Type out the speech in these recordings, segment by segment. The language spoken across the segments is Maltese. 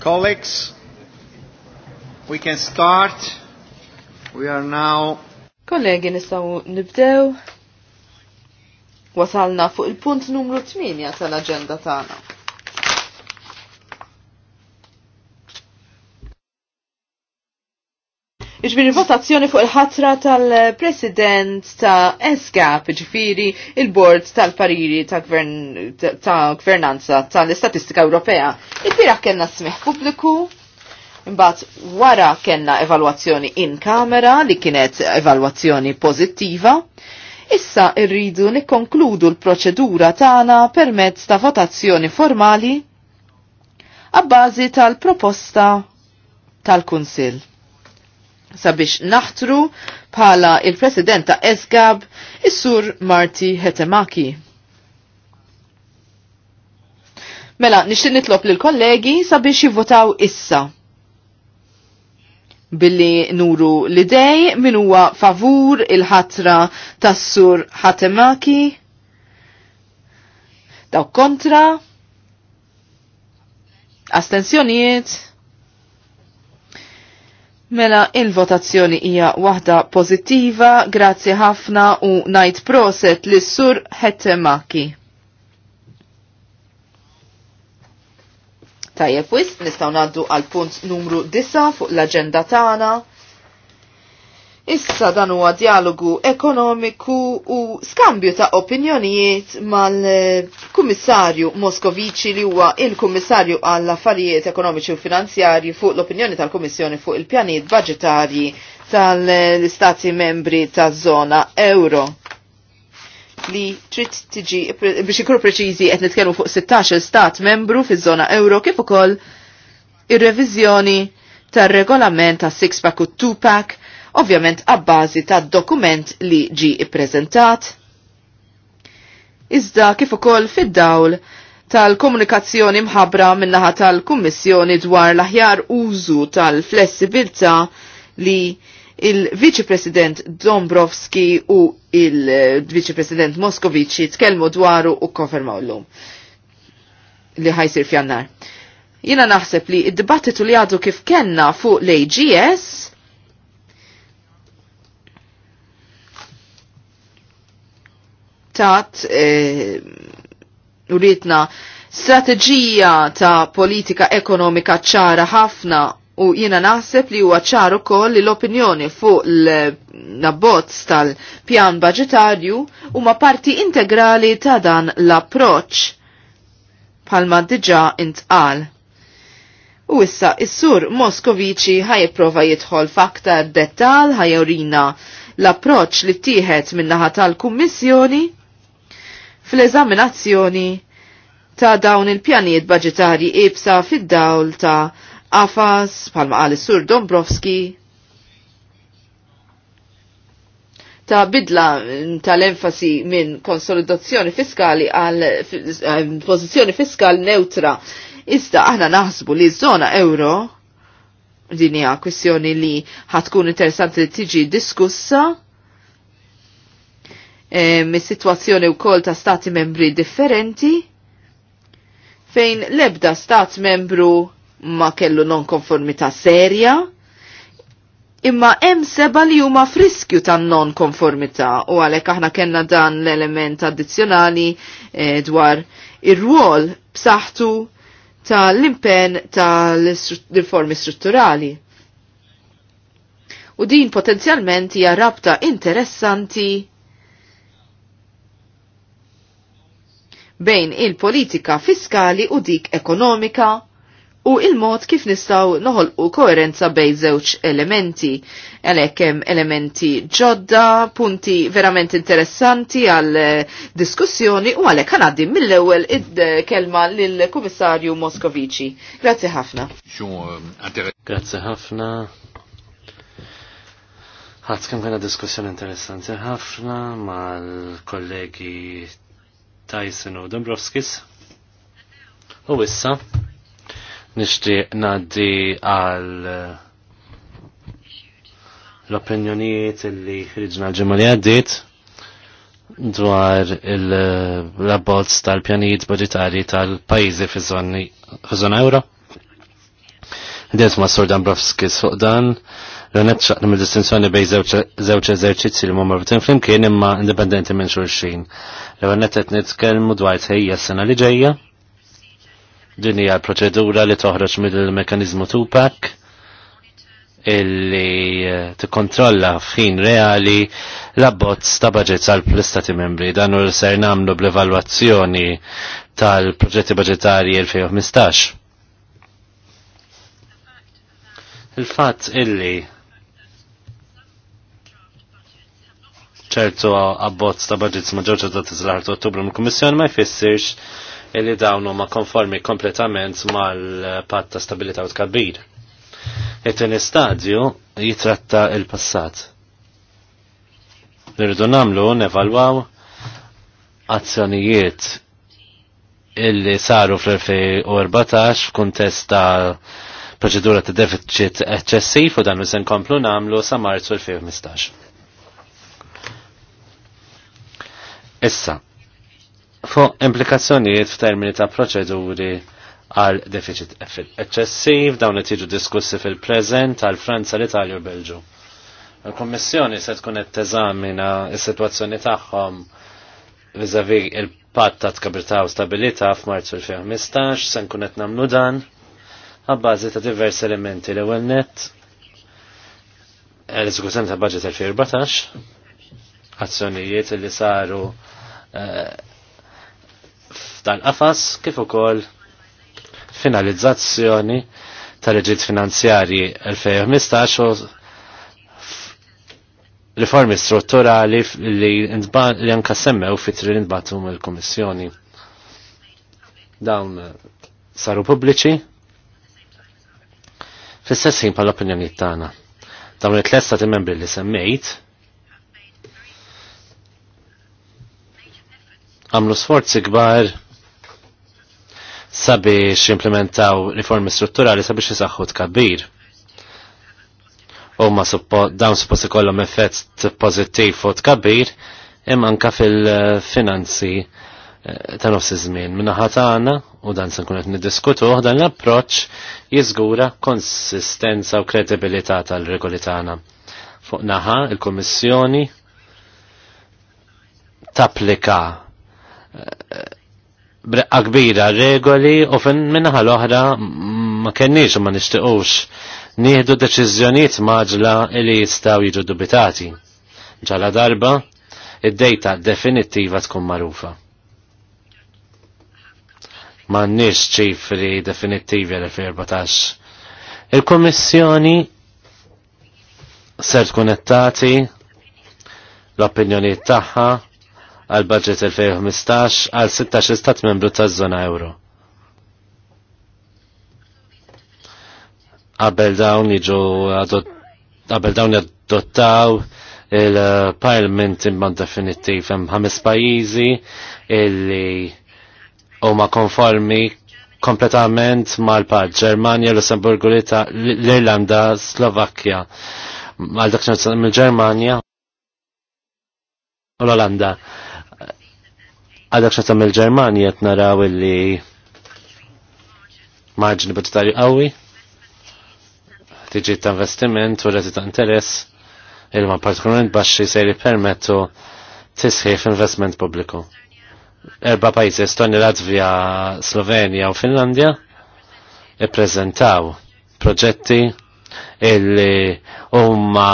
Colleagues, we can start. We are now. Kollegi nistaw nibdew. Wasalna fuq il-punt numru 8 tal-agenda tagħna. Iġbiri votazzjoni fuq il-ħatra tal-president ta' ESCAP, ġifiri il-bord tal-pariri ta' gvernanza tal-istatistika Ewropea. Il-bira kena smiħ publiku, imbat wara kellna evalwazzjoni in kamera li kienet evalwazzjoni pożittiva. Issa irridu nikkonkludu l-proċedura tagħna permezz ta' votazzjoni formali għabbażi tal-proposta tal-Kunsill sabiex naħtru bħala il-president ta' Esgab, is-sur Marti Hetemaki. Mela, nixtieq nitlob l kollegi sabiex jivvotaw issa. Billi nuru l-idej min huwa favur il-ħatra tas-sur Hatemaki. Daw kontra. Astenzjonijiet. Mela, il-votazzjoni hija waħda pozittiva, grazzi ħafna u najt proset li sur ħettemaki. Tajjeb wis, nistaw naddu għal punt numru 9 fuq l-agenda tagħna. Issa dan huwa dialogu ekonomiku u skambju ta' opinjonijiet mal-Kummissarju Moskovici li huwa il-Kummissarju għall affarijiet ekonomiċi u finanzjarji fuq l-opinjoni tal-Kummissjoni fuq il-pjanijiet budgetarji tal-Istati membri taż zona euro li trid tiġi biex ikunu preċiżi qed nitkellmu fuq 16 stat membru fiż-żona euro kif ukoll ir-reviżjoni tar-regolament ta' six pack u two pack ovvjament għabbażi ta' dokument li ġi ippreżentat. Iżda kif ukoll fid-dawl tal-komunikazzjoni mħabra minnaħa tal-Kummissjoni dwar l-aħjar użu tal-flessibilità li il-Viċi President Dombrovski u il-Viċi President Moskovici tkellmu dwaru u konfermaw l li ħajsir fjannar. Jina naħseb li id-dibattitu li għadu kif kenna fuq l-AGS tat e, uritna strategija strateġija ta' politika ekonomika ċara ħafna u jiena naħseb li huwa ċaru koll li l-opinjoni fuq l-abbozz tal-pjan budgetarju huma parti integrali ta' dan l-approċ palma diġa intqal. U issa is-sur Moskovici prova jidħol f'aktar dettal ħajorina l-approċ li tieħed minnaħa tal-Kummissjoni fl-eżaminazzjoni ta' dawn il-pjanijiet budgetari ibsa fid-dawl ta' Afas, palma għal sur Dombrovski, ta' bidla tal-enfasi minn konsolidazzjoni fiskali għal eh, pozizjoni fiskali neutra. Iżda aħna naħsbu li zona euro, din hija kwistjoni li ħatkun interessanti li tiġi diskussa, mis-sitwazzjoni wkoll ta' stati membri differenti fejn lebda stat membru ma kellu non konformita serja imma hemm seba li huma friskju ta' non konformita u għalhekk aħna kellna dan l-element addizzjonali eh, dwar ir-rwol b'saħħtu tal-impen tal-riformi strutturali. U din potenzjalment hija rabta interessanti bejn il-politika fiskali u dik ekonomika u il-mod kif nistaw noħolqu koerenza bej żewġ elementi. Għalhekk hemm elementi ġodda, punti verament interessanti għal eh, diskussjoni u għalhekk għanaddim mill-ewwel id-kelma lill-Kummissarju Moskovici. Grazzi ħafna. Eh, Grazzi ħafna. Ħadd għana diskussjoni interessanti ħafna mal-kollegi Tyson u Dombrovskis. U issa nixtieq ngħaddi għal eh, l-opinjonijiet li ħriġna l-ġimgħa li għaddiet dwar il eh, abbozz tal-pjanijiet budgetari tal-pajjiżi fiż-żona euro. Diet ma' sordan brafski fuq dan, l-għanet xaqna mill distinzjoni bej zewċ eżerċizzi li ma' flim flimkien imma indipendenti minn xulxin. L-għanet għet nitkelmu dwajt ħejja s-sena li ġejja, din hija l-proċedura li toħroġ mill-mekanizmu Tupac illi eh, tikkontrolla f'ħin reali l-abbozz ta' budget għall istati membri. Dan u ser namlu bl-evalwazzjoni tal-proġetti budgetari 2015 Il-fatt illi ċertu abbozz ta' budgets ma' ġoġa dat iżlaħar ta' ottubru mill kummissjoni ma' jfissirx illi dawnu ma' konformi kompletament mal-patt ta' stabilita' u tkabbir. It-tieni jitratta il-passat. Nirridu namlu nevalwaw azzjonijiet illi saru fl-2014 f'kuntest ta' proċedura ta' deficit eċċessiv u dan li sen namlu sa' marzu 2015. Issa, fuq implikazzjonijiet f'termini ta' proċeduri għal deficit eċċessiv dawn qed jiġu diskussi fil-preżent għal Franza, l-Italja u Belġu. Il-Kommissjoni se tkun qed teżamina s-sitwazzjoni tagħhom vis-à-vis il-patt ta' tkabirta u stabilita f'Marzu 2015 se nkun qed nagħmlu dan għabbażi ta' diversi elementi l ewwel net l-eżekuzzjoni ta' budget 2014 azzjonijiet li saru eh, f'dan qafas kif ukoll finalizzazzjoni tal-reġit finanzjarji 2015 u riformi strutturali li anka semmew fitri li nbatum mill-Kummissjoni. Dawn saru pubbliċi, fis-sessin pal opinjoni tagħna. Dawn it tlesta stati membri li semmejt għamlu sforzi kbar sabiex implementaw riformi strutturali sabiex jisaxħu tkabbir. U ma dawn suppost ikollhom effett pożittiv u tkabbir imma anke fil-finanzi Eh, ta' nofs iż-żmien. Minnaħa tagħna u dan se nkun qed niddiskutu dan l-approċċ jiżgura konsistenza u kredibilità tal-regoli tagħna. Fuq naħa il-Kummissjoni tapplika eh, breqqa kbira regoli u fin minnaħa l-oħra ma kenniex u ma nixtiqux nieħdu deċiżjonijiet maġla li jistgħu jiġu dubitati. Ġala darba id-dejta definittiva tkun marufa m'għandniex ċifri definittivi għal-2014. il komissjoni ser tkun l-opinjonijiet tagħha għal budget 2015 għal 16 stat membru taż-żona euro. Qabel dawn jiġu jadottaw il-Parliament imman definittiv għam ħames pajjiżi illi u ma konformi kompletament mal-pad Ġermanja, Lussemburgu, l-Irlanda, Slovakkja, għal dak mill-Ġermanja u l-Olanda. Għal dak mill germania qed naraw li marġni budgetarju qawwi, tiġi ta' investiment u rezi ta' interess il-ma partikolarment baxxi se jippermettu tisħif investment pubbliku erba pajzi, Estonia, Latvija, Slovenija u Finlandja ippreżentaw proġetti illi huma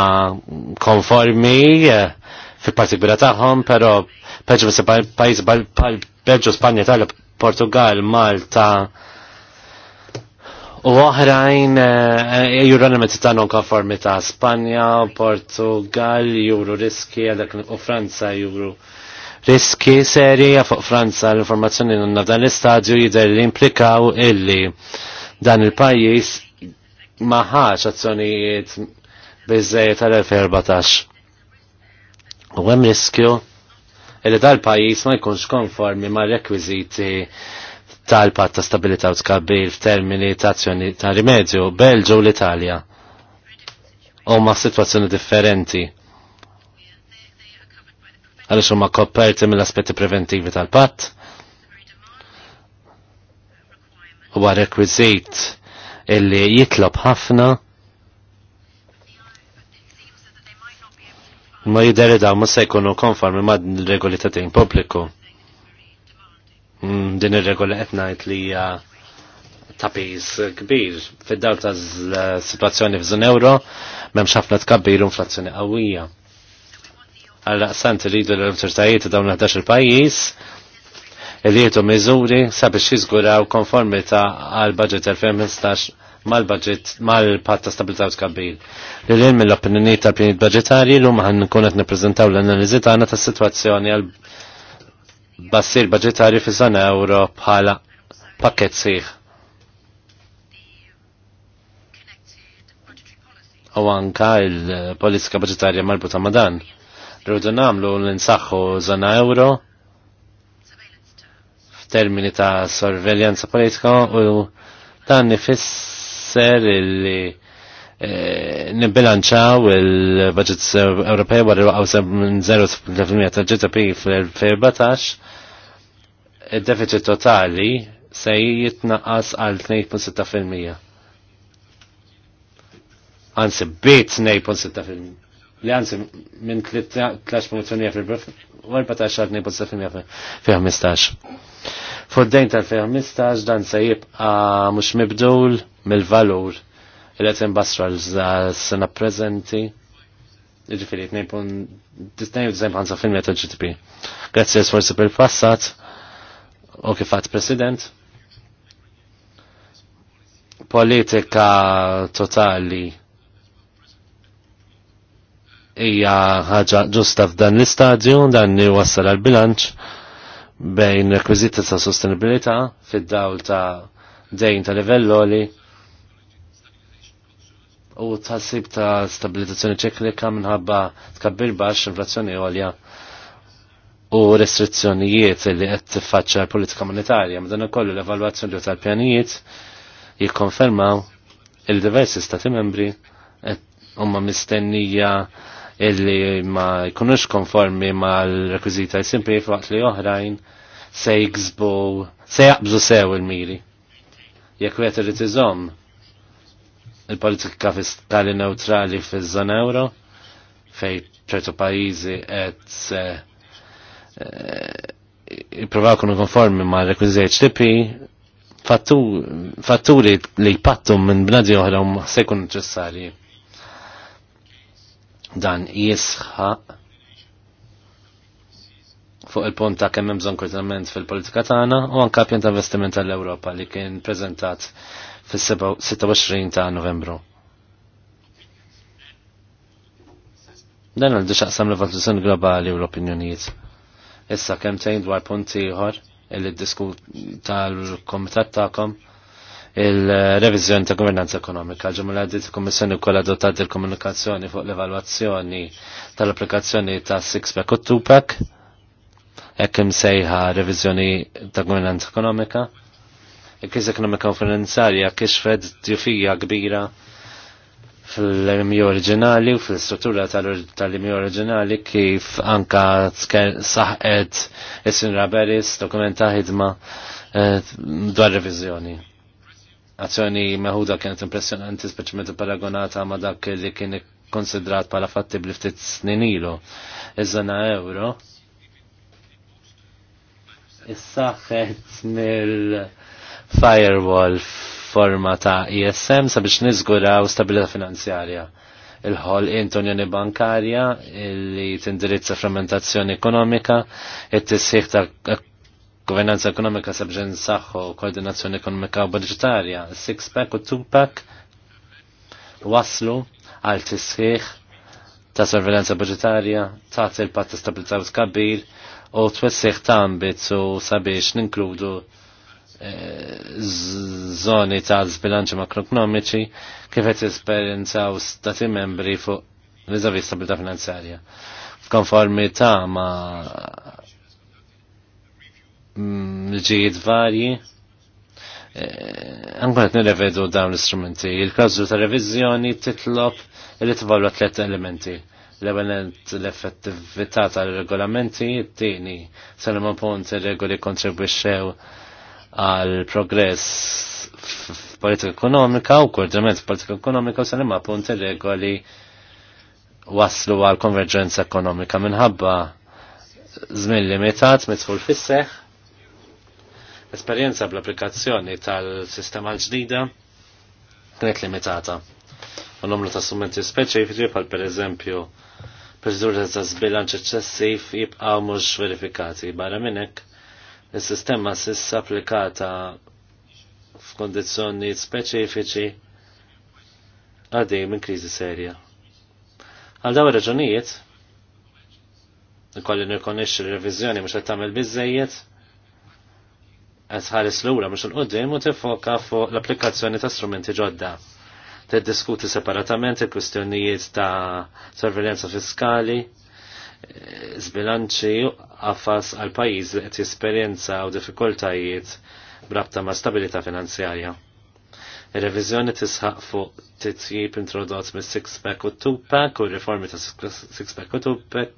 konformi eh, fil-partikbira tagħhom, però peġu pajjiż bħal Belġu, Spanja, Italja, Portugal, Malta u oħrajn eh, juru element ta' non-konformita Spanja, Portugal, juru riski, u Franza juru riski serji fuq Franza l-informazzjoni għanna dan l-istadju jider li implikaw illi dan il-pajis maħħax azzjonijiet bizzej tal-2014. U għem riskju illi dal-pajis ma jkunx konformi ma' rekwiziti tal-pat ta' stabilita u tkabbir f'termini ta' azzjoni ta' rimedju Belġu l-Italja. U ma' situazzjoni differenti għaliex huma kopperti mill-aspetti preventivi tal-patt. Huwa rekwiżit illi jitlob ħafna ma jideri daw ma se jkunu konformi ma regoli ta' mm, din pubbliku. Din ir regoli qed ngħid li hija ta' piż kbir fid-dawl ta' situazzjoni f'żun euro m'hemmx ħafna tkabbir inflazzjoni qawwija għal-laqsant rridu l-autoritajiet dawn 11 pajjiż li jietu miżuri sabiex jiżguraw konformita għal-budget 2015 mal-budget mal-patt ta' stabilità u tkabbir. Li l mill-opinjoni ta' pjaniet budgetari l-lum ħan nkun qed nippreżentaw l-analiżi tagħna ta' situazzjoni għal bassir budgetari fi żona euro bħala pakket sieħ. U anka il-politika budgetarja marbuta ma' dan rridu namlu l-insaxħu zona euro f'termini ta' sorveljanza politika u dan nifisser illi eh, nibbilanċaw il-budget Ewropej wara waqgħu minn 0% tal-GDP fl-2014, id-deficit totali se jitnaqqas għal 2.6%. Anzi, bit 2.6% li għanzi minn 13.8 fil-14 fi għamistax. Fuddejn tal għamistax dan se jibqa mux mibdul mill-valur il qed imbasra l-sena prezenti ġifiri 2.95 ta' Grazie s sforzi per passat u kifat president politika totali hija ħaġa ġusta f'dan l-istadju dan li wassal għal bilanċ bejn rekwiżiti ta' sostenibilità fid-dawl ta' dejn ta' livelloli u tħassib ta' stabilizzazzjoni ċeklika minħabba tkabbir baxx inflazzjoni għolja u restrizzjonijiet li qed tiffaċċa l-politika monetarja. Madan ukoll l-evalwazzjoni tal-pjanijiet jikkonfermaw il-diversi stati membri huma mistennija illi ma jkunux konformi mal-rekwizita simpli faqt li oħrajn se jgzbu, se jaqbżu sew il-miri. Jekk wieħed irid iżomm il-politika fiskali neutrali fiż-żona euro fej ċertu pajjiżi qed eh, jippruvaw kunu konformi ma' l-rekwizita tipi fatturi li jpattu minn bnadi oħra se jkunu ċessarji. Dan jisħaq fuq il-punt ta' kemm hemm bżonn kurtament fil-politika tagħna u anke pjan ta' investiment tal-Ewropa li kien preżentat fis-26 ta' Novembru. Dan għandu xaqsam l-evalutazzjoni globali u l-opinjonijiet. Issa kemm tgħid dwar punt ieħor il diskut tal-komitat tagħkom il-revizjoni ta' governanza ekonomika. Ġemula għaddit il-Kommissjoni kol adottat il-komunikazzjoni fuq l-evaluazzjoni tal-applikazzjoni ta' Sixpack u Tupac, ekkim sejħa revizjoni ta' governanza ekonomika. Il-kriz ekonomika u finanzarja kixfed tjufija kbira fil-imi oriġinali u fil-struttura tal-imi oriġinali kif anka saħed is-sinra Beris dokumenta ħidma eh, dwar revizjoni azzjoni meħuda kienet impressjonanti speċjalment paragonata ma dak li kien konsidrat pala fatti bl-ftit snin ilu. Iż-żona euro issaħħet mill-firewall forma ta' ISM e sabiex niżguraw stabilità finanzjarja il-ħol intonjoni bankarja li tindirizza frammentazzjoni ekonomika, it-tisħiħ ta' governanza ekonomika sabġen saħħu, koordinazzjoni ekonomika u budġetarja, six-pack u two-pack waslu għal tisħiħ ta' sorveljanza budġetarja, ta' il-pat ta' stabilità u skabbir u twessiħ ta' ambit u sabiex ninkludu eh, zoni ta' zbilanċi makroekonomiċi kif qed u stati membri fuq riżavi stabilità finanzjarja. ta' ma' Mm, l-ġijiet varji. Eh, Għankunet nirrevedu dawn l-istrumenti. Il-kazzu ta' revizjoni titlob li tvalwa tliet elementi. l ewwel l-effettività tal-regolamenti, t-tini, sal-ma punt regoli kontribwixxew għal progress f'politika ekonomika u koordinament politika ekonomika u sal-ma punt regoli waslu għal konverġenza ekonomika minħabba żmien limitat mitħul fis-seħħ l bl-applikazzjoni tal-sistema l-ġdida kienet limitata. U numru ta' strumenti speċifiċi pal per eżempju proċedura ta' zbilanċ eċċessiv jibqgħu mhux verifikati. Barra minnek. il is-sistema s'issa applikata f'kondizjoni speċifiċi għaddej minn kriżi serja. Għal dawn raġunijiet, ikolli nirkonixxi l-reviżjoni mhux qed tagħmel bizzejiet l lura mhux il-qudiem u tiffoka fuq l-applikazzjoni ta' strumenti ġodda. Tiddiskuti separatament il-kwistjonijiet ta' sorveljanza fiskali, zbilanċi għafas għal pajjiż li qed jesperjenza u diffikultajiet brabta ma' stabilità finanzjarja. Ir-reviżjoni tisħaq fuq titjib introdott mis six pack u two pack u riformi ta' six pack u two pack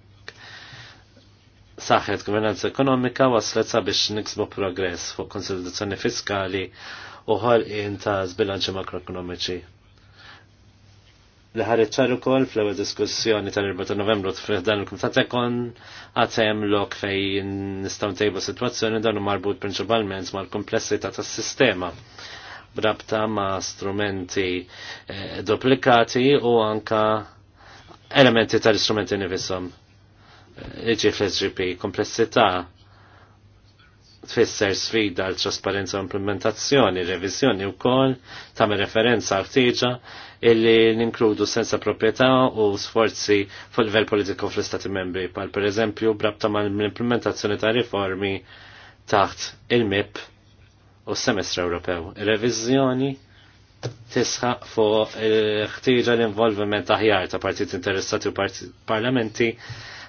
saħħet governanza ekonomika waslet sabiex niksbu progress fuq konsolidazzjoni fiskali u ħolqien ta' zbilanċi makroekonomiċi. Li ħareċ ċar ukoll fl-ewwel diskussjoni tal-4 Novembru dan il-Kumitat Ekon għad hemm lok fejn nistgħu ntejbu sitwazzjoni dan marbut prinċipalment mal-komplessità tas-sistema brabta ma' strumenti eh, duplikati u anka elementi tal-istrumenti nifisom iġi fl-SGP komplessità tfisser sfida l trasparenza u implementazzjoni, revizjoni u kol, tam referenza artiġa illi ninkludu sensa proprietà u sforzi fuq livell politiku fl-Istati membri, pal per eżempju brabta mal implementazzjoni ta' riformi taħt il-MIP u s-semestru Ewropew. Revizjoni tisħaq fuq il-ħtieġa l-involviment aħjar ta' partiti interessati u parlamenti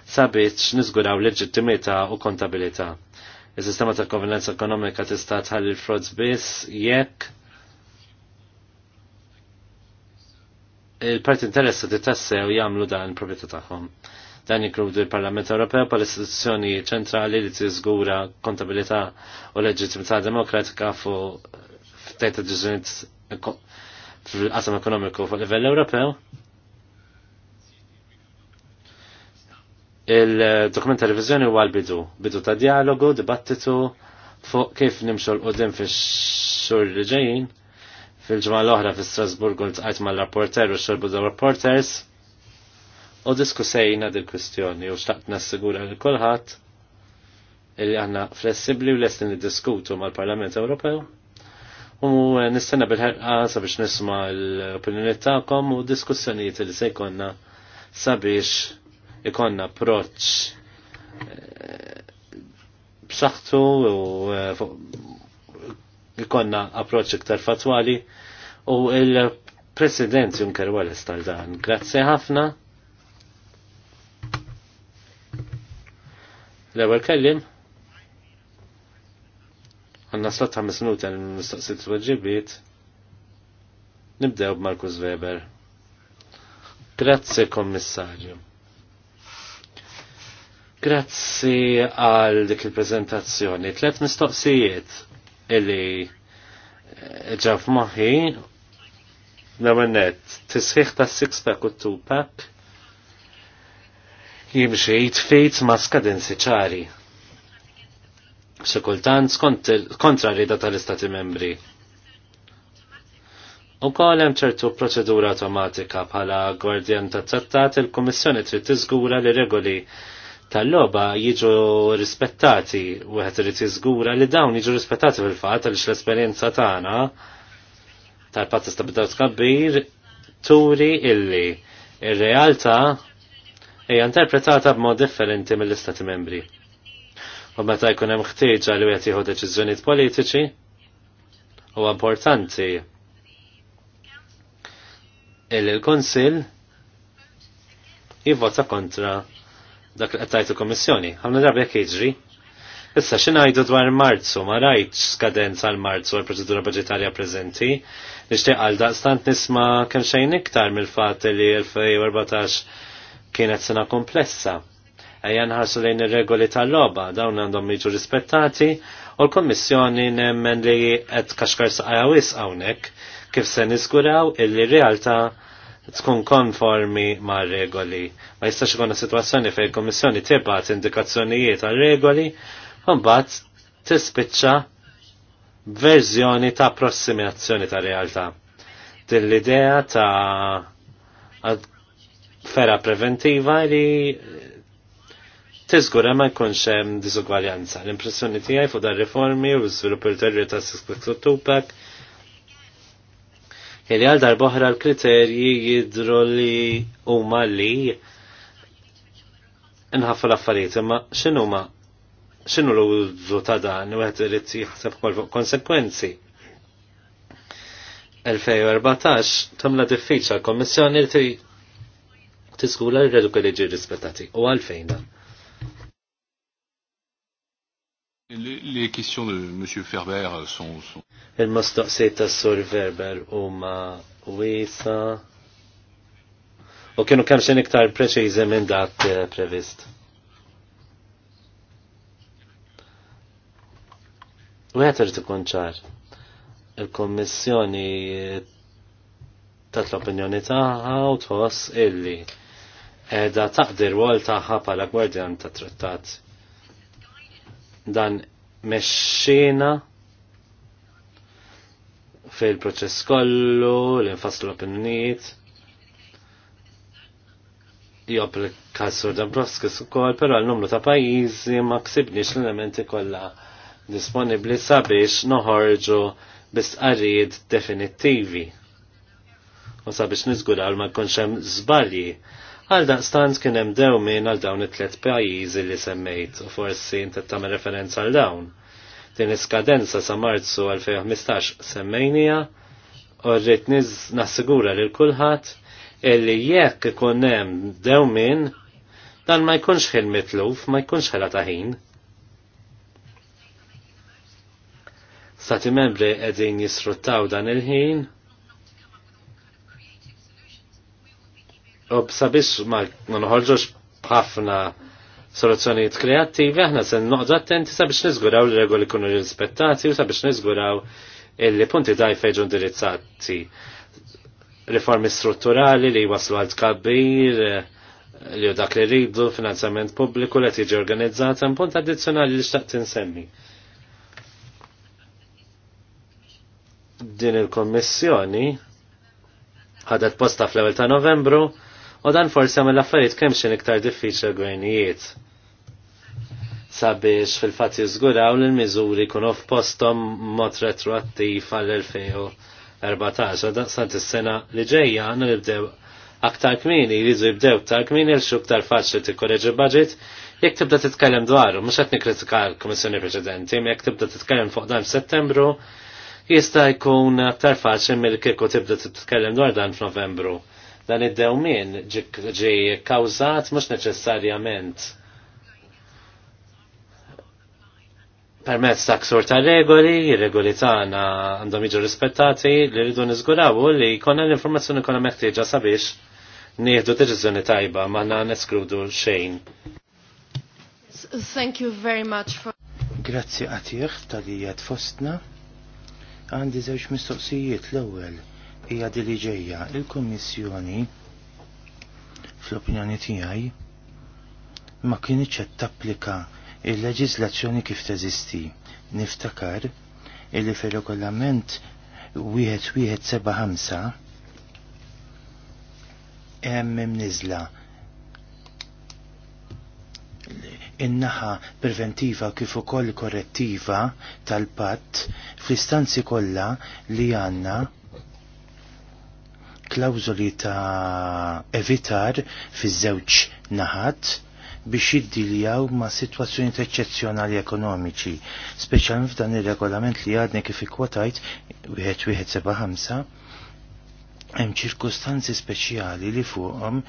sabiex niżguraw leġittimità u kontabilità. Is-sistema ta' konvenenza ekonomika tista' tħalli l-frods biss jekk il-parti interessati tassew jagħmlu dan il-proprjetà tagħhom. Dan jinkludu il-Parlament Ewropew pal istituzzjoni ċentrali li tiżgura kontabilità u leġittimità demokratika fu f'tejta deċiżjonijiet qasam ekonomiku fuq livell Ewropew Il-dokument ta' revizjoni huwa l-bidu, bidu ta' dialogu, dibattitu fuq kif nimxu l-qudiem fix-xhur li ġejjin fil-ġimgħa l-oħra fi Strasburgu ltqajt mal-rapporter u xorbu da' rapporters u diskussejna dil kwistjoni u xtaqt nassigura li kulħadd illi aħna flessibbli u lesni niddiskutu mal-Parlament Ewropew u nistenna bil-ħerqa sabiex nisma' l-opinjoni tagħkom u diskussjonijiet li se jkollna sabiex ikonna approċ eh, b'saħħtu u eh, ikonna approċ iktar fatwali u il-President Junker Wallace tal-dan. Grazzi ħafna. L-ewwel kellim għanna slot ħames minuta l-mistaqsit weġibiet. Nibdew b'Markus Weber. Grazzi kommissarju. Grazzi għal dik il-prezentazzjoni. Tlet mistoqsijiet illi eh, ġaf maħi. Nawennet, għamennet tisħiħ ta' six pack u two pack jimxie jitfejt ma' skadenzi ċari. Sekultant kontra rida tal-istati membri. U hemm ċertu proċedura automatika bħala gwardjan ta' trattat il kummissjoni trid tiżgura li regoli tal-loba jiġu rispettati u għet irrit jizgura li dawn jiġu rispettati fil-fat għalix l-esperienza tagħna tal-pazzis ta' bidaw tkabbir turi illi ir-realtà hija interpretata b'mod differenti mill-istati membri. U meta jkun hemm ħtieġa li wieħed jieħu deċiżjonijiet politiċi u importanti illi l-Kunsill jivvota kontra dak li qed il-Kommissjoni. Ħafna darba jekk jiġri. Issa xi ngħidu dwar Marzu, ma rajtx skadenza għal Marzu għal proċedura budġetarja preżenti. Nixtieq għal daqstant nisma' kemm xejn iktar mill-fatt li 2014 kienet sena komplessa. Ejja nħarsu lejn ir-regoli tal-logħba dawn għandhom jiġu rispettati u l-Kommissjoni nemmen li qed kaxkar saqgħa wisq hawnhekk kif se niskuraw illi realtà tkun konformi ma' regoli. Ma jistax ikun situazzjoni fejn il-Kommissjoni tibgħat indikazzjonijiet għal regoli u mbagħad tispiċċa verżjoni ta' approssimazzjoni ta' realtà. Din l-idea ta' fera preventiva li tiżgura ma jkunx hemm diżugwaljanza. L-impressjoni tiegħi fuq dar riformi u l-żvilupp ulterjuri ta' Siskut Illi għal darboħra l-kriterji jidru li huma li nħaffu l-affarijiet, imma xinu ma x'inhu l-użu ta' dan u qed irid jaħseb kol fuq konsekwenzi. 2014 tamla diffiċa l-Kommissjoni li tiskula l li ġi rispettati u għalfejn Les questions de M. Ferber euh, sont... sont... Il-mastaqsijiet ta' Sur Ferber huma wiesa u kienu kemm xejn iktar preċiżi minn dat eh, previst. U għet irrid ikun ċar. Il-Kommissjoni eh, tat l-opinjoni tagħha u tħoss illi qiegħda taqdir wol tagħha bħala gwardjan tat-trattat dan mexxina fil-proċess kollu, l-infaslu l opinniet jop l-kassur da broskis u koll, pero l-numru ta' pajizi ma ksibniex l-elementi kolla disponibli sabiex noħorġu qarid definittivi. U sabiex nizgura ma jkunx hemm żbalji Għal daqstanz kien hemm dewmin għal dawn it-tliet pajjiżi li semmejt u forsi inti tagħmel referenza għal dawn. Din iskadenza sa Marzu 2015 semmejnija u rrid nassigura lil kulħadd illi jekk ikun hemm dewmin dan ma jkunx ħil mitluf, ma jkunx ħela taħin. Sati membri qegħdin jisfruttaw dan il-ħin u sabiex ma nħolġux bħafna soluzzjonijiet kreattivi, aħna se noqdu attenti sabiex niżguraw li regoli kunu rispettati u sabiex niżguraw illi punti daj jiġu indirizzati. Riformi strutturali li waslu għal tkabbir, li u dak li rridu, finanzjament pubbliku li tiġi organizzata, un punt addizzjonali li xtaqt insemmi. Din il-kommissjoni ħadet posta fl-ewwel ta' Novembru U dan forsi għamil affarijiet kemm xejn iktar diffiċli għajnijiet. Sabiex fil-fatt jizguraw li l-miżuri kunu f-postom mot retroattiv għall-2014. Sant is-sena li ġejja għandna nibdew aktar kmini, jridu jibdew aktar kmini l aktar faċli korreġi budget jekk tibda titkellem dwaru, mhux qed nikkritika l komissjoni preċedenti, jekk tibda titkellem fuq dan f'Settembru, jista' jkun aktar faċli mill kieku tibda titkellem dwar dan f'Novembru Dan id-dewmien ġi kawzat mhux neċessarjament permezz ta' ksur ta' regoli, regoli tagħna għandhom jiġu rispettati li rridu niżguraw li jkollna l-informazzjoni kollha meħtieġa sabiex nieħdu deċiżjoni tajba ma na neskludu xejn. Thank you very much for Grazzi għatiħ tal-li fostna. Għandi żewġ mistoqsijiet l-ewwel hija diliġeja il kommissjoni fl-opinjoni tiegħi ma kienx qed tapplika il-leġiżlazzjoni kif teżisti. Niftakar illi fir-regolament wieħed seba' ħamsa hemm imniżla in-naħa preventiva kif ukoll korrettiva tal-patt fl-istanzi kollha li għandna klawżoli ta' evitar fiż-żewġ naħat biex jiddiljaw ma' situazzjoniet eċċezzjonali ekonomiċi, speċjalment f'dan ir-regolament li għadni kif ikkwotajt wieħed wieħed seba' ħamsa hemm ċirkustanzi speċjali li fuqhom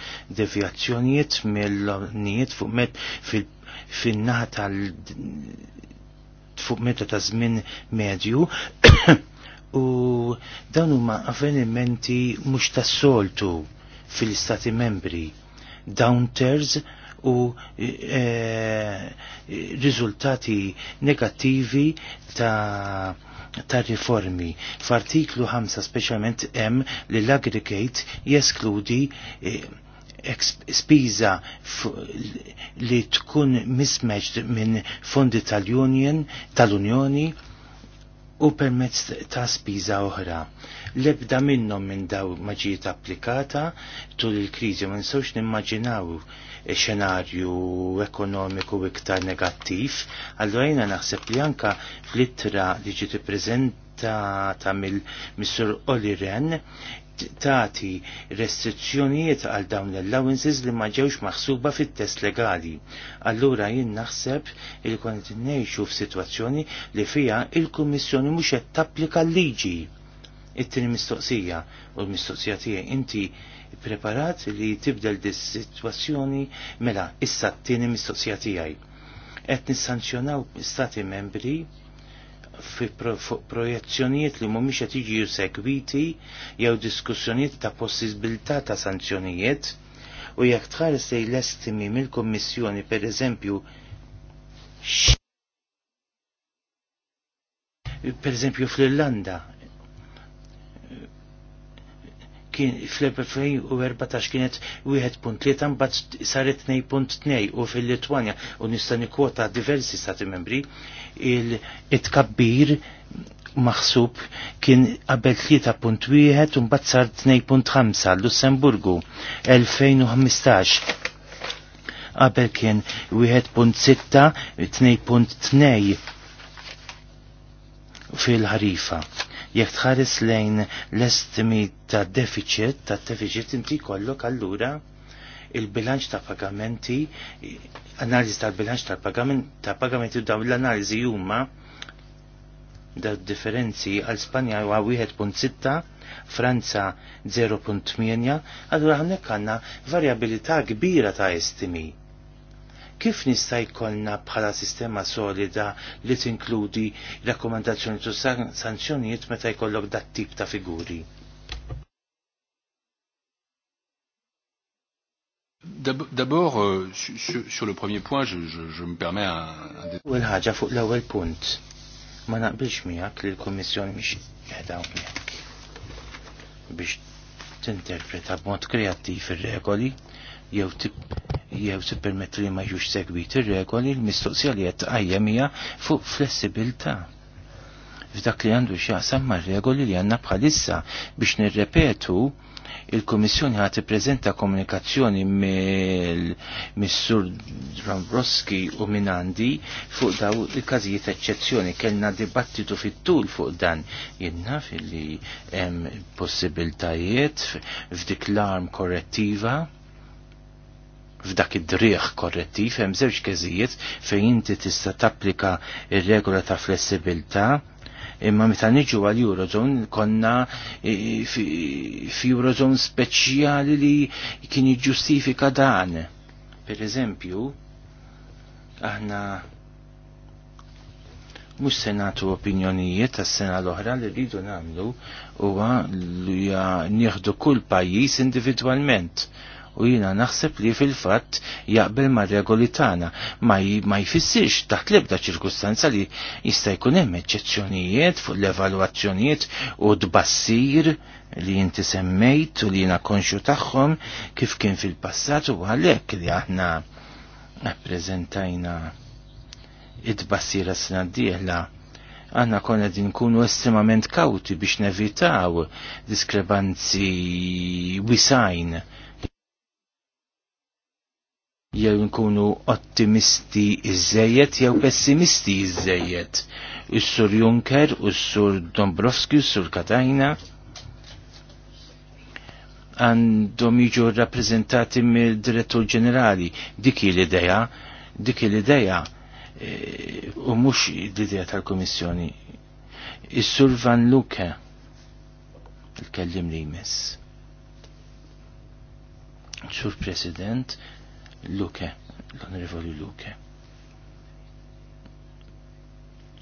devjazzjonijiet mill-nijiet fuq met fin-naħa tal fuq meta ta' żmien medju u dawn huma avvenimenti mhux tas-soltu fil-Stati membri downters u e, riżultati negattivi ta' ta' riformi. F'artiklu 5 speċjalment hemm li l-aggregate jeskludi e, spiża li tkun mismatched minn fondi tal-Union tal-Unjoni tal union tal unjoni u permezz ta' spiża oħra. Lebda minnhom minn daw ma ġiet applikata tul il-kriżi ma nistgħux nimmaġinaw xenarju ekonomiku iktar negattiv, allura jiena naħseb li anka fl-ittra li ġiet ippreżentata mill-Missur Oli Ren tati restrizzjonijiet għal dawn l-allowances li ma ġewx maħsuba fit-test legali. Allura jien naħseb il kont nejxu f'sitwazzjoni li fija il-Kummissjoni mhux qed tapplika l-liġi. It-tieni mistoqsija u l-mistoqsija tiegħi inti preparat li tibdel dis-sitwazzjoni mela issa t-tieni mistoqsija tiegħi. Qed nissanzjonaw stati membri fuq projezzjonijiet li mhumiex qed jiġi segwiti jew diskussjonijiet ta' possibilità ta' sanzjonijiet u jekk tħares lej l mill-Kummissjoni pereżempju pereżempju fl-Irlanda kien fl-2014 kienet 1.3 mbagħad saret 2.2 u fil-Litwanja u nista' nikkwota diversi stati membri il-tkabbir maħsub kien qabel 3.1 un sar 2.5 Lussemburgu 2015 qabel kien 1.6 2.2 fil-ħarifa. Jek tħares lejn l-estimi ta' deficit, ta' deficit inti kollok allura il-bilanċ ta' pagamenti, analiżi tal-bilanċ tal-pagamenti, ta' pagamenti daw l-analiżi huma da' differenzi għal Spanja huwa 1.6, Franza 0.8, għadu hawnhekk għandna varjabilità kbira ta' estimi. Kif nista' jkollna bħala sistema solida li tinkludi rakkomandazzjoni tu sanzjonijiet meta jkollok dat tip ta' figuri? D'abord, euh, sur, le premier point, je, me permets un... ħaġa fuq l-ewwel punt. Ma naqbilx miegħek li l-Kummissjoni mhix qiegħda hawnhekk biex tinterpreta b'mod kreattiv ir-regoli jew t-permet li ma jux segwit ir-regoli l-mistoqsija li qed tqajjem hija fuq flessibilità f'dak li għandu x'jaqsam mar-regoli li għandna bħalissa biex nirrepetu il-Komissjoni ħati prezenta komunikazzjoni mill-Missur Rambroski u Minandi fuq daw il-każijiet eċċezzjoni. Kellna dibattitu fit-tul fuq dan. Jenna fil-li hemm possibiltajiet f'dik l-arm korrettiva f'dak id driħ korrettiv hemm żewġ każijiet fejn inti tista' tapplika ir-regola ta' flessibilità imma meta niġu għal Eurozone konna e, e, fi Eurozone speċjali li kien jiġġustifika dan. Per eżempju, aħna mux senatu opinjonijiet tas sena l-oħra li rridu namlu huwa li nieħdu kull pajjiż individwalment u jina naħseb li fil-fatt jaqbel ma' regoli tagħna ma jfissirx taħt l-ebda ċirkustanza li jista' jkun hemm eċċezzjonijiet fuq l-evalwazzjonijiet u d-bassir li inti semmejt u li jina konxu tagħhom kif kien fil-passat u għalhekk li aħna rappreżentajna id-bassira sena d-dieħla għanna konna din kunu estremament kauti biex nevitaw diskrepanzi wisajn jew nkunu ottimisti iżejjed jew pessimisti iżejjed. Is-Sur Juncker, u s-Sur Dombrovski, s-Sur Katajna għandhom jiġu rappreżentati mill-Direttur Ġenerali. Dik l-idea, dik l-idea e, u mhux l-idea tal-Kummissjoni. Is-Sur Van Luke il-kellim li jmiss. Sur President, Luke, l-Onorevoli Luke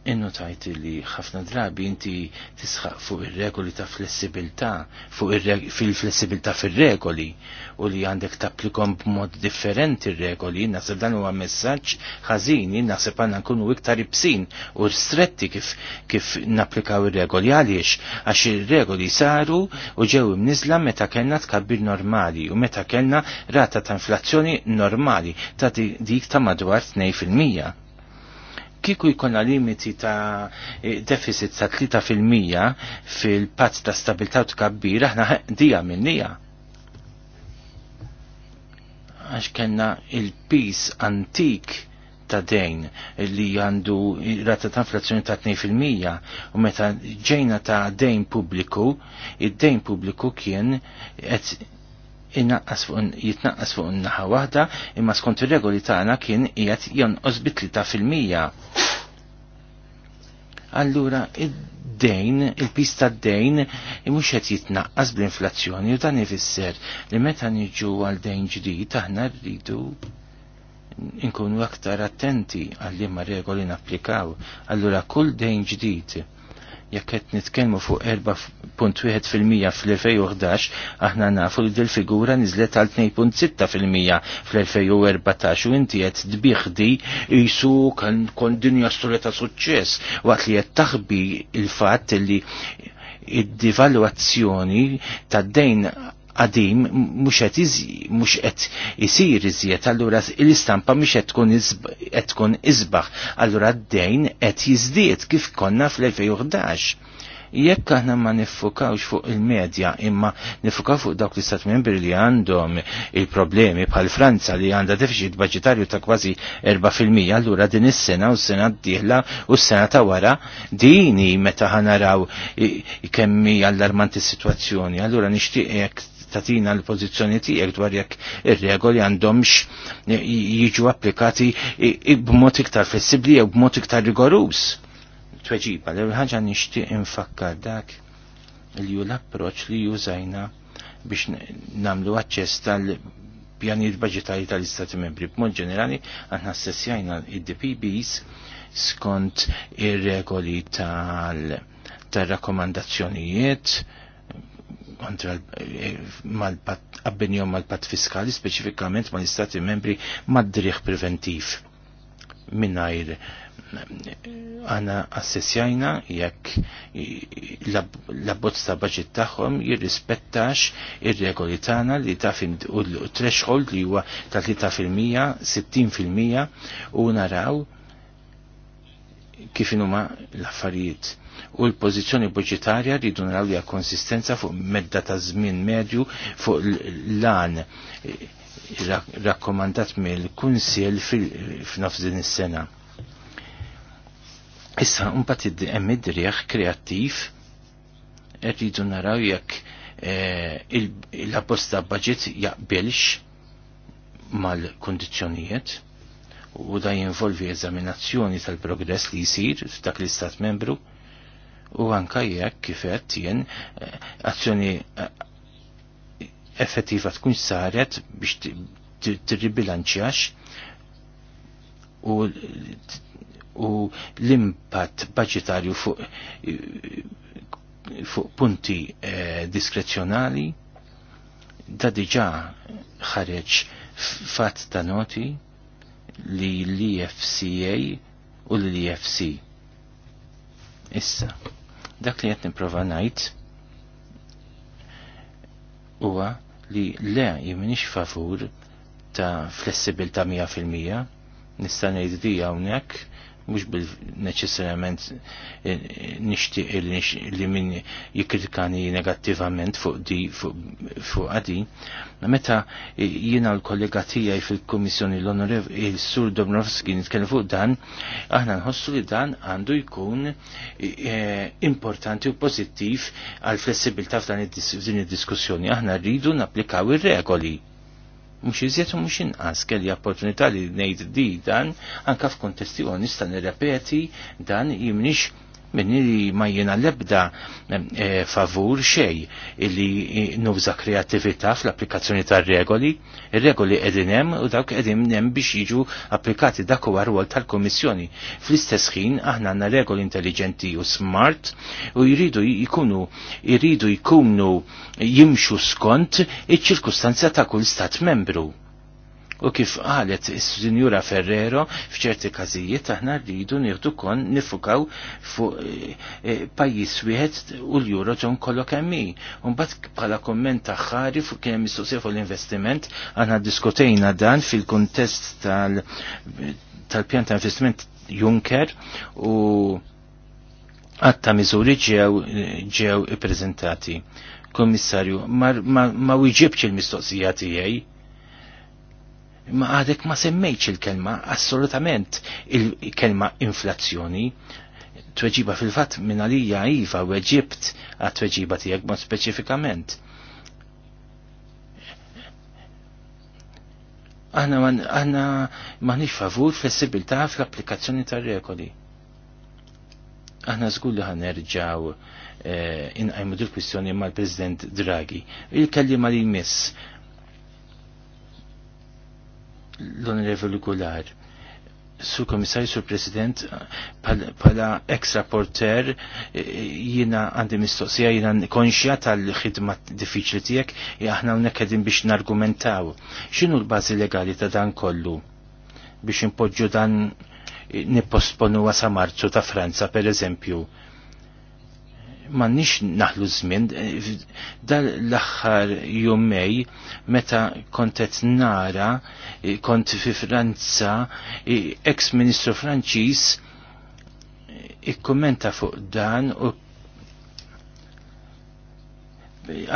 innotajt li ħafna drabi inti tisħaq fuq ir-regoli ta' flessibilità, fuq fil-flessibilità fir-regoli u li għandek tapplikom b'mod differenti r-regoli, nasib dan huwa messaġġ ħażin, nasib għandna nkunu iktar ibsin u stretti kif kif napplikaw ir-regoli għaliex għax ir-regoli saru u ġew imniżla meta kellna tkabbir normali u meta kellna rata ta' inflazzjoni normali ta' dik ta' madwar 2 fil-mija kiku jkollna limiti ta' e, deficit ta' 3% fil-pazz ta' stabilità u tkabbir, aħna dija minnija. Għax kena il-pis antik ta' dejn li għandu rata ta' inflazzjoni ta' 2% u meta ġejna ta' dejn pubbliku, id-dejn pubbliku kien jitnaqqas fuq in-naħa waħda imma skont ir-regoli tagħna kien qiegħed jonqos bi tlieta fil-mija. Allura id-dejn, il-pista d-dejn mhux qed jitnaqqas bl-inflazzjoni u dan ifisser li meta niġu għal dejn ġdid aħna rridu nkunu aktar attenti għal ma regoli napplikaw. Allura kull dejn ġdid jekk qed nitkellmu fuq 4.1 fil-mija fl-2011, aħna nafu li dil-figura niżlet għal 2.6 fil-mija fl-2014 u inti qed tbieħdi jisu kan kon dinja storja ta' suċċess waqt li qed taħbi il-fatt li id-divalwazzjoni tad-dejn qadim mhux qed mux għet isir iżjed, allura l-istampa mux qed tkun izbaħ, għallura isbaħ, allura d-dejn qed jiżdied kif konna fl-2011. Jekk aħna ma nifukawx fuq il-medja imma nifukaw fuq dawk l-istat membri li għandhom il-problemi bħal Franza li għandha deficit budgetarju ta' kważi 4% allura din is-sena u s-sena d-dieħla u s-sena ta' wara dini meta ħanaraw kemm hija allarmanti situazzjoni. Allura nixtieq tatina l-pozizjoni tiegħek dwar jekk ir-regoli għandhomx jiġu applikati b'mod iktar flessibli jew b'mod iktar rigoruż. Tweġiba, l ħaġa nixtieq infakkar dak li hu l-approċċ li jużajna biex namlu aċċess tal-pjanijiet budġetari tal-Istati Membri. B'mod ġenerali aħna sessjajna id-DPBs skont ir-regoli tal-rakkomandazzjonijiet kontra mal-pat mal-pat fiskali speċifikament mal-istati membri mad-driħ preventiv minnajr għana assessjajna jekk l-abbozz ta' budget tagħhom jirrispettax ir-regoli tagħna li ta' u l-threshold li huwa ta' 3%, 60% u naraw kif huma l-affarijiet u l-pożizzjoni budgetarja li dun li konsistenza fuq medda ta' żmien medju fuq l-lan eh, rakkomandat mill kunsil f'nofs din is-sena. Issa mbagħad hemm id-drieħ kreattiv rridu naraw jekk eh, il-apposta budget jaqbilx mal-kondizzjonijiet u da jinvolvi eżaminazzjoni tal-progress li jisir f'dak l-istat membru u anka jekk kifet jien eh, azzjoni eh, effettiva tkun saret biex tirribilanċjax u u l-impatt budgetarju fuq punti eh, diskrezjonali da diġa ħareġ fat ta' noti li l-EFCA u l-EFC. Issa. Dak li qed nipprova ngħid huwa li le jimnix favur ta' flessibilta' 100% nista' ngħid di hawnhekk mux bil-neċessarjament eh, nishtiq li min jikritikani negattivament fuq di fuq għadi. Meta eh, jina l-kollega tijaj fil-Komissjoni l-Onorev il-Sur eh, Dobrovski nitkellem fuq dan, aħna nħossu li dan għandu jkun importanti u pozittiv għal flessibilta f'dan id-diskussjoni. Aħna rridu napplikaw ir-regoli mhux iżjed u mhux inqas kelli opportunità li ngħid di dan anke f'kuntesti u nista' nirrepeti dan jimnix minni ma jiena lebda e, favur xej illi nuża kreativita fl-applikazzjoni tar regoli ir-regoli qegħdin hemm u dawk qegħdin hemm biex jiġu applikati dak huwa rwol tal-Kummissjoni. Fl-istess ħin aħna għandna regoli intelligenti u smart u jridu jkunu jridu jkunu jimxu skont iċ-ċirkustanza ta' kull stat membru U kif qalet is-Sinjura Ferrero f'ċerti każijiet aħna rridu nieħdu kon nifukaw fuq eh, eh, pajjiż wieħed u l-Euro ġon kollok hemmi. Mbagħad bħala komment aħħari fuq kien hemm mistoqsija fuq l-investiment aħna diskutejna dan fil-kuntest tal pjan ta' investiment Juncker u għatta miżuri ġew i ippreżentati. Komissarju, ma wieġibx il-mistoqsija tiegħi ma għadek ma semmejċ il-kelma, assolutament il-kelma inflazzjoni, tweġiba fil-fat minn għalija Iva u Eġibt għat tweġiba tijak ma specifikament. Aħna ma nix favur flessibilità fl-applikazzjoni tar-regoli. Aħna żgur li in eh, inqajmu dil-kwistjoni mal-President Draghi. Il-kellima li jmiss l-Onorevoli Gular. Sur komissarju, sur president, pala ex-rapporter, jina għandi mistoqsija, jina konxja tal-ħidma diffiċli tijek, jahna unnek kedim biex nargumentaw. Xinu l-bazi legali ta' dan kollu? Biex impoġġu dan nipposponu għasa marzu ta' Franza, per eżempju ma nix naħlu żmien dal l-aħħar jumej meta kontet nara kont fi Franza ex ministru Franċiż ikkommenta fuq dan u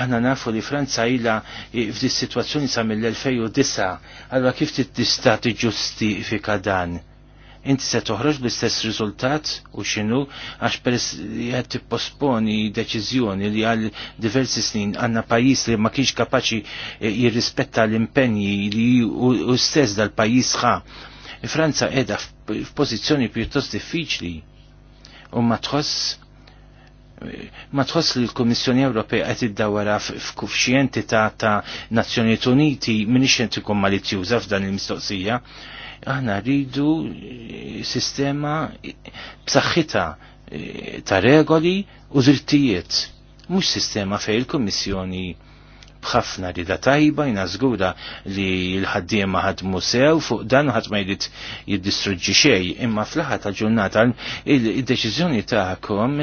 aħna nafu li Franza ila f'di situazzjoni sa mill-2009 allora kif tit tista' tiġġustifika dan? inti se toħroġ bl-istess riżultat u xinu għax peress qed tipposponi deċiżjoni li għal diversi snin għandna pajjiż li ma kienx kapaċi eh, jirrispetta l-impenji li u stess dal-pajjiż xa. Franza qiegħda f'pożizzjoni pjuttost diffiċli u ma tħoss eh, ma tħoss li l-Komissjoni Ewropea qed iddawra f'xi entità ta' Nazzjonijiet Uniti minix qed ikun malizzjuża f'dan il-mistoqsija, Aħna rridu eh, sistema b'saħħitha eh, ta' regoli u drittijiet. Mhux sistema fejn il-Kummissjoni bħafna rida tajba jina żgura li l-ħaddiema ħadmu sew fuq dan ħadd ma jrid jiddistruġġi xejn, imma fl-aħħar ta' ġurnata id-deċiżjoni tagħkom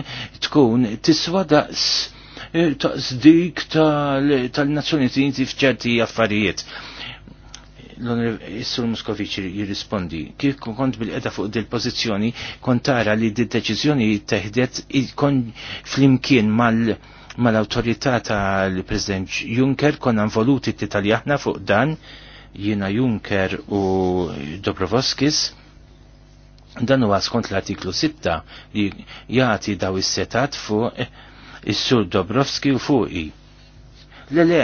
tkun tiswa daqs eh, dik tal-Nazzjoni Uniti f'ċerti affarijiet l-Sur Muscovici jirrispondi, kif kont bil-qeda fuq dil pożizzjoni kont tara li d deċiżjoni teħdet kon flimkien mal- mal-autorità tal-President Juncker konna involuti t-Italjaħna fuq dan, jina Juncker u Dobrovoskis, dan huwa skont l-artiklu 6 li jagħti daw is-setat fuq is-Sur Dobrovski u fuqi. Le, le,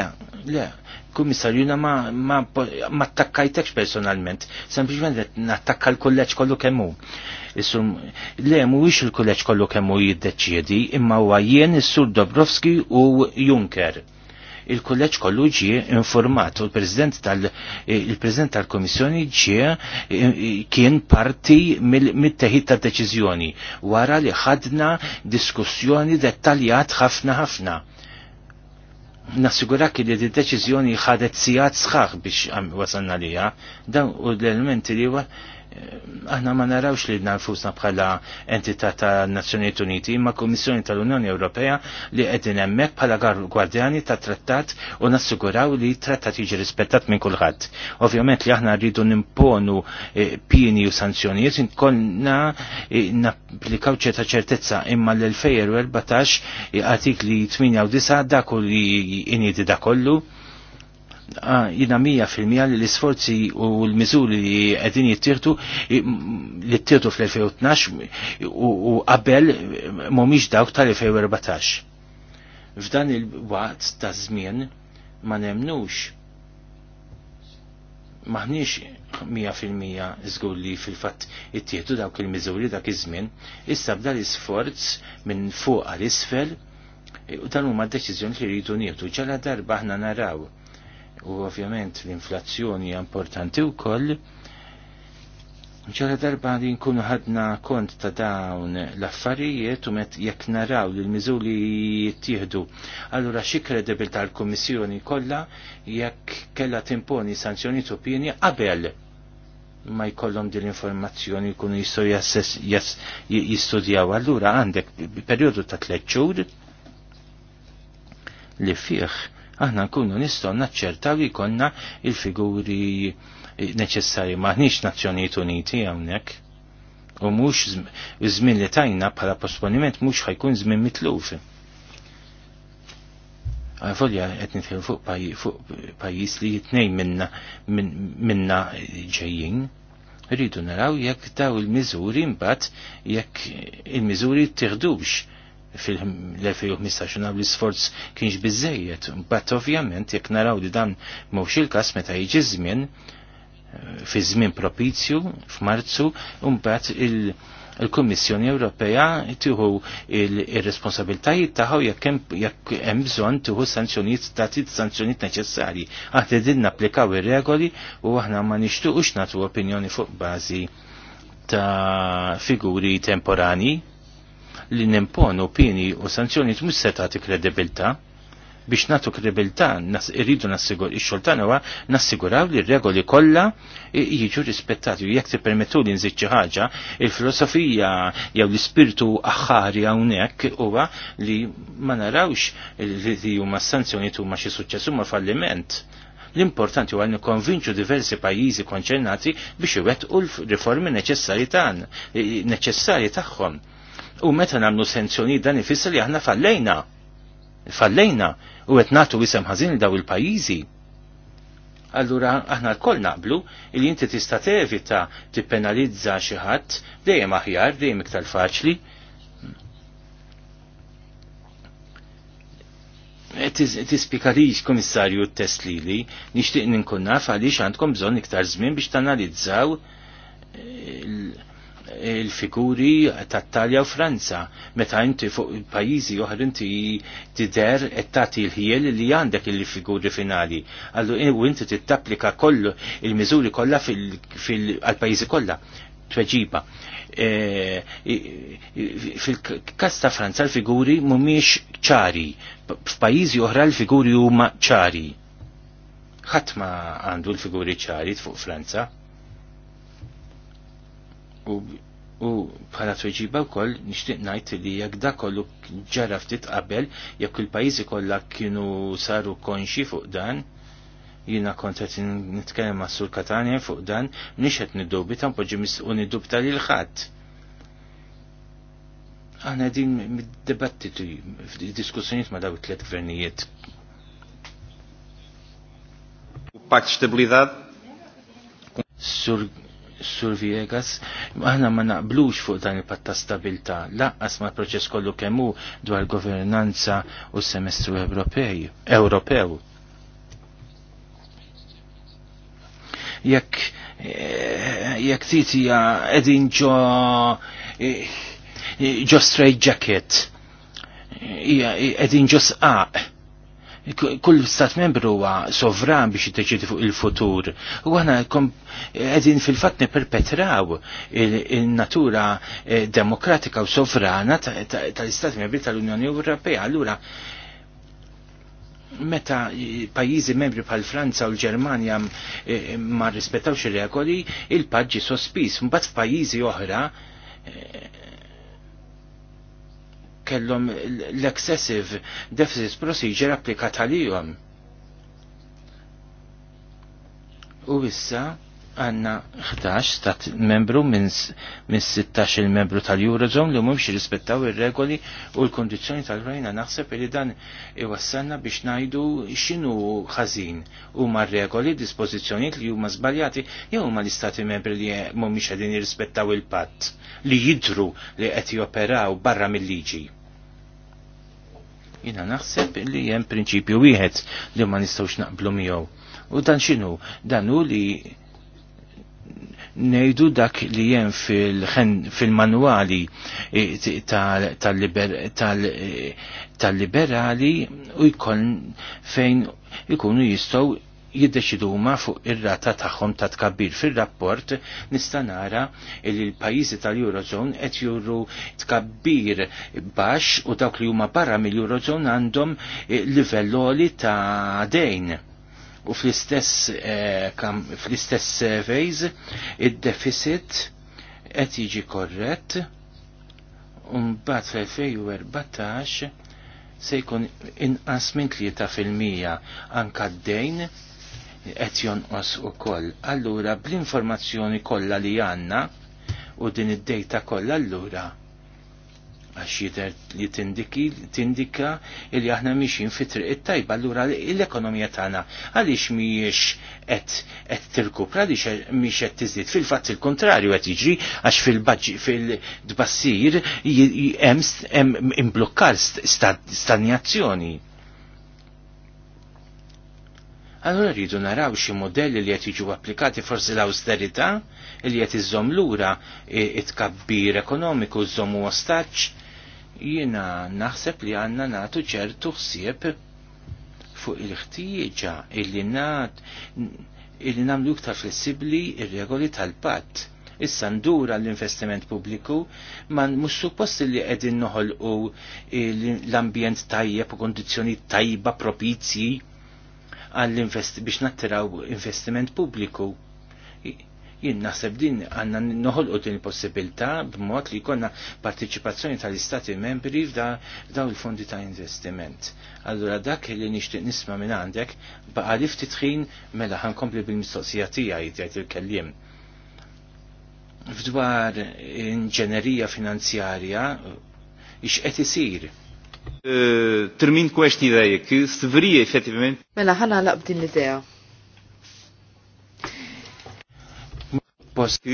le, Kummissarju, na ma, ma, ma attakkajtekx personalment, sempliciment nattakka l-kulleġġ kollu kemm hu. Isum, le mhuwiex il-kulleġġ kollu kemm hu jiddeċiedi, imma huwa jien is-Sur Dobrovski u Juncker. Il-kulleġġ kollu ġie informat u l-President tal-President tal-Komissjoni ġie kien parti mit-teħid tad deċiżjoni wara li ħadna diskussjoni dettaljat ħafna ħafna nassigurak li di deċiżjoni ħadet sijat sħaħ biex wasanna lija, dan u l-elementi li huwa aħna ma narawx li nfusna bħala entità ta' Nazzjonijiet Uniti imma Kummissjoni tal-Unjoni Ewropea li qegħdin hemmhekk bħala gwardjani ta' trattat u nassiguraw li trattat jiġi rispettat minn kulħadd. Ovvjament li aħna rridu nimponu eh, pieni u sanzjonijiet inkolna eh, napplikaw ċerta ċertezza imma l-2014 eh, artikli 8 u dak li inidi dakollu kollu Ah, jina mija fil-mija li l-isforzi u l-mizuri li għedin jittieħdu li ttieħdu fl-2012 u qabel eh, momiġ dawk tal-2014. F'dan il-waqt ta' żmien ma nemnux maħniex 100% żgur li fil fat ittieħdu dawk il-miżuri dak iż-żmien, issa bda l-isforz minn fuq għal isfel u eh, dan huma d-deċiżjoni li rridu nieħdu ġala darba aħna naraw u ovvjament l-inflazzjoni importanti wkoll ċara darba li nkunu ħadna kont ta' dawn l-affarijiet u met jekk naraw li l mizuli jittieħdu. Allura xi kredibil tal-Kummissjoni kollha jekk kellha timponi sanzjonijiet opinji qabel ma jkollhom din l-informazzjoni jkunu jistgħu jistudjaw. Allura għandek perjodu ta' tleċċur li fih aħna nkunu nistgħu naċċertaw li konna il-figuri neċessarji maħniex Nazzjonijiet Uniti hawnhekk. U mhux żmien li tajna bħala posponiment mhux ħajkun żmien mitluf. Għafolja qed nitkellem fuq pajjiż li jitnej minna minna ġejjin rridu naraw jekk daw il-miżuri mbat jekk il-miżuri tirdux fil-2015 għaw l-sforz kienx bizzejiet, bat ovvjament jek naraw li dan m'hux il-kas meta jiġi żmien eh, fi żmien propizju f'Marzu, mbagħad il- il Ewropea tieħu il-responsabiltajiet tagħha jekk hemm bżonn tieħu sanzjonijiet tagħti sanzjonijiet neċessarji. Aħna din napplikaw ir-regoli u aħna ma nixtuqux nagħtu opinjoni fuq bażi ta' figuri temporani li nimponu opini u sanzjoni mhux se tagħti kredibilità biex natu kredibilità irridu nassigur ix-xoltan huwa nassiguraw li r-regoli kollha jiġu rispettati u jekk tippermettu li nżid xi ħaġa, il-filosofija jew l-ispirtu aħħari hawnhekk huwa li ma narawx li huma s-sanzjonijiet huma xi suċċess huma falliment l-importanti huwa nikkonvinċu diversi pajjiżi konċernati biex iwettqu l-riformi neċessarji tagħhom. U meta nagħmlu sanzjoni dan ifisser li aħna fallejna. Fallejna u qed nagħtu isem ħażin daw il-pajjiżi. Allura aħna l-koll naqblu li inti tista' tevita tippenalizza xi ħadd dejjem aħjar, dejjem iktar faċli. Tispikalix komissarju t-test li li, nishtiq ninkun naf għaliex għandkom bżonn iktar żmien biex tanalizzaw il-figuri ta' Talja u Franza. Meta inti fuq pajjiżi oħra inti tider qed tagħti l-ħiel li għandek il-figuri finali. Allu u inti tittapplika kollu il-miżuri kollha fil-pajjiżi kollha tweġiba. E, fil-kas ta' Franza l-figuri mhumiex ċari, f'pajjiżi oħra l-figuri huma ċari. Ħadd ma għandu l-figuri ċari fuq Franza u bħala tweġiba wkoll nixtieq ngħid li jekk da kollu ġara ftit qabel jekk il-pajjiżi kollha kienu saru konxi fuq dan jina kontet nitkellem ma' Sur Katania fuq dan mhix qed tam mpoġġi u niddubita lil ħadd. Aħna din mid-dibattitu diskussjonijiet ma' daw it-tliet gvernijiet. Pakt stabilidad? Sur Sur Viegas, aħna ma naqblux fuq dan il-patta stabilta, laqqas ma proċess kollu kemmu dwar governanza u semestru Ewropej, Ewropew. Jekk eh, jekk titija edin ġo eh, ġo straight jacket, edin ġo sqaq kull stat membru huwa sovran biex jiddeċidi fuq il-futur. U għana qegħdin fil-fatt niperpetraw il-natura eh, demokratika u sovrana tal-istat membri tal-Unjoni Ewropea. Allura meta pajjiżi membri bħal Franza u l-Ġermanja eh, ma rispettawx il regoli il-paġġi sospis. Mbagħad f'pajjiżi oħra eh, kellhom l-excessive deficit procedure applikat għalihom. U issa għanna 11 stat membru minn 16 il-membru tal-Eurozone li mhumx jirrispettaw ir-regoli u l-kondizzjoni tal rajna naħseb li dan iwassalna biex ngħidu x'inhu ħażin huma regoli dispożizzjonijiet li huma żbaljati jew huma l-istati membri li mhumiex qegħdin jirrispettaw il-patt li jidru li qed joperaw barra mill-liġi. Jina naħseb li hemm prinċipju wieħed li ma nistgħux naqblu miegħu. U dan x'inhu? Dan hu li nejdu dak li jem fil-manuali eh, eh, tal-liberali u jkun fejn ikunu jistgħu jiddeċidu ma fuq ir-rata tagħhom ta' tkabbir fir-rapport nista' nara li l-pajjiżi tal-Eurozone qed juru tkabbir baxx u dawk li huma barra mill-Eurozone għandhom eh, livelloli ta' dejn. U fl-istess eh, fl-istess surveys id-deficit qed jiġi korrett u mbagħad fl-2014 se jkun inqas minn 3 fil-mija anka d-dejn os jonqos ukoll. Allura bl-informazzjoni kollha li għandna u din id-dejta kollha allura għax jidher li tindiki, tindika li aħna miexin fi triq tajba allura l-ekonomija tagħna għaliex mhijiex qed tirkupra għaliex mhix qed tiżdied. Fil-fatt il-kontrarju qed jiġri għax fil-tbassir hemm imblukkar stanjazzjoni. Allora rridu naraw xi modelli li qed jiġu applikati forsi l-awsterità li qed iżżomm lura it-tkabbir ekonomiku żommu ostaġġ jiena naħseb li għandna nagħtu ċertu ħsieb fuq il-ħtieġa illi nat illi namlu iktar flessibbli ir-regoli tal-patt. Issa ndura l-investiment pubbliku ma mhux suppost li qegħdin noħolqu l-ambjent tajjeb u kondizzjoni tajba propizji għall-invest biex nattiraw investiment pubbliku. Jien naħseb din għanna noħolqu din il-possibilità b'mod li jkollna partiċipazzjoni tal-Istati membri f'daw il-fondi ta' investiment. Allura dak li nixtieq nisma' minn għandek baqa' li ftit ħin mela ħankompli bil-mistoqsija tiegħi jgħid il-kelliem fdwar inġenerija finanzjarja ix qed isir Eh, Termin kwesti ideja, s-verija effettivament. Mela, ħana għalaq b'din l-idea. Post,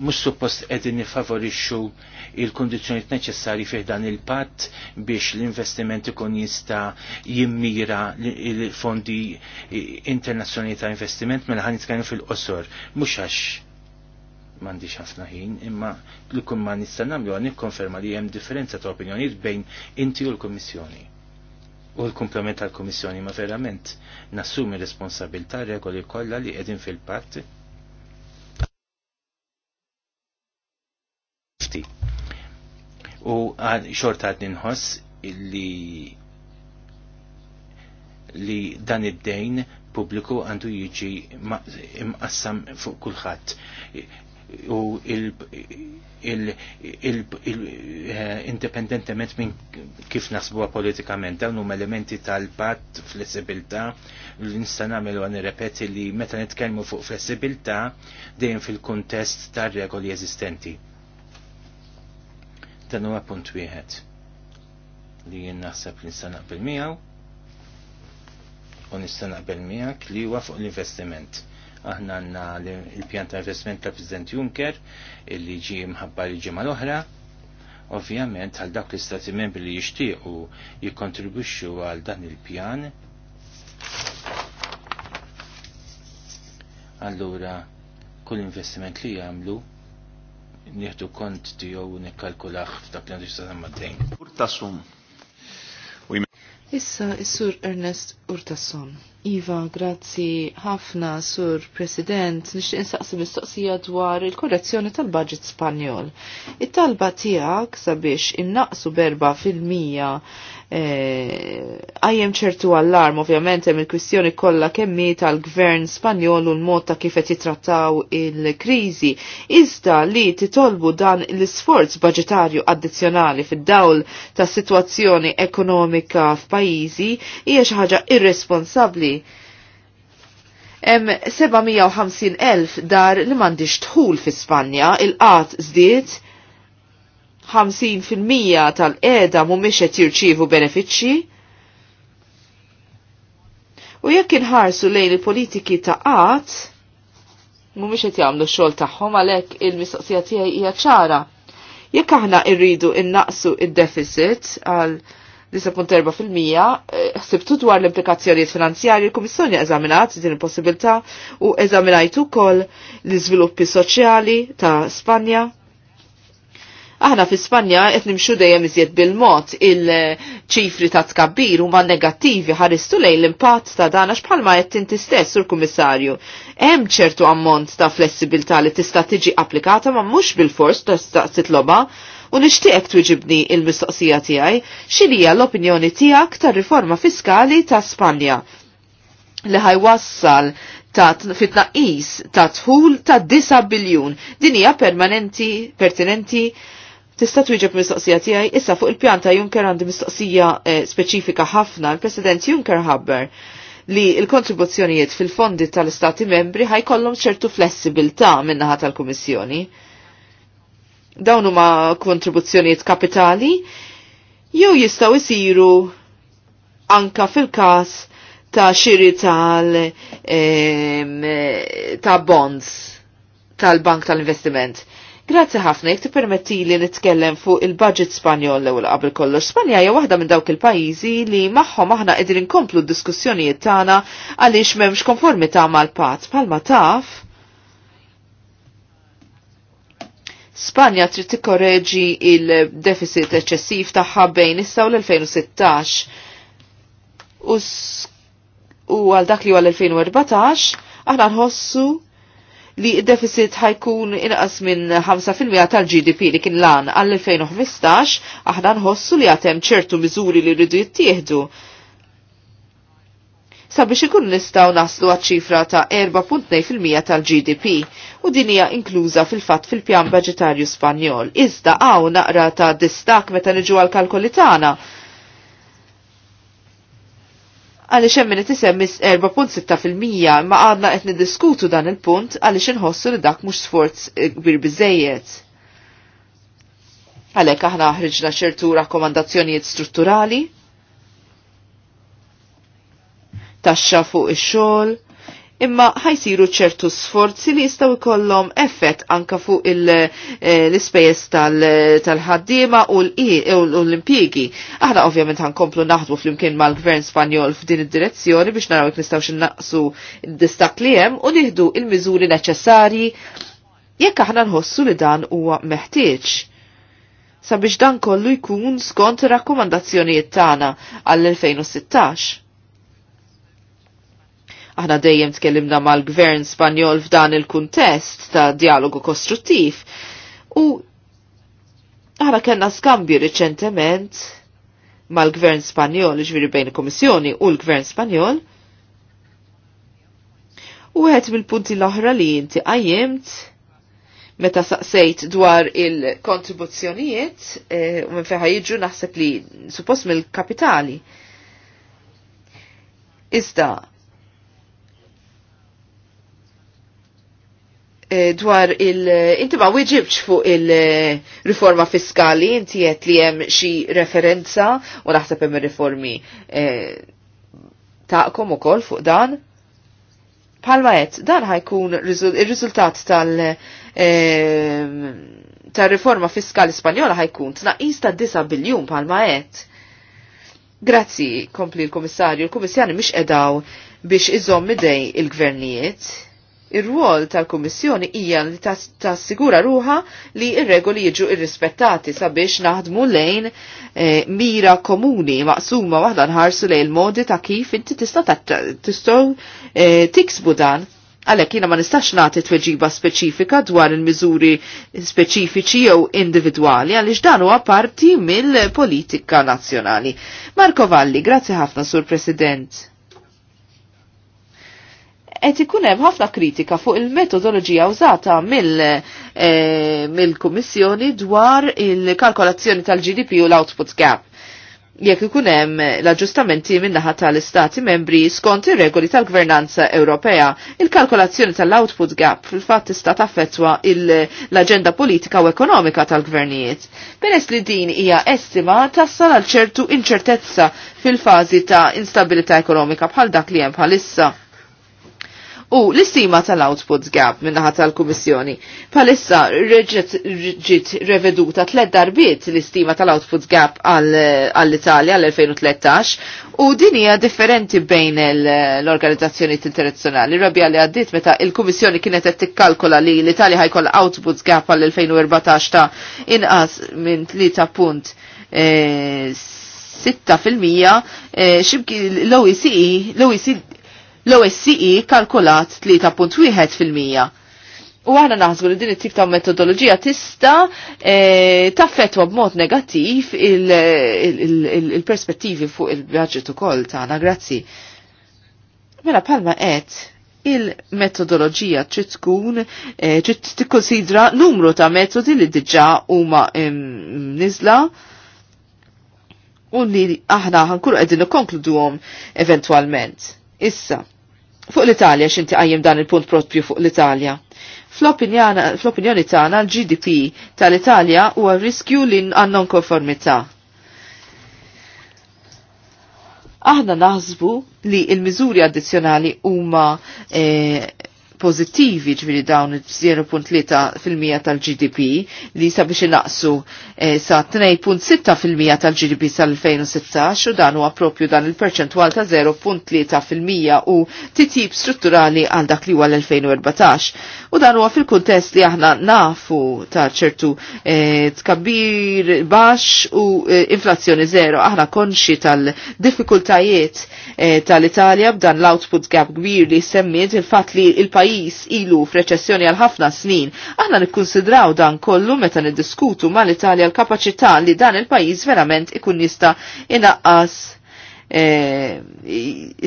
mux suppost edin nifavorixxu il-kondizjoniet neċessari fih dan il-patt biex l-investiment ikun jista jimmira il-fondi internazzjonali ta' investiment mela ħan fil-qosor. Mux għax m'għandix ħafna ħin, imma l kum ma nista' nagħmlu għan nikkonferma li hemm differenza ta' opinjonijiet bejn inti u l-Kummissjoni. U l-komplement tal-Kummissjoni ma verament nassumi responsabilità regoli kollha li qegħdin fil-patt. U xorta għad nħoss li li dan id-dejn pubbliku għandu jiġi imqassam fuq kulħadd u l-independentement eh, minn kif nasbuha politikament dawn huma elementi tal-patt flessibilità li nista' nagħmel u nirrepeti li meta nitkellmu fuq flessibilità dejjem fil-kuntest tar-regoli eżistenti. Dan huwa punt wieħed li jien naħseb li nista' naqbel miegħu u nista' naqbel miegħek li huwa fuq l-investiment aħna għanna il-pjan ta' investment ta' President Juncker illi ġi mħabba li ġi l-oħra. Ovvjament għal dak l-istati membri li jixtiequ jikkontribwixxu għal dan il-pjan. Allura kull investiment li jagħmlu nieħdu kont tiegħu nikkalkulah f'dak li għandu jista' maddejn. Urtasum. Issa s sur Ernest Urtasson. Iva, grazzi ħafna, Sur President, nixtieq insaqsi mistoqsija dwar il-korrezzjoni tal-budget Spanjol. It-talba tiegħek sabiex innaqsu berba fil-mija eh, għajjem ċertu allarm, ovvjament, hemm il-kwistjoni kollha kemmi tal-gvern Spanjol u l-mod ta' kif qed jitrattaw il-kriżi. Iżda li titolbu dan l-isforz budgetarju addizzjonali fid-dawl ta' situazzjoni ekonomika f'pajjiżi hija xi ħaġa irresponsabbli differenti. Hemm 750,000 dar li m'għandix tħul fi Spanja, il-qat żdied 50% tal eda mhumiex qed jirċievu benefiċċji. U jekk inħarsu lejn il-politiki ta' qat, mhumiex qed jagħmlu x-xogħol tagħhom għalhekk il-mistoqsija tiegħi hija ċara. Jekk aħna rridu innaqsu id-deficit għal 9.4% eh, ħsibtu dwar l-implikazzjonijiet finanzjarji l-Kummissjoni eżaminat din il-possibilità u eżaminajt ukoll l-iżviluppi soċjali ta' Spanja. Aħna fi Spanja qed nimxu dejjem iżjed bil-mod il-ċifri ta' tkabbir huma negattivi ħaristu lejn l-impatt ta' dan għax bħalma qed tinti stess sur kummissarju. Hemm ċertu ammont ta' flessibilità li tista' tiġi applikata ma' mhux bil-fors tista' titloba u nixtieq twiġibni il-mistoqsija tiegħi xilija l-opinjoni tiegħek tar-riforma fiskali ta' Spanja li ħaj wassal ta' fitnaqis ta' tħul ta' 9 biljun. Din hija permanenti, pertinenti, Tista' twieġeb mistoqsija tiegħi issa fuq il-pjan ta' Juncker għandi mistoqsija eh, speċifika ħafna l-President Juncker ħabber li l-kontribuzzjonijiet fil-fondi tal-Istati membri ħajkollhom ċertu flessibilità min-naħa tal-Kummissjoni dawn huma kontribuzzjonijiet kapitali jew jistgħu jsiru anka fil-każ ta' xiri tal ta' bonds tal-Bank tal-Investiment. Grazzi ħafna jek permetti li nitkellem fuq il-budget Spanjol l-ewwel qabel kollox. Spanja hija waħda minn dawk il-pajjiżi li magħhom aħna qegħdin inkomplu d-diskussjonijiet tagħna għaliex m'hemmx konformità mal-patt. Palma taf, Spanja trid tikkoreġi il-deficit eċċessiv tagħha bejn issa u l-2016. U għal dak li għal 2014 aħna nħossu li deficit ħajkun inqas minn 5% tal-GDP li kien lan għal 2015 aħna nħossu li għatem ċertu miżuri li rridu jittieħdu sabiex ikun nistaw naslu għat-ċifra ta' 4.2% tal-GDP u din hija inkluża fil-fatt fil-pjan budgetarju Spanjol. Iżda hawn naqra ta' distak meta niġu għal-kalkoli tagħna. Għaliex hemm min tisemmis 4.6% ma għadna qed niddiskutu dan il-punt għaliex inħossu li dak mhux sforz eh, kbir bizzejiet. Għalhekk aħna ħriġna ċertu rakkomandazzjonijiet strutturali taxxa fuq ix-xogħol, imma ħajsiru ċertu sforzi li jistaw ikollhom effett anka fuq eh, l-ispejjeż tal-ħaddiema u l-impjiegi. Aħna ovvjament ħankomplu naħdmu flimkien mal-Gvern Spanjol f'din id-direzzjoni biex naraw jekk nistgħux innaqsu d-distak li hemm u nieħdu l-miżuri neċessarji jekk aħna nħossu li dan huwa meħtieġ sabiex dan kollu jkun skont ir rakkomandazzjonijiet tagħna għall-2016. Aħna dejjem tkellimna mal-gvern Spanjol f'dan il-kuntest ta' dialogu kostruttiv. U aħna kellna skambju riċentement mal-gvern Spanjol, ġviri bejn il-Komissjoni u l-gvern Spanjol. U għed mill-punti l-oħra li inti għajjimt meta saqsejt dwar il-kontribuzzjonijiet e, u minn feħa jiġu naħseb li suppost mill-kapitali. Iżda, Eh, dwar il- eh, inti ma wieġibx fuq il-riforma fiskali, inti qed li hemm xi referenza u naħseb hemm ir-riformi eh, taqkom ukoll fuq dan. Palma qed dan ħajkun ir-riżultat tal- tar-riforma fiskali Spanjola ħajkun tnaqis ta' 9 biljun palma qed. Grazzi, kompli l-Komissarju, l-Komissjani mhix qedaw biex iżomm midej il-gvernijiet Ir-rwol tal-Kummissjoni hija li tassigura ruha li ir-regoli jiġu irrispettati sabiex naħdmu lejn eh, mira komuni maqsuma waħda nħarsu lejn il-modi ta' kif inti tista' tistgħu eh, tiksbu dan. Għalhekk jiena ma nistax nagħti tweġiba speċifika dwar il-miżuri speċifiċi jew individwali għaliex dan huwa parti mill-politika nazzjonali. Marko Valli, grazzi ħafna sur President qed ikun hemm ħafna kritika fuq il-metodoloġija użata eh, mill-Kummissjoni eh, mil dwar il-kalkolazzjoni tal-GDP u l-output gap. Jekk ikun hemm l-aġġustamenti min-naħa tal-Istati membri skont ir-regoli tal-Gvernanza Ewropea, il-kalkolazzjoni tal-output gap fil-fatt tista' taffettwa l-aġenda politika u ekonomika tal-gvernijiet. Peress li din hija estima tassal għal ċertu inċertezza fil-fażi ta' instabilità ekonomika bħal dak li hemm bħalissa u l-istima tal-output gap minnaħat tal-Kummissjoni. Palissa reġit reveduta tlet darbiet l-istima tal-output gap għall-Italja għall-2013 u din hija differenti bejn l-organizzazzjoni internazzjonali. Rabbi li għaddit meta il-Kummissjoni kienet qed tikkalkola li l-Italja ħajkoll output gap għall-2014 ta' inqas minn 3.6 6% xibki l-OECD L-OSCE kalkulat 3.1 fil-mija. U għana naħsbu li din it-tip ta' metodologija tista e, taffetwa b'mod negattiv il-perspettivi il, il, il fuq il-bjaġġet ukoll tagħna, grazzi. Mela palma qed il-metodologija trid tkun eh, trid numru ta' metodi li diġà huma nizla u li aħna ħankunu qegħdin nikkonkluduhom eventwalment Issa, fuq l-Italja xinti għajjem dan il-punt propju fuq l-Italja. Fl-opinjoni tagħna l-GDP tal-Italja huwa riskju li għannon non-konformità. Aħna naħsbu li il-miżuri addizzjonali huma e, pozittivi ġviri dawn 0.3% tal-GDP li sabiex inaqsu eh, sa 2.6% tal-GDP sal-2016 u dan huwa propju dan il-perċentwal ta' 0.3% u titjib strutturali għal dak li huwa l-2014. U dan huwa fil-kuntest li aħna nafu ta' ċertu eh, tkabbir baxx u eh, inflazzjoni zero. Aħna konxi tal-diffikultajiet eh, tal-Italja b'dan l-output gap kbir li semmiet il-fat li il pajis pajis ilu f'reċessjoni għal ħafna snin, aħna nikkonsidraw dan kollu meta niddiskutu mal-Italja l-kapacità li dan il-pajis verament ikun jista' inaqqas eh,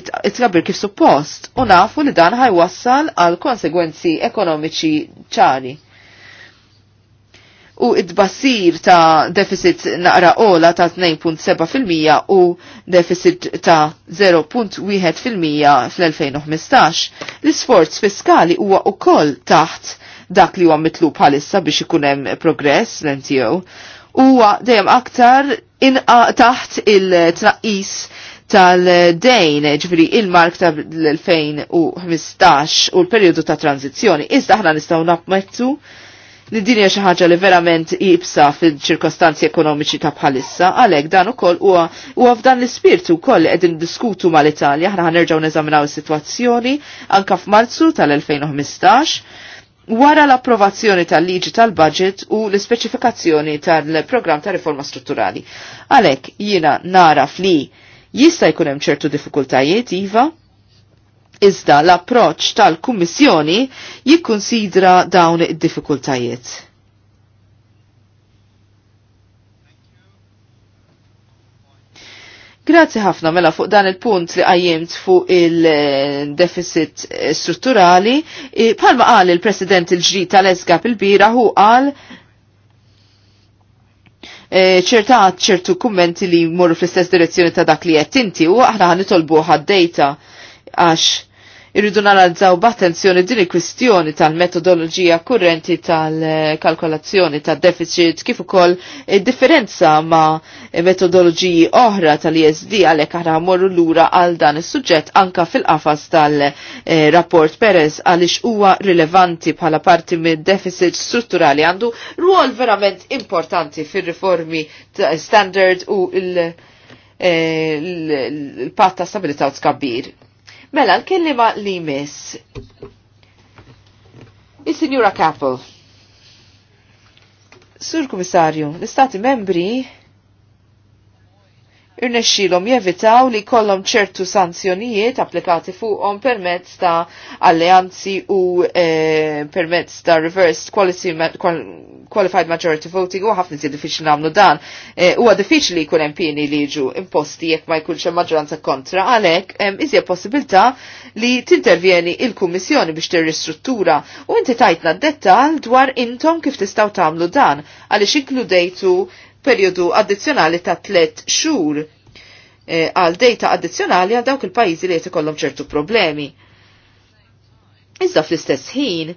it-tkabbir kif suppost u nafu li dan ħajwassal għal konsegwenzi ekonomiċi ċari u id-basir ta' deficit naqra ola ta' 2.7% u deficit ta' 0.1% fl-2015. L-isforz fiskali huwa ukoll taħt dak li huwa mitlu bħalissa biex ikun hemm progress l-NTO huwa dejjem aktar taħt il-tnaqqis tal-dejn, ġviri il-mark ta' l-2015 u l-periodu ta' tranzizjoni. Iżda aħna nistgħu napmettu li din hija xi ħaġa li verament jibsa fil-ċirkostanzi ekonomiċi ta' bħalissa, għalhekk dan ukoll huwa huwa f'dan l-ispirtu wkoll qed diskutu mal-Italja, aħna ħanerġgħu neżaminaw is-sitwazzjoni anka f'Marzu tal-2015 wara l-approvazzjoni tal-liġi tal-budget u l-ispeċifikazzjoni tal-programm ta' riforma strutturali. Għalhekk jiena naraf li jista' jkun hemm ċertu diffikultajiet iva, iżda l-approċ tal-Kummissjoni jikkunsidra dawn id-diffikultajiet. Grazzi ħafna mela fuq dan il-punt li għajjimt fuq il-deficit eh, strutturali. Palma qal il-President il-ġri tal esga il-bira hu qal eh, ċertat ċertu kummenti li morru fl-istess direzzjoni ta' dak li jettinti inti u aħna ħanitolbu ħad-dejta għax irridu naralżaw b'attenzjoni din il-kwistjoni tal-metodoloġija kurrenti tal-kalkolazzjoni tad-deficit kif ukoll differenza ma' metodoloġiji oħra tal-ISD għalhekk aħna mmorru lura għal dan is-suġġett anka fil-qafas tal-rapport Perez għaliex huwa rilevanti bħala parti mid-deficit strutturali għandu rwol verament importanti fir-riformi standard u il- patta stabilità u tkabbir. Mela, l-kellima li miss. Il-Signora Kappel. Sur Komissarju, l-Stati membri irnexxilhom jevitaw li kollhom ċertu sanzjonijiet applikati fuqhom permezz ta' alleanzi u e, permezz ta' reversed quality ma qualified majority voting u ħafna iżjed diffiċli nagħmlu dan. Eh, huwa e, diffiċli jkun hemm pieni li jiġu imposti jekk ma jkunx hemm maġġoranza kontra għalhekk iżja iżjed possibilità li tintervjeni il-Kummissjoni biex tirristruttura u inti tajtna d-dettal dwar intom kif tistgħu tagħmlu dan għaliex inkludejtu periodu addizzjonali ta' tlet xhur eh, għal dejta data addizzjonali għal dawk il-pajjiżi li qed ikollhom ċertu problemi. Iżda fl-istess ħin,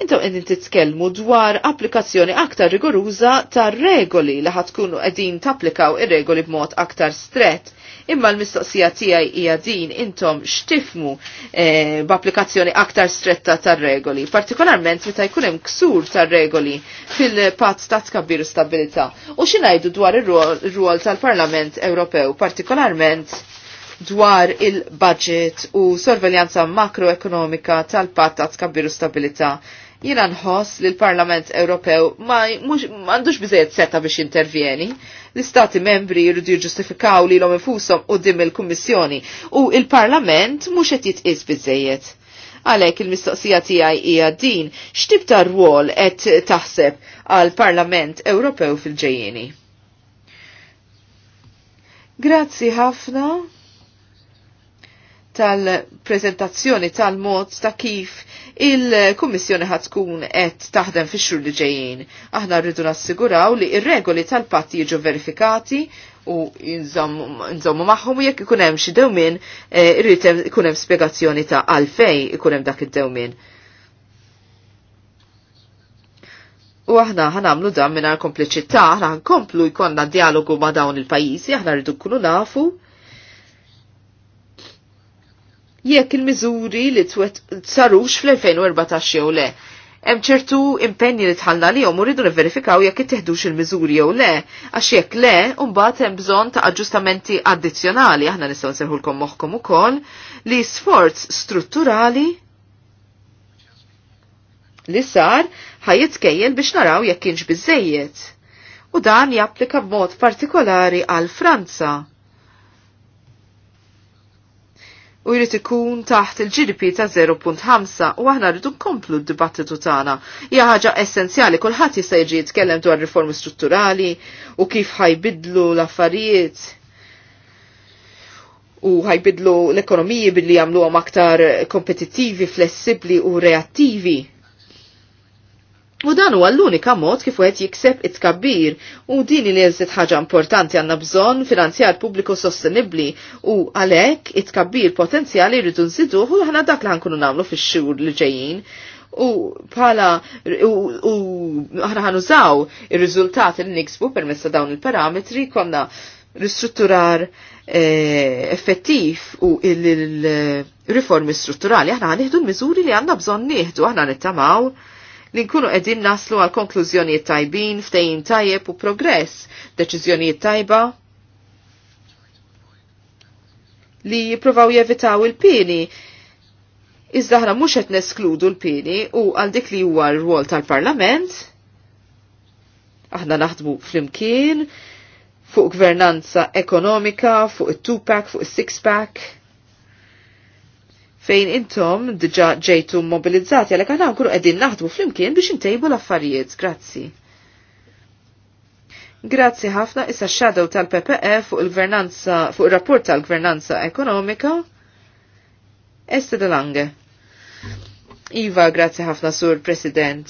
intom qegħdin titkellmu dwar applikazzjoni aktar rigoruza tar regoli li ħatkunu qegħdin tapplikaw ir-regoli b'mod aktar strett Imma l-mistoqsija tiegħi hija din intom x'tifmu eh, b'applikazzjoni aktar stretta tar-regoli, partikolarment meta jkun hemm ksur tar-regoli fil-patt ta' tkabbir u stabilità. U x'ingħidu dwar ir-rwol tal-Parlament Ewropew, partikolarment dwar il-budget u sorveljanza makroekonomika tal-patt ta' tkabbir u stabilità Jina nħoss li l-Parlament Ewropew ma għandux biżejjed seta biex intervjeni. L-Istati membri jridu jġustifikaw li l-om infusom u dim il-Kummissjoni u il-Parlament mhux qed jitqis bizajet. Għalhekk il-mistoqsija tiegħi hija din, x'tib ta' rwol qed taħseb għall Parlament Ewropew fil-ġejjieni? Grazzi ħafna tal-prezentazzjoni tal-mod ta' kif il-Kummissjoni ħad tkun qed taħdem fix-xhur li ġejjin. Aħna rridu nassiguraw li ir-regoli tal-patt jiġu verifikati u nżommu magħhom jekk ikun hemm xi dewmien eh, irrid ikun hemm spjegazzjoni ta' għalfejn ikun hemm dak id-dewmien. U aħna għamlu dan minn kompliċità, aħna komplu jkollna dialogu ma' dawn il-pajjiżi, aħna rridu nkunu nafu jekk il-miżuri li sarux fl-2014 jew le. Hemm ċertu impenni li tħallna li jom uridu verifikaw jekk ittieħdux il-miżuri jew le, għax jekk le, mbagħad hemm bżonn ta' aġġustamenti addizzjonali aħna nistgħu nserħulkom moħħkom ukoll li sforz strutturali li sar ħajitkejjel biex naraw jekk kienx biżejjed. U dan japplika b'mod partikolari għal Franza u jrid ikun taħt il-GDP ta' 0.5 u aħna rridu nkomplu d-dibattitu tagħna. Hija ħaġa essenzjali kulħadd jista' jiġi jitkellem dwar riformi strutturali u kif ħajbidlu l-affarijiet u ħajbidlu l-ekonomiji billi jagħmluhom aktar kompetittivi, flessibbli u reattivi U dan huwa l-unika mod kif qed jikseb it-kabbir u din li jeżid ħaġa importanti għandna bżonn finanzjar pubbliku sostenibbli u għalhekk it-kabbir potenzjali jridu nżiduh u aħna dak li ħankunu nagħmlu fix-xhur li ġejjin. U bħala u aħna ħanużaw ir-riżultati li niksbu permezz ta' dawn il-parametri konna ristrutturar eh, effettiv u il-riformi strutturali aħna ħanieħdu l-miżuri li għandna bżonn nieħdu aħna nittamaw li nkunu qegħdin naslu għal konklużjonijiet tajbin, ftejn tajjeb u progress, deċiżjonijiet tajba li jipruvaw jevitaw il-pini Iżda ħna mhux qed neskludu l-pini u għal dik li huwa r-rwol tal-Parlament, aħna naħdmu fl-imkien, fuq gvernanza ekonomika, fuq il-two-pack, fuq il-six-pack fejn intom dġa ġejtu mobilizzati għalek għana għankru għedin naħdmu flimkien biex intejbu l-affarijiet. Grazzi. Grazzi ħafna issa shadow tal-PPE fuq il-gvernanza, fuq il-rapport tal-gvernanza ekonomika. Este de Lange. Iva, grazzi ħafna sur President.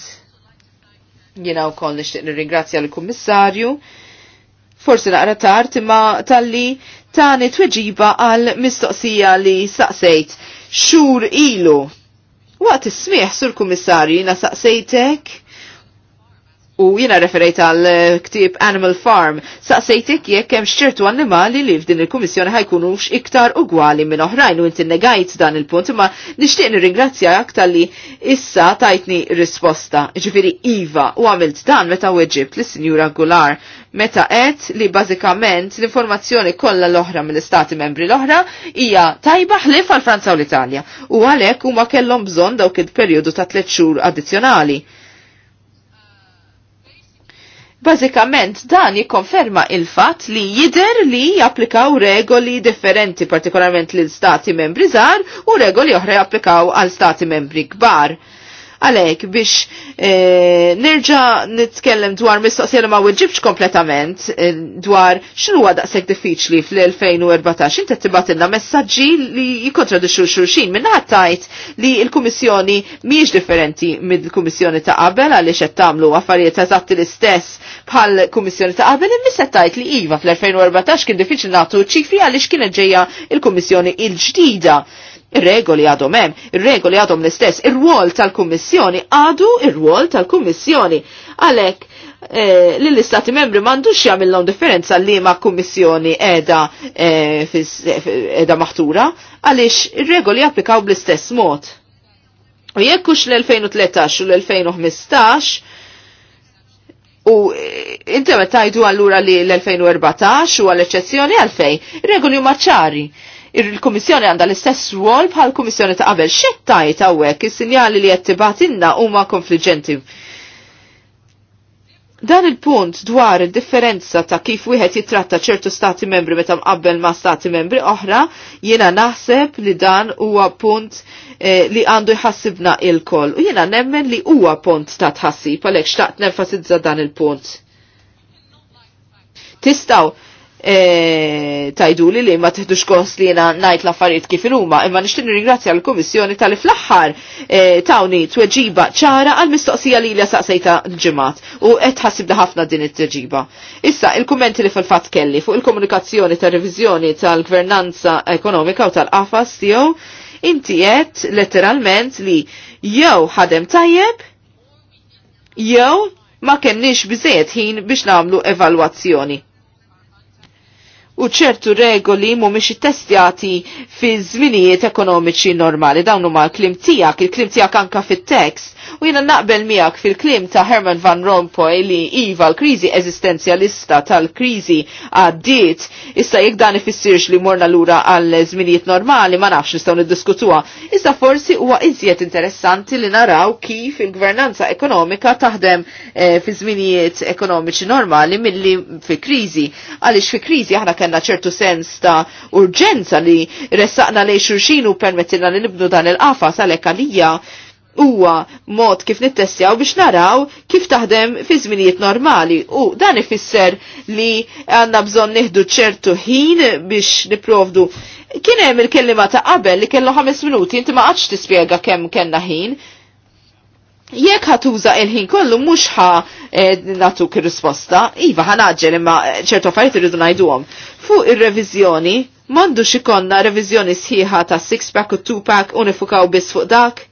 Jina u koll nishtiq nirringrazzja l-Kummissarju. Forsi naqra tard imma tal-li tani tweġiba għal mistoqsija li staqsejt xur ilu. Waqt is-smieħ sur kummissarju jina saqsejtek U jina referejt għal eh, ktib Animal Farm, saqsejtek jekk hemm xċertu annimali li f'din il-Kummissjoni ħajkunux iktar ugwali minn oħrajn u inti negajt dan il-punt, ma nixtieq nirringrazzja aktar li issa tajtni risposta. Ġifieri Iva u għamilt dan meta weġibt lis sinjura Gular meta qed li bażikament l-informazzjoni kollha l-oħra mill-istati membri l-oħra hija tajba ħlief għal Franza u l-Italja. U għalhekk huma kellhom bżonn dawk il-perjodu ta' tliet xhur addizzjonali Bażikament dan jikkonferma il-fatt li jider li japplikaw regoli differenti partikolarment lil stati membri żgħar u regoli oħra japplikaw għal stati membri kbar. Għalek biex e, nirġa nitkellem dwar mistoqsija li ma wħedġibx kompletament e, dwar x'inhu huwa daqshekk diffiċli fl-2014 inti tibatilna messaġġi li jikkontradixxu xulxin minna għattajt li l-Kummissjoni mhijiex differenti mill-Kummissjoni ta' qabel għaliex qed tagħmlu affarijiet eżatti l-istess bħal Kummissjoni ta' qabel imi settajt li iva fl-2014 kien diffiċli nagħtu ċifri għaliex kienet ġejja il-Kummissjoni il-ġdida. il kummissjoni il ġdida Ir-regoli għadhom hemm, ir-regoli għadhom l-istess, ir-rwol tal-Kummissjoni għadu ir-rwol tal-Kummissjoni. Għalhekk eh, li l-istati membri m'għandux jagħmilhom differenza li ma' kummissjoni qiegħda eh, qiegħda maħtura għaliex ir-regoli japplikaw bl-istess mod. U jekk hux l-2013 u l-2015 U eh, inti tajdu allura li l-2014 u għall-eċezzjoni għalfej, regoli marċari il-Komissjoni għandha l-istess ruol bħal Komissjoni ta' qabel. tajt hawnhekk is-sinjali li qed u huma konfliġenti. Dan il-punt dwar il-differenza ta' kif wieħed jitratta ċertu stati membri meta mqabbel ma' stati membri oħra, jiena naħseb li dan huwa punt eh, li għandu jħassibna il-koll. U jiena nemmen li huwa punt ta' tħassib għalhekk xtaqt nenfasizza dan il-punt. Tistaw E, tajdu li li ma teħdux kost li jena najt laffariet kif il-huma, imma nishtin ringrazzja l-Komissjoni tal fl-axħar e, tawni tweġiba ċara għal-mistoqsija li li saqsejta l-ġemat u qed ħassibda ħafna din it-tweġiba. Issa, il-kummenti li fil-fat kelli fuq il-komunikazzjoni tal-revizjoni tal-gvernanza ekonomika u tal-qafas tiegħu inti qed letteralment li jew ħadem tajjeb jew ma kenniex biżejjed ħin biex nagħmlu evalwazzjoni u ċertu regoli mhumiex ittestjati fi żminijiet ekonomiċi normali. Dawn huma l-klim tiegħek, il-klim tiegħek anka fit-tekst. U jina naqbel miegħek fil-klim ta' Herman Van Rompuy li iva l-kriżi eżistenzjalista tal-kriżi għaddit, issa jekk dan ifissirx li morna lura għal żminijiet normali ma nafx nistgħu niddiskutuha. Issa forsi huwa iżjed interessanti li naraw kif il-gvernanza ekonomika taħdem e, fi żminijiet ekonomiċi normali milli fi kriżi. Għaliex fi kriżi aħna kellna ċertu sens ta' urġenza li ressaqna lejn xurxinu permettilna li nibnu dan il-qafa sal-ekalija huwa mod kif nittestjaw biex naraw kif taħdem fi żminijiet normali u dan ifisser li għandna bżonn nieħdu ċertu ħin biex niprovdu kien hemm il-kelliema ta' qabel li kellu ħames minuti inti ma qatx tispjega kemm kellna ħin jekk ħatuża il-ħin kollu mhux ħa eh, natuk ir-risposta, iva ħanaġġel imma ċertu affarijiet irridu ngħiduhom. Fuq ir-reviżjoni, m'għandux ikonna reviżjoni sħiħa ta' six pack u two pack u nifukaw biss fuq dak.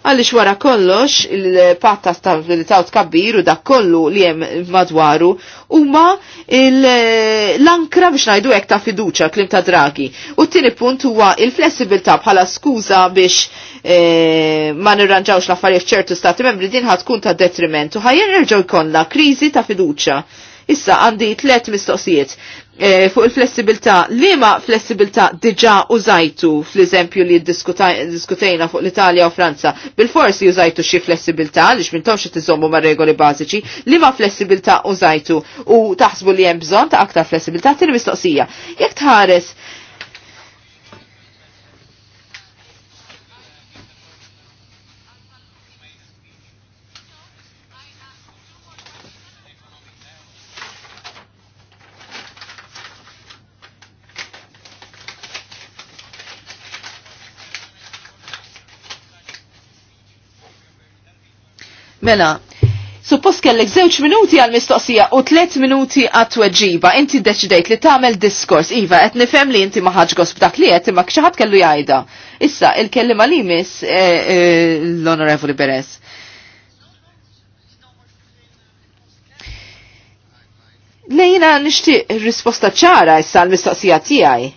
Għalix wara kollox il-patta stabilitaw tkabbir u dak kollu li jem madwaru huma l-ankra biex najdu ta' fiduċa klim ta' dragi. U t-tini punt huwa il-flessibilità bħala skuża biex e, ma nirranġawx l-affarijiet ċertu stati membri din ħatkun ta' detriment u ħajja nerġgħu jkollna kriżi ta' fiduċa. Issa għandi tlet mistoqsijiet. Eh, fuq il-flessibilità, li ma flessibilta diġa użajtu fl-eżempju li diskutejna fuq l-Italja u Franza, bil-forsi użajtu xie flessibilta, li xmintom xie tizommu ma regoli bażiċi, li ma u użajtu u taħsbu li jem bżon ta' aktar flessibilta, tini mistoqsija. Jek tħares Mela, suppost kellek żewġ minuti għal mistoqsija u tliet minuti għat tweġiba. Inti deċidejt li tagħmel diskors, iva, qed nifhem li inti ma gosb b'dak li qed imma xi ħadd kellu jgħidha. Issa il-kellima li miss eh, eh, l-Onorevoli Beres. Lejna nixtieq risposta ċara issa l-mistoqsija tiegħi.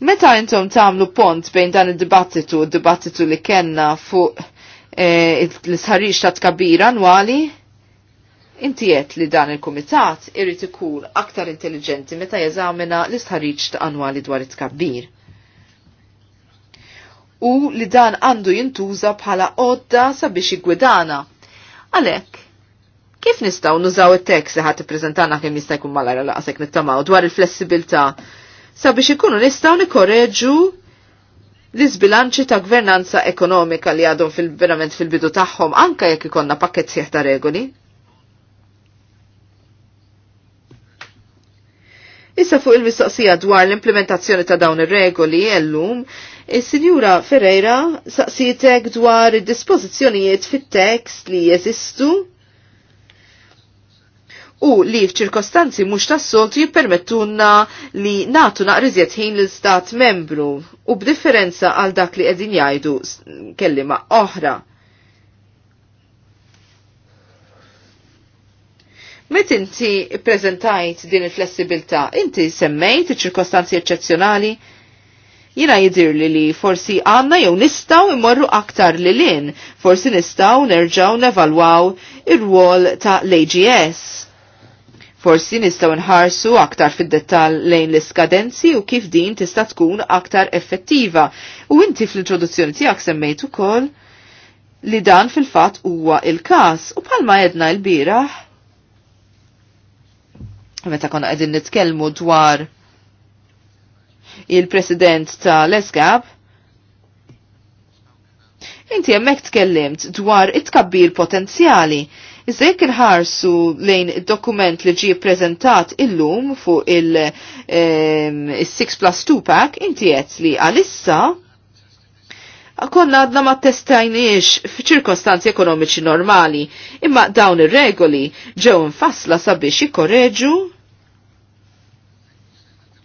Meta intom tagħmlu pont bejn dan id-dibattitu u d-dibattitu li kellna fuq e, l sħarriċ ta' tkabbir annwali, inti qed li dan il-kumitat irid ikun aktar intelligenti meta jeżamina l sħarriċ ta' annwali dwar it-tkabbir. U li dan għandu jintuża bħala odda sabiex jiggwidana. Għalhekk, kif nistgħu nużaw it-tekst li ħadd ippreżentana kemm jista' jkun malar laqsek nittamaw dwar il-flessibilta' sabiex ikunu nistgħu nikorreġu l-izbilanċi ta' gvernanza ekonomika li għadhom fil-verament fil-bidu tagħhom anka jekk ikonna pakket sieħ ta' regoli. Issa fuq il-mistoqsija dwar l-implementazzjoni ta' dawn ir-regoli llum, is-Sinjura Ferreira saqsitek dwar id-dispożizzjonijiet fit-tekst li jeżistu u li f'ċirkostanzi mhux tas-soltu jippermettuna li natu naqriżiet ħin l-istat membru u b'differenza għal dak li qegħdin jgħidu kellima oħra. Met inti prezentajt din il-flessibilità, inti semmejt ċirkostanzi eccezzjonali, jina jidir li li forsi għanna jew nistaw imorru aktar li lin, forsi nistaw nerġaw nevalwaw ir-rwol ta' l-AGS Forsi nistaw nħarsu aktar fid-dettal lejn l-iskadenzi u kif din tista' tkun aktar effettiva. U inti fl-introduzzjoni tiegħek semmejt ukoll li dan fil-fatt huwa il-każ u palma jedna l-bieraħ meta konna qegħdin nitkellmu dwar il-president tal-Esgab, inti hemmhekk tkellimt dwar it-tkabbir potenzjali Iżek nħarsu lejn dokument li ġie prezentat illum fuq il-6 ehm, plus 2 pack, inti għet li għalissa konna għadna ma testajniex f'ċirkostanzi ekonomiċi normali, imma dawn ir-regoli ġew infassla sabiex jikkorreġu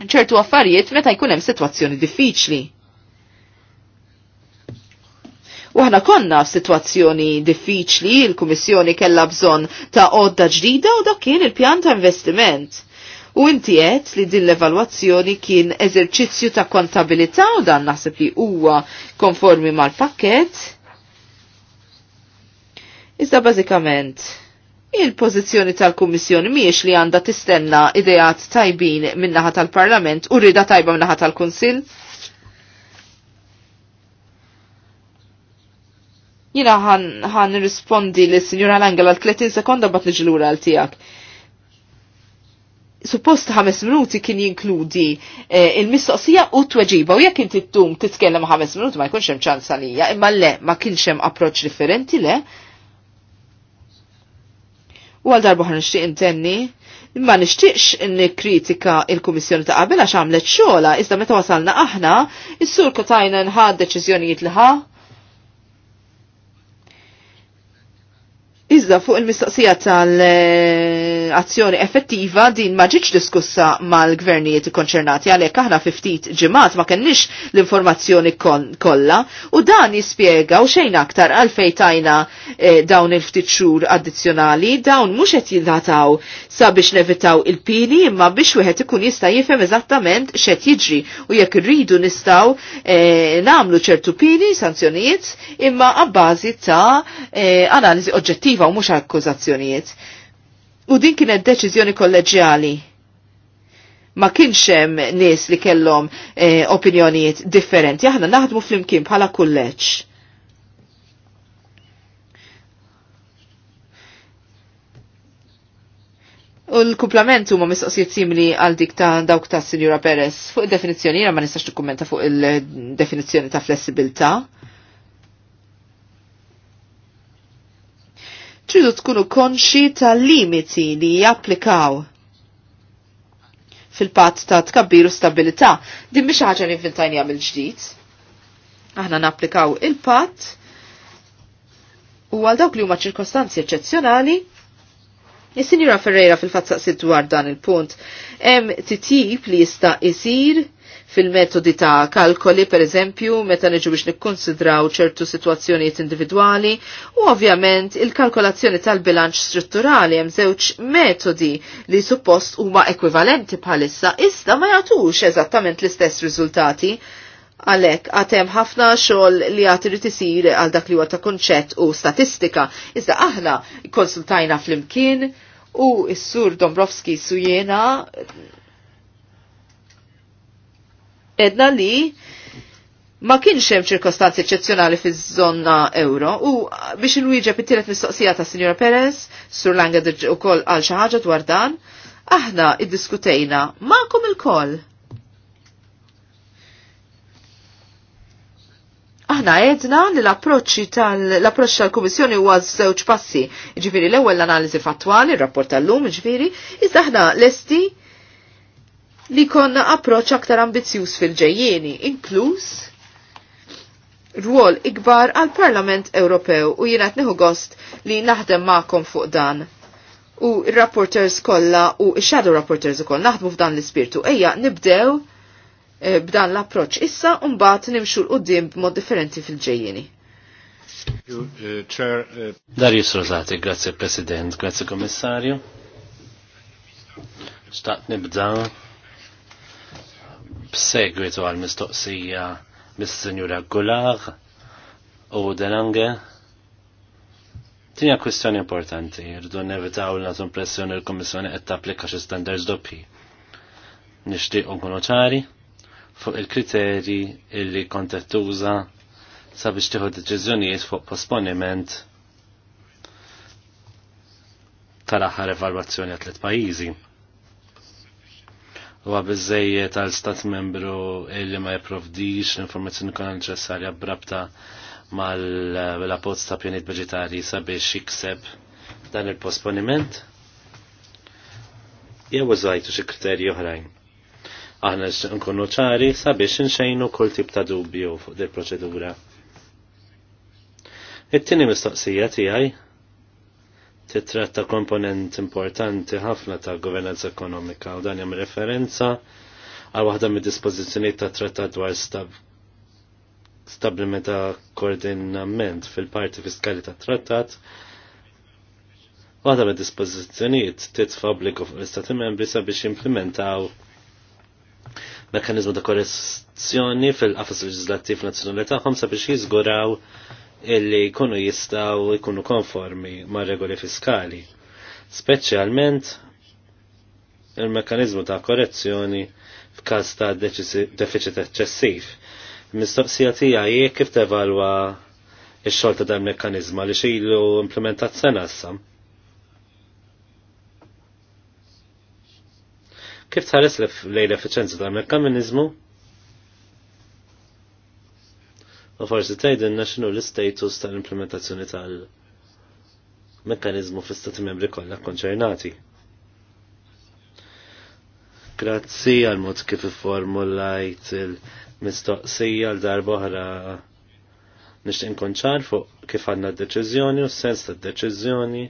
ċertu affarijiet meta jkun hemm sitwazzjoni diffiċli. U konna situazzjoni diffiċli, il-Kummissjoni kella bżonn ta' odda ġdida u dak kien il-pjan ta' investiment. U inti qed li din l-evalwazzjoni kien eżerċizzju ta' kontabilità u dan naħseb li huwa konformi mal-pakket. Iżda bażikament il-pożizzjoni tal-Kummissjoni miex li għandha tistenna ideat tajbin minnaħa tal-Parlament u rida tajba minnaħa tal-Kunsill? Jina ħan rispondi li signora Langela għal 30 sekonda bat nġilura għal tijak. Suppost ħames minuti kien jinkludi eh, il-mistoqsija u t-tweġiba u jekk inti tum titkellem ħames minuti ma jkunx hemm ċans imma le ma kienx hemm approċċ differenti le. U għal darba ħan nixtieq intenni imma nixtieqx nikkritika il-Kummissjoni ta' qabel għax għamlet xogħla, iżda meta wasalna aħna, is-sur Kotajna nħad deċiżjonijiet li ħa Iżda fuq il-mistoqsija tal-azzjoni effettiva din ma ġietx diskussa mal-gvernijiet konċernati għalhekk aħna fi ftit ġimgħat ma kennix l-informazzjoni kollha u dan jispjega u xejn aktar għalfej tajna eh, dawn il-ftit xhur addizzjonali dawn mhux qed jingħataw sabiex nevitaw il-pini imma biex wieħed ikun jista' jifhem eżattament x'qed jiġri u jekk irridu nistgħu namlu eh, nagħmlu ċertu pini sanzjonijiet imma abbażi ta' eh, analiżi oġġettiva direttiva u mux akkużazzjonijiet. U din kienet deċiżjoni kolleġjali ma kienx hemm nies li kellhom eh, opinjonijiet differenti. Aħna naħdmu flimkien bħala kulleġ. U l-kumplament huma mistoqsijiet simili għal dik ta' dawk ta' Sinjura Perez. Fuq il definizzjoni ma nistax tikkummenta fuq il-definizzjoni ta' flessibilta'. tridu tkunu konxi tal-limiti li japplikaw fil-pat ta' tkabbiru stabilita. Din biex ħaġa li fil-tajn ġdid. Aħna napplikaw il-pat u għal dawk li huma ċirkostanzi eċċezzjonali Is-Sinjura Ferreira fil-fatt dwar dan il-punt, hemm titjib li jista' isir fil-metodi ta' kalkoli, per eżempju, meta neġu biex nikkonsidraw ċertu situazzjonijiet individwali, u ovvjament il-kalkolazzjoni tal-bilanċ strutturali hemm żewġ metodi li suppost huma ekwivalenti bħalissa, iżda ma jagħtux eżattament l-istess riżultati. Għalek, għatem ħafna xol li għatri tisir għal dak li ta' konċett u statistika. Iżda aħna konsultajna fl-imkien, u s-sur Dombrovski su jena edna li ma kienx hemm ċirkostanzi eċċezzjonali fiż-żonna euro u biex il-wieġeb it-tielet mistoqsija ta' Sinjora Perez, Sur Langa ukoll għal xi ħaġa dwar dan, aħna iddiskutejna ma'kom il-koll. Aħna għedna li l-approċċi tal-approċċ tal-Kummissjoni huwa żewġ passi, ġifiri l-ewwel l-analiżi fattwali, r rapport tal-lum, ġifiri, iżda aħna lesti li konna approċ aktar ambizjuż fil-ġejjieni, inkluż rwol ikbar għal Parlament Ewropew u jiena neħu gost li naħdem magħkom fuq dan. U r-rapporters kollha u x-shadow rapporters ukoll naħdmu f'dan l-ispirtu. Ejja nibdew eh, b'dan l-approċ issa u mbagħad nimxu l qudiem b'mod differenti fil ġejjeni eh, eh. Darius Rosati, grazie President, grazie Kommissarju. Staqt nibda b'segwitu għal-mistoqsija mis-Sinjura Gulag u Denange. Tinja kwistjoni importanti, rridu nevitaw l impressjoni l kummissjoni qed tapplika xi standards doppi. Nixtieq nkunu ċari fuq il-kriterji illi kontet tuża sabiex tieħu deċiżjonijiet fuq posponiment tal-aħħar evalwazzjoni għat tliet pajjiżi u biżejjed għal stat membru illi ma jipprovdix l-informazzjoni kollha neċessarja brabta mal-appoġġ ta' pjonit veġitarji sabiex jikseb dan il-posponiment jew użajtu xi kriterji oħrajn. Aħna nkunu ċari sabiex inxejnu kull tip ta' dubju fuq dil proċedura. It-tieni mistoqsija tiegħi titratta komponent importanti ħafna ta' governance ekonomika u dan jam referenza għal waħda mid dispożizzjonijiet ta' trattat dwar stab ta' koordinament fil-parti fiskali ta' trattat waħda mid dispozizjonijiet titfa' obbligu fuq l-Istati membri sabiex jimplementaw mekkanizmu ta' korrezzjoni fil-qafas leġislattiv nazzjonali tagħhom sabiex jiżguraw illi jkunu jistaw jkunu konformi ma' regoli fiskali. Speċjalment il mekanizmu ta' korrezzjoni f'każ ta' deficit eċċessiv. Mistoqsija tiegħi jekk kif tevalwa x-xogħol ta' dan mekkanizma li xilu implementat sena issa. Kif tħares lejn l-effiċenza tal-mekkanizmu? U forsi tgħidilna x'inhu l status tal-implementazzjoni tal-mekkaniżmu fi stati membri kollha konċernati. Grazzi għal mod kif formulajt il-mistoqsija l darba oħra nixtieq inkun ċar fuq kif għandna d-deċiżjoni u s-sens tad-deċiżjoni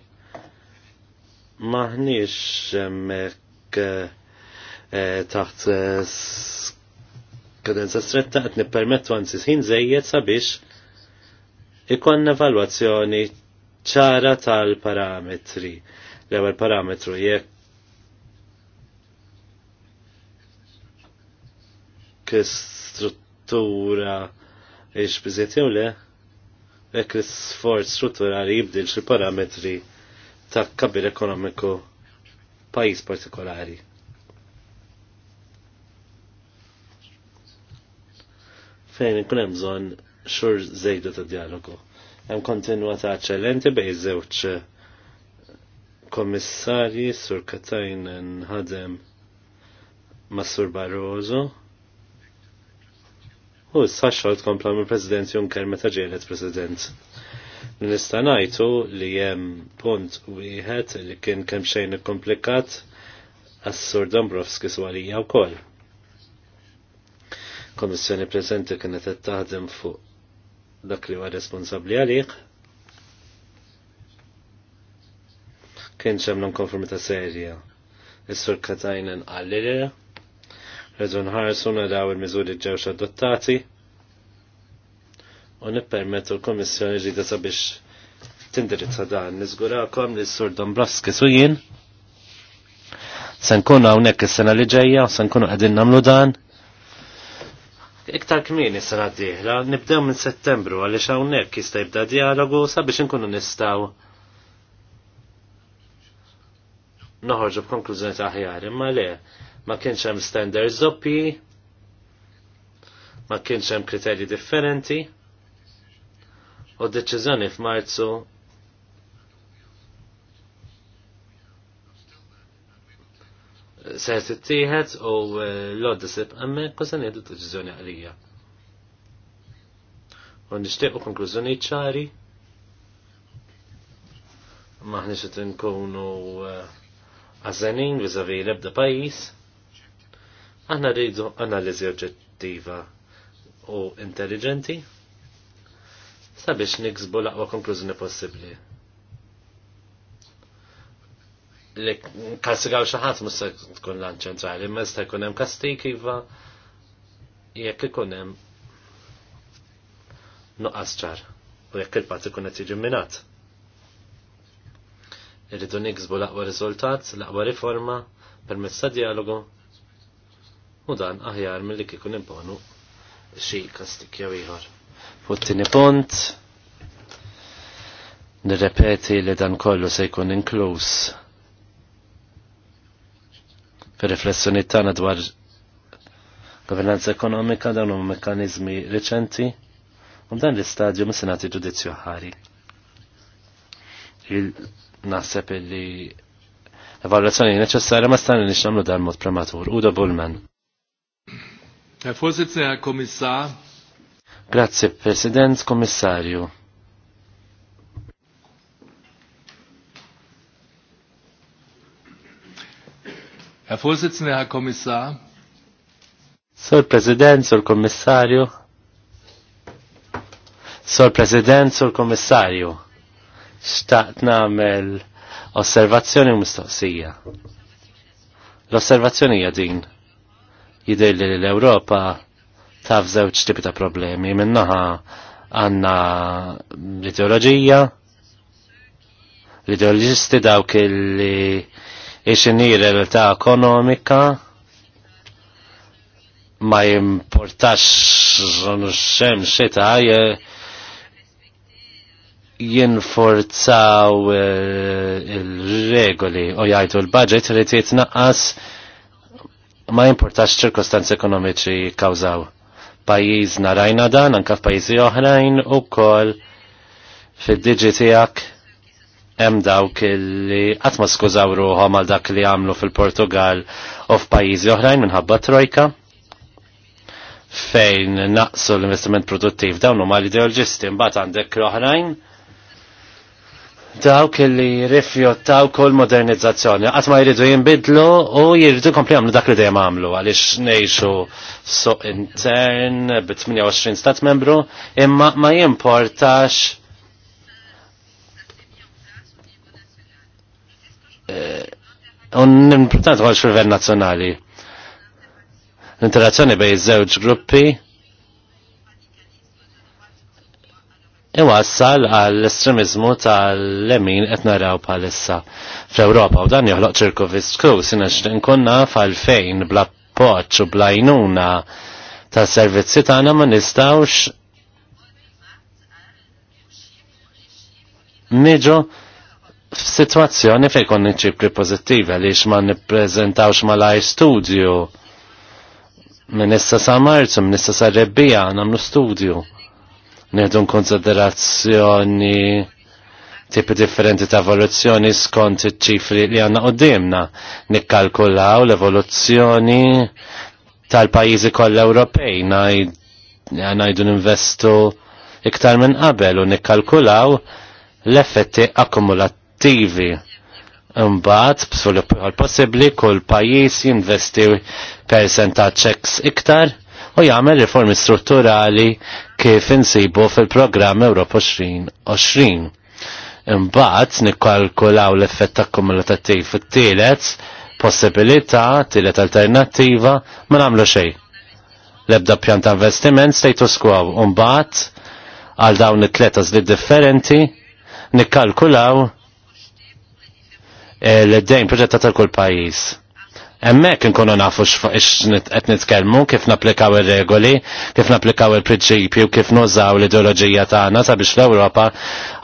maħniex hemmhekk eh, taħt kadenza stretta qed nippermettu anzi sħin żejjed sabiex ikonna evalwazzjoni ċara tal-parametri. L-ewwel parametru jekk struttura ix bizet jew le, jekk l-sforz strutturali jibdilx il-parametri ta' kabir ekonomiku pajis partikolari. fejn ikun hemm bżonn xhur żejda ta' dialogu. Hemm kontinwa eċċellenti bejn żewġ kommissarji sur Katajn nħadem ma' sur Barroso. U issa xogħol tkompla mill-President Juncker meta ġielet President. Nista' ngħidu li hemm punt wieħed li kien kemm xejn ikkomplikat għas-Sur Dombrovski swalija wkoll. Komissjoni preżenti kienet qed taħdem fuq dak li huwa responsabbli għalih. Kien hemm non serja. Is-sur Katajnen għallilha. Reżun ħarsuna daw il-miżuri ġewx adottati u nippermettu l-Komissjoni ġrida sabiex tindirizza dan. Niżgurakom li s-sur Dombrowski su jien. Sankunu għawnek is sena li ġeja, sankunu qegħdin namlu dan iktar kmini sena d-dieħla, nibdew minn settembru għaliex hawnhekk jista' jibda dialogu sabiex inkunu nistgħu noħorġu b'konklużjoni ta' aħjar, imma le, ma kienx hemm standards doppji, ma kienx hemm kriterji differenti, u d-deċiżjoni f'Marzu se u eh, l-odda sib għammek kosa t deċiżjoni għalija. U nixtiequ konklużjoni ċari maħniex qed inkunu eh, għażenin vizavi l-ebda pajjiż. Aħna rridu analiżi oġġettiva u intelligenti sabiex niksbu l-aqwa konklużjoni possibbli li kastigaw xaħat musta tkun lan ċentrali, ma sta jkun hemm kastig iva jekk ikun hemm nuqqas ċar u jekk il pat ikun qed jiġi minat. Irridu niksbu l-aqwa riżultat, l-aqwa riforma permezz ta' dialogu u dan aħjar milli kikun imponu xi kastik jew ieħor. Futtini punt nirrepeti li dan kollu se jkun inkluż fir-riflessjoni tagħna dwar governanza ekonomika dawn huma mekkaniżmi reċenti u dan l-istadju mis nagħti Ġudizzju ħari. Naħseb li evalwazzjoni neċessarja ma stani nix nagħmlu dan mod prematur. Udo Bullman. Herr Vorsitzender, Herr Kommissar. Grazie, President, Kommissarju. Herr Vorsitzender, Herr Kommissar. Sor President, Sor Kommissarju. Sor President, Sor Kommissarju. Xtaqt namel osservazzjoni u mistoqsija. L-osservazzjoni hija din. Jidher li l-Ewropa taf żewġ tipi ta' problemi. Minnaħa għandna l-ideoloġija, l-ideoloġisti dawk li isini realtà ekonomika ma sem xem xita jinforzaw eh, il-regoli u jgħidu l-budget li naqas ma jimportax ċirkostanzi ekonomiċi kawżaw pajizna rajna dan anka f'pajjiżi oħrajn ukoll fid-diġi tiegħek hemm dawk li qatt ma skużaw ruħhom għal dak li għamlu fil-Portugal u f'pajjiżi oħrajn minħabba trojka fejn naqsu l-investiment produttiv dawn huma l-ideoloġisti mbagħad għandek oħrajn dawk li rifjottaw kull modernizzazzjoni qatt ma jridu jinbidlu u jridu kompli għamlu dak li dejjem għamlu għaliex ngħixu suq intern bi 28 stat membru imma ma jimportax Eh, un importanti għal fil nazjonali. L-interazzjoni bej żewġ gruppi iwassal għall estremizmu tal-lemin qed naraw bħalissa fl-Ewropa u dan joħloq ċirku viskus inax nkunna fal-fejn bla poċ u bla jnuna ta' servizzi tagħna ma nistawx niġu f'sitwazzjoni fejn konni ċipri pożittiva li ma nippreżentawx malaj studju minn issa sa marzu, minn issa sa rebbija nagħmlu studju. Nieħdu konsiderazzjoni tipi differenti ta' evoluzzjoni skont ċifri li għandna dimna. Nikkalkulaw l-evoluzzjoni tal-pajjiżi kollha Ewropej ngħidu investu iktar minn qabel u nikkalkulaw l-effetti akkumulat attivi Imbagħad b'sul possibbli kull pajjiż jinvesti ċeks iktar u jagħmel riformi strutturali kif insibu fil-programm Ewropa 2020. Imbagħad nikkalkulaw l-effett akkumulattiv fit-tielet possibilità, tielet alternattiva ma nagħmlu xejn. L-ebda pjan ta' investiment status quo u mbagħad għal dawn it tleta li differenti nikkalkulaw l-dejn proġetta tal-kull pajis. Emmek nkunu nafu x'qed nitkellmu kif napplikaw ir-regoli, kif napplikaw il-prinċipju, kif nużaw l-ideoloġija tagħna sabiex l-Ewropa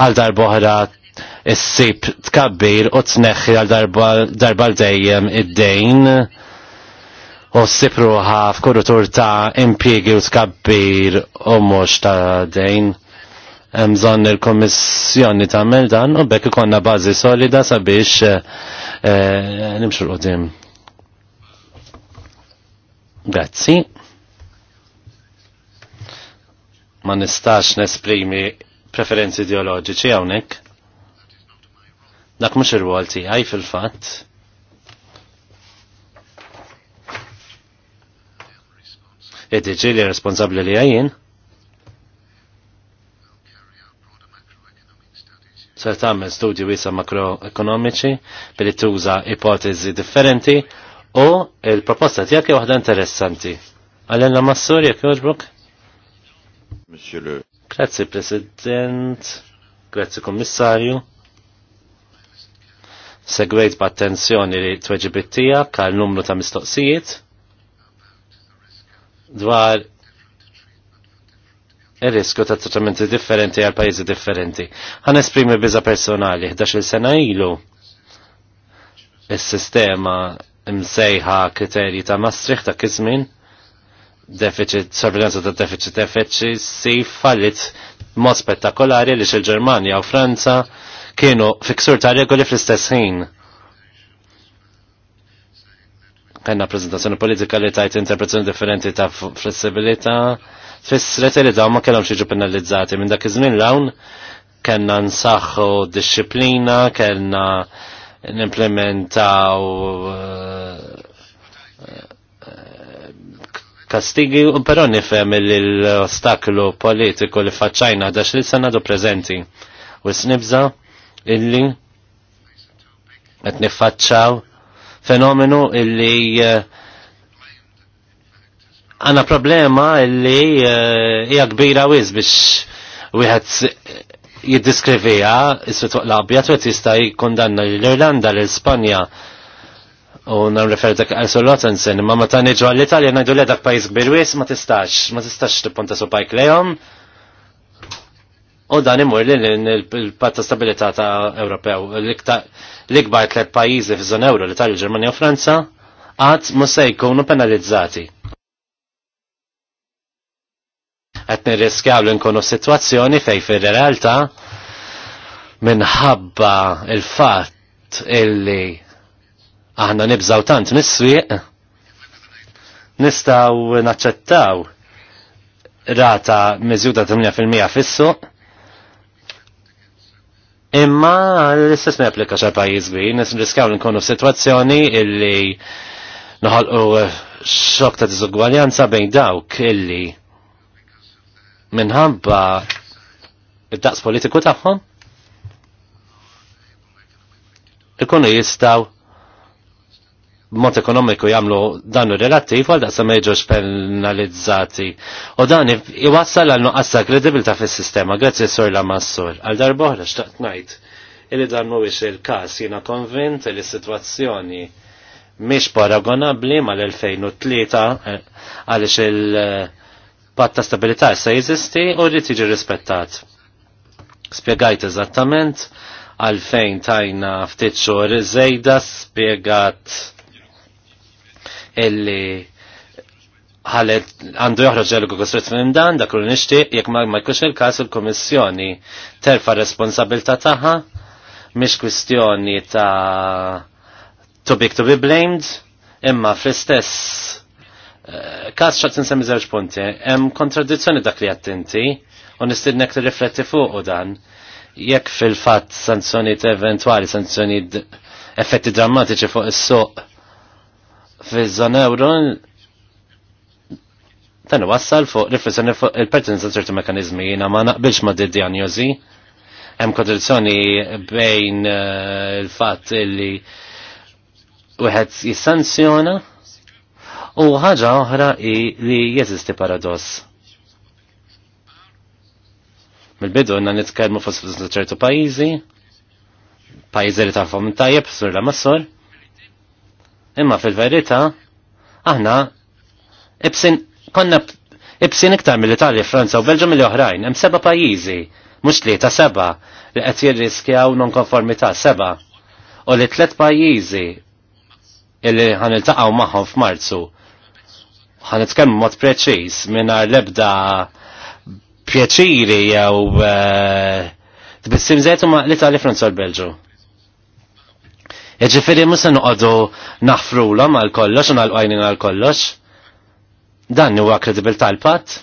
għal darboħra issib tkabbir u tneħħi għal darba l-dejjem id-dejn u s-sipruħa f'kurrutur ta' impjiegi u tkabbir u mhux ta' dejn hemm bżonn il-Kommissjoni tagħmel dan u bekk ikonna bażi solida sabiex eh, eh, nimxu l-qudiem. Grazzi. Ma nistax nesprimi preferenzi ideologiċi hawnhekk. Dak mhux ir-rwol tiegħi fil-fatt. id li responsabbli li għajin ser tagħmel studju wiesa makroekonomiċi billi tuża ipotezi differenti u il-proposta tiegħek hija waħda interessanti. Għalena Massur jekk joġbuk? Grazzi President, grazzi Kommissarju. Segwejt b'attenzjoni li tweġibittija tiegħek għal numru ta' mistoqsijiet dwar ir-riskju ta' trattamenti differenti għal pajjiżi differenti. Għan esprimi biża personali, 11 sena ilu is-sistema msejħa kriterji ta' Maastricht ta' kizmin, deficit, sorveljanza ta' deficit effeċi, si fallit mod spettakolari li xil-Germania u Franza kienu fiksur ta' regoli fl-istess ħin. Kenna prezentazzjoni politika li tajt interpretazzjoni differenti ta' flessibilita' fissret li dawn ma kellhom jiġu penalizzati minn dak iż-żmien l-hawn kellna nsaħħu disċiplina, kellna nimplementaw eh, eh, kastigi, però nifhem l-ostaklu politiku li faċċajna għadax li sena do preżenti. U snibza illi qed nifaċċaw fenomenu illi uh, għanna problema li eh, hija kbira wis biex wieħed jiddiskrivija is-swituq l-abjad u jista' jikkundanna l-Irlanda l-Ispanja u nam refer dak għal Lottensen, ma ma ta' neġu għall-Italja najdu l edak pajis kbir ma tistax, ma tistax tipponta su pajk lejom. U dan imur li l-pat ta' stabilità ta' Ewropew, l-ikbar tliet pajjiżi fi zon Ewro, l-Italja, Ġermanja u Franza, għat musa jkunu penalizzati qed nirriskjaw li nkunu f'sitwazzjoni fej fir-realtà minħabba il-fatt illi aħna nibżaw tant mis nistaw nistgħu naċċettaw rata miżjuda 8% fissu imma l-istess ma japplika xa pajjiż bi, nirriskjaw li nkunu f'sitwazzjoni illi noħolqu xok ta' diżugwaljanza bejn dawk illi minħabba id-daqs politiku tagħhom ikunu jistaw B'mod ekonomiku jagħmlu dannu relattiv għal daqs ma jiġux penalizzati. U dan iwassal għal nuqqas kredibilità fis-sistema, grazzi sur la massur. Għal darbohra xtaqt ngħid illi dan mhuwiex il-każ jiena konvint li s-sitwazzjoni mhix paragonabbli mal-2003 għaliex il- patt ta' stabilità issa jeżisti u li tiġi rispettat. Spiegajt eżattament għalfejn tajna ftit xhur żejda spjegat illi ħalet għandu joħroġ ġelgu kostrit minn dan, dak li nixtieq jekk ma jkunx il-każ il-Kummissjoni terfa' responsabilità tagħha mhix kwistjoni ta' to big to be blamed, imma fl-istess Kas xa tinsemmi zewġ punti, hemm kontradizzjoni dak li għattinti, u nistidnek rifletti fuq dan, jekk fil-fat sanzjoniet eventuali, sanzjoniet effetti drammatiċi fuq is-suq fi zon euro, dan wassal fuq riflessjoni fuq il-pertinenza ċertu mekanizmi jiena ma naqbilx ma' di diagnosi, hemm kontradizzjoni bejn eh, il-fatt li wieħed jissanzjona u ħaġa oħra li jeżisti paradoss. Mil-bidu għanna nitkelmu fos ċertu pajizi, pajizi li tafhom tajjeb sur la massur, imma fil-verita aħna ibsin konna ibsin iktar mill-Italja, Franza u Belġum mill oħrajn hemm seba' pajjiżi, mhux tlieta seba' li qed jirriskjaw nonkonformità seba' u li tliet pajjiżi illi ħan iltaqgħu magħhom f'Marzu ħan itkellmu mod preċiż mingħajr l-ebda pjaċiri jew eh, tbissim żejt ma li tali Franza l Belġu. Jiġifieri mhux se noqogħdu om għal kollox u nagħlqajnin għal kollox. Dan huwa kredibilità tal patt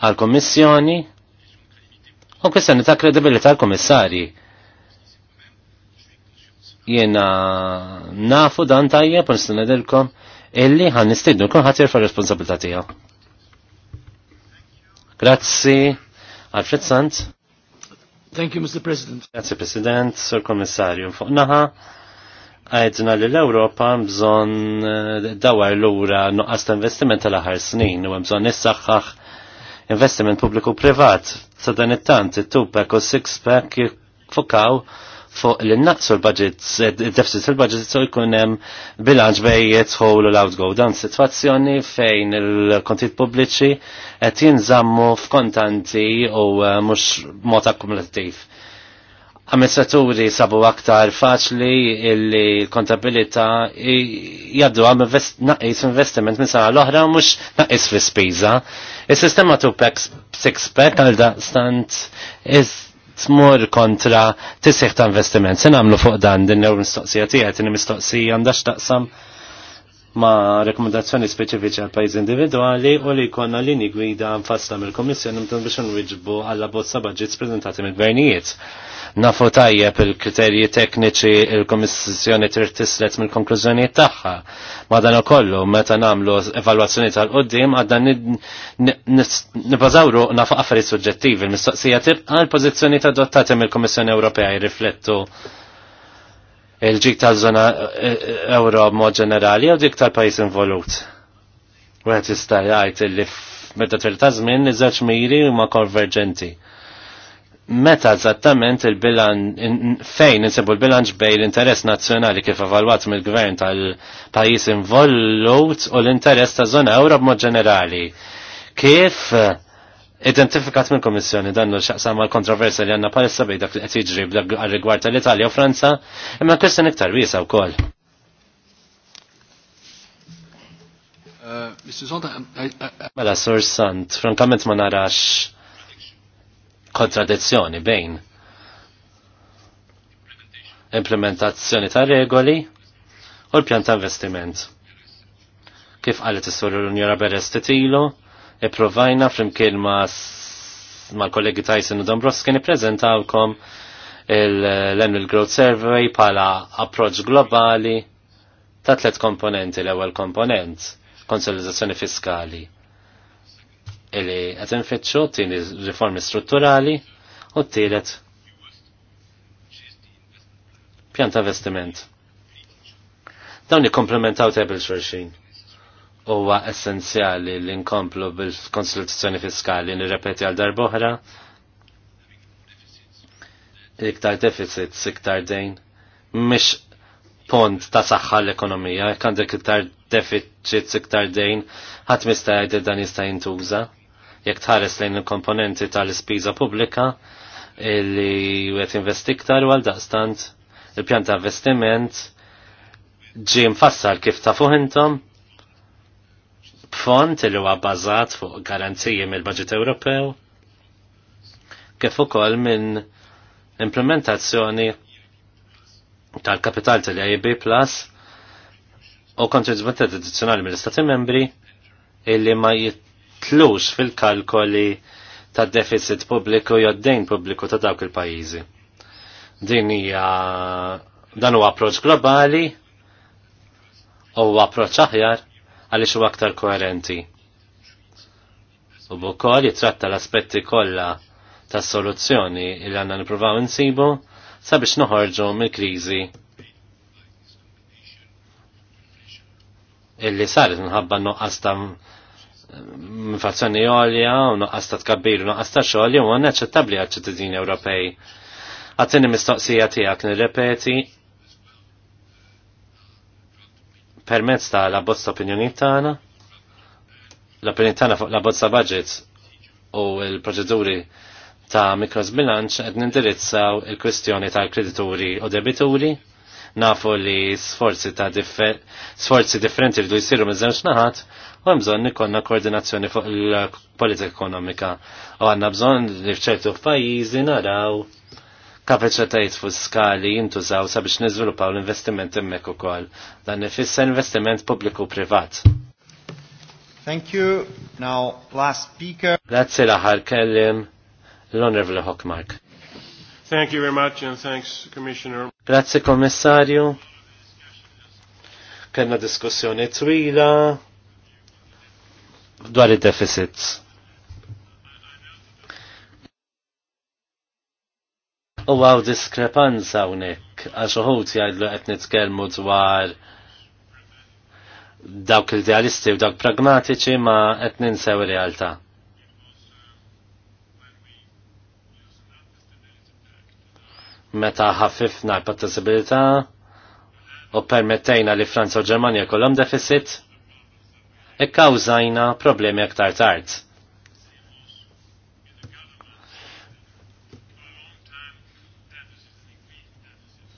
għal kommissjoni u kwistjoni ta' kredibilità għal kummissarji. Jiena nafu dan tajjeb u nistenedilkom illi ħan nistidnu ħatir fa' responsabilità tiegħu. Grazzi, Alfred Sant. Thank you, Mr. President. Grazzi President, Sir Komissarju. Fuq naħa, għajdna li l-Europa bżon eh, dawar l-ura nuqqas ta' investiment tal ħar snin u bżon nissaxħax investiment pubbliku privat. Sa dan it-tant, it-tupek u six-pack fukaw fuq li naqsu l-budget, deficit il-budget so jkun hemm bilanċ bej jidħol u l-outgo. Dan sitwazzjoni fejn il-kontit pubbliċi qed jinżammu f'kontanti u eh, mhux mod akkumulattiv. Amministraturi sabu aktar faċli illi kontabilità jaddu għam naqis investiment minn sara l-oħra mux naqis fi spiża. Il-sistema 2-pack, 6-pack għal da stant tmur kontra tisiħ ta' investiment. Se nagħmlu fuq dan din l mistoqsija tiegħek, din mistoqsija għandax taqsam ma' rekomendazzjoni speċifiċi għal pajjiż individwali u li jkollna lini gwida nfassla mill-Kummissjoni mtun biex nwiġbu għalla bozza budgets preżentati mill-gvernijiet nafu tajjeb il-kriterji tekniċi il-Komissjoni trid tislet mill-konklużjonijiet tagħha. Madan ukollu meta nagħmlu evalwazzjoni tal-qudiem għadda nibbażawru nafu affarijiet suġġettivi. Il-mistoqsija tibqa' l-pożizzjoni adottati mill-Kummissjoni Ewropea jirriflettu il-ġik tal-żona euro eh, eh, mod ġenerali jew dik tal-pajjiż involut. U jista' jgħid li meta medda ta' żmien iż-żewġ miri huma konverġenti meta eżattament il-bilan fejn insebu l-bilanċ bej l-interess nazzjonali kif evalwat mill-gvern tal-pajis involut u l-interess ta' zona euro b'mod ġenerali. Kif eh, identifikat mill komissjoni dan l-xaqsam għal kontroversja li għanna palissa bej dak li qed jiġri għal rigwarta tal-Italja u Franza, imma kessin iktar wiesa wkoll. Eh, mela, Sur Sant, frankament ma narax kontradizzjoni bejn implementazzjoni ta' regoli u l-pjan ta' investiment. Kif qalet is-sur l-Unjora Beres titilu, ipprovajna flimkien ma' kollegi Tyson u Dombrovski nippreżentawkom l-Annual Growth Survey pala approach globali ta' tlet komponenti l-ewwel komponent, konsolidazzjoni fiskali illi qed infittxu tieni riformi strutturali u t-tielet pjan ta' investiment. Dawn ikkomplementaw tebel xulxin. Huwa essenzjali li nkomplu bil-konsultazzjoni fiskali nirrepeti għal darboħra iktar deficit, iktar dejn, mish pont ta' saħħa l-ekonomija, għandek iktar deficit, iktar dejn, ħat mistajt dan jista' jintuża jekk tħares lejn il-komponenti tal-ispiża pubblika li għet investi u għal daqstant il-pjan ta' investiment ġi mfassal kif ta' fuħintom b'fond li huwa bbażat fuq garanziji mill-Baġit Ewropew kif ukoll minn implementazzjoni tal-kapital tal-IB Plus u kontribuzzjoni addizzjonali mill-Istati Membri illi ma jitt tlux fil-kalkoli ta' deficit pubbliku jew dejn pubbliku ta' dawk il-pajjiżi. Din hija dan huwa approċċ globali u approċċ aħjar għaliex huwa aktar koerenti. U bukoll jitratta l-aspetti kollha tas soluzzjoni li għandna nippruvaw insibu sabiex noħorġu mill-kriżi illi saret minħabba noqqas ta' inflazzjoni għolja u noqqas ta' tkabbir u noqqas ta' xogħol huwa naċċettabbli ċittadini Ewropej. Għattini mistoqsija tiegħek nirrepeti permezz ta' la bozza opinjoni tagħna, l-opinjoni tagħna fuq la bozza budget u l-proċeduri ta' mikrosbilanċ bilanċ qed nindirizzaw il-kwistjoni tal-kredituri u debituri nafu li sforzi ta' differ sforzi differenti rridu jsiru miż-żewġ naħat u hemm bżonn koordinazzjoni fuq il-politika ekonomika. U għandna bżonn li f'ċertu pajjiżi naraw kapaċitajiet fiskali jintużaw sabiex nizvilupaw l-investiment hemmhekk ukoll. Dan nifissa investiment pubbliku privat. Thank you. Now, last speaker. Grazie l-aħħar kellim l-Honorable Hockmark. Thank you very much and thanks, Commissioner. Grazie, Kommissarju. Kenna diskussjoni twila dwar id-deficits. U għaw diskrepanza unik, għax uħut jgħidlu għet kelmu dwar dawk idealisti u dawk pragmatiċi ma qed ninsew realtà. Meta ħaffifna l-pattisibilità u permettejna li Franza u Ġermanja kollhom deficit, ikkawżajna e problemi aktar tard.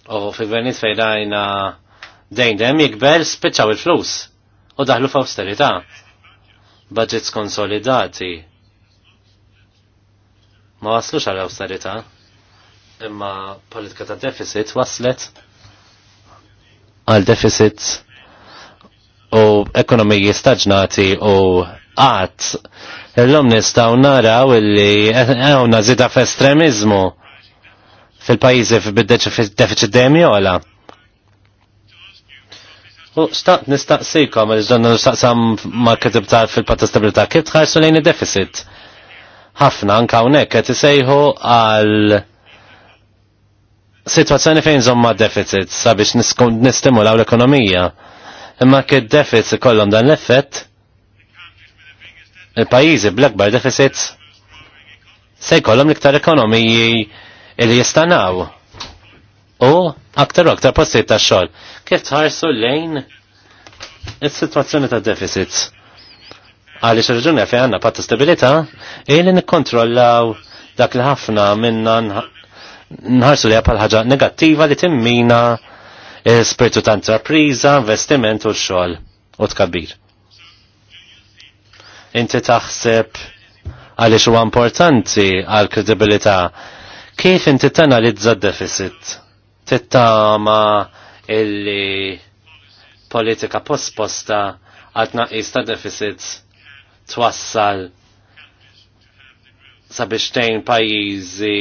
U fi gvernit fejdajna dejn dem jikber spiċċaw il-flus u daħlu f'austerità. Budgets konsolidati. Ma waslux għal austerità imma politika ta' deficit waslet għal deficit u ekonomiji staġnati u għat. Illum nistaw naraw illi għawna zida f-estremizmu fil-pajizi f deficit dejjem jola. U staqt nistaqsikom, il ġdonna nistaqsam ma' kitib ta' fil-patastabilita' kif tħarsu lejn il-deficit. Ħafna anka hawnhekk qed isejħu għal situazzjoni fejn żomma deficit sabiex nistimulaw l-ekonomija imma kif deficit kollhom dan l-effett il-pajjiżi bl-akbar deficits se jkollhom l-iktar ekonomiji li jistanaw u aktar u aktar postijiet ta' xogħol. Kif tħarsu lejn is-sitwazzjoni ta' deficits? Għaliex ir-raġuni fejn għandna patta stabilità li nikkontrollaw dak li ħafna minna nħarsu li bħal ħaġa negattiva li timmina spiritu ta' intrapriża, investiment u xogħol u tkabbir. Inti taħseb għaliex huwa importanti għal kredibilità kif inti tanalizza d-deficit? Tittama illi politika posposta għal tnaqqis ta' deficit twassal sabiex tejn pajjiżi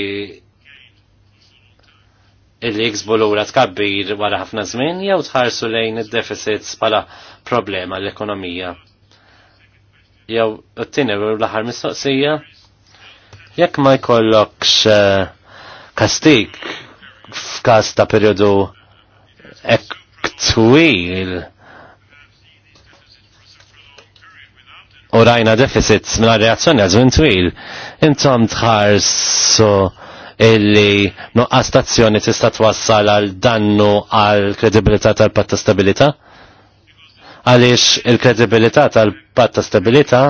illi jiksbu l għura tkabbir wara ħafna żmien jew tħarsu lejn id-deficits bħala problema l-ekonomija. Jew t-tieni l-aħħar mistoqsija jekk ma jkollokx eh, kastik f'każ ta' perjodu hekk twil u rajna deficits minna reazzjoni għazwin twil, intom tħarsu so illi nuqqas tazzjoni tista' twassal għal dannu għal kredibilità tal-patta stabilità? Għaliex il-kredibilità tal-patta stabilità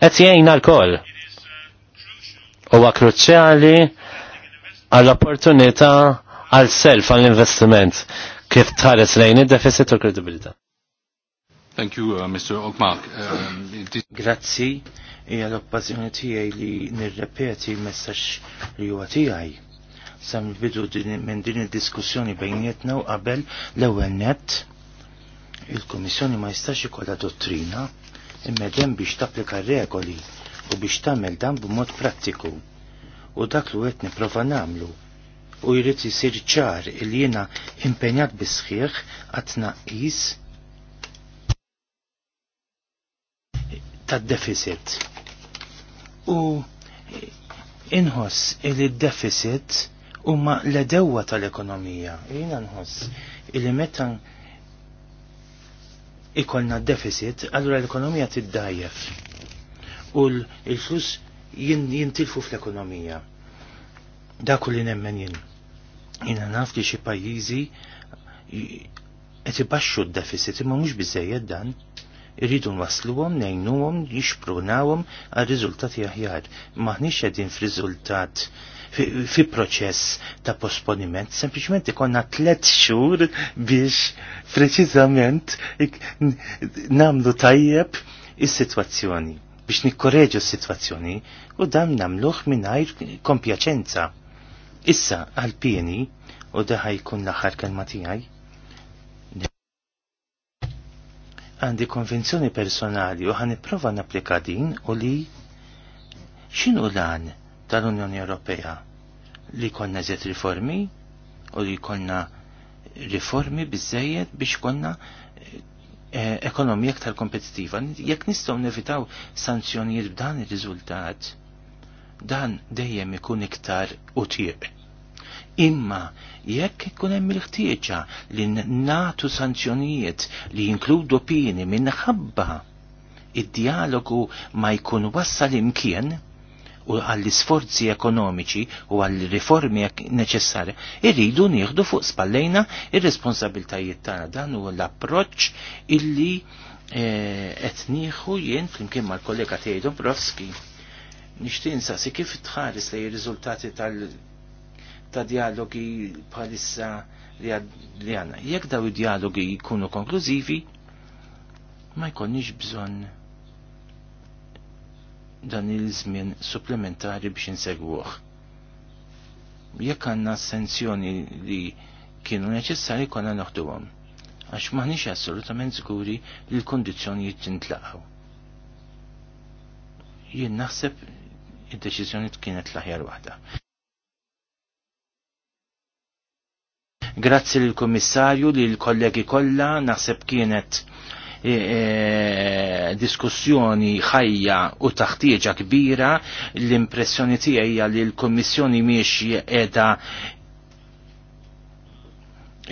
qed jgħin għal Huwa kruċjali għall-opportunità għal self għall-investiment kif tħares lejn id-deficit u kredibilità. Thank you, uh, Mr. Okmark. Uh, um, Grazzi hija l-okkażjoni tiegħi li nirrepeti l-messaġġ li huwa tiegħi. Sam bidu minn din id-diskussjoni bejnietna u qabel l-ewwel nett il-Kummissjoni ma jistax ikollha dottrina imedem biex tapplika regoli u biex tagħmel dan b'mod prattiku. U dak li qed nipprova nagħmlu u jrid isir ċar il jiena impenjat bisħieħ għat tnaqqis tad-deficit u inħoss il-deficit huma l-edewwa tal-ekonomija. Jiena nħoss il meta ikolna deficit, allura l-ekonomija tiddajjef u l-flus jintilfu fl-ekonomija. Dak li nemmen jien. Jiena naf li xi pajjiżi qed ibaxxu d-deficit imma mhux biżejjed dan irridu nwasluhom nejnuhom jixprunawom għal riżultati aħjar. Maħniex qegħdin f'riżultat fi proċess ta' posponiment, sempliciment ikonna tlet xhur biex preċiżament namlu tajjeb is-sitwazzjoni biex nikkorreġu s-sitwazzjoni u dan namluħ mingħajr kompjaċenza. Issa għal-pieni u daħaj jkun l-aħħar tiegħi għandi konvinzjoni personali u ħan nipprova napplika din u li x'inhu lan tal-Unjoni Ewropea li konna zet riformi u li konna riformi biżejjed biex konna eh, ekonomija aktar kompetitiva. Jekk nistgħu nevitaw sanzjonijiet b'dan ir-riżultat, dan dejjem ikun iktar utieq Imma jekk ikun hemm il-ħtieġa li natu sanzjonijiet li jinkludu pini minħabba id-dialogu ma jkun wassal imkien u għall-isforzi ekonomiċi u għall-riformi neċessarja, irridu nieħdu fuq spallejna ir-responsabiltajiet tagħna dan u l-approċċ illi eh, qed nieħu jien flimkien mal-kollega tiegħi Dombrovski. Nixtieq insaqsi kif tħares li ir-riżultati tal- ta' dialogi bħalissa li għanna. Jekk daw dialogi jkunu konklużivi, ma jkonniex bżonn dan il-żmien supplementari biex insegwuh. Jekk għandna sensjoni li kienu neċessari konna noħduhom, għax maħniex assolutament żguri li l kondizjoni tintlaqgħu. Jien naħseb id-deċiżjoni kienet l-aħjar waħda. Grazzi lill kummissarju li l-kollegi kollha naħseb kienet e, e, diskussjoni ħajja u taħtieġa kbira l-impressjoni tiegħi hija li l-Kommissjoni miex qiegħda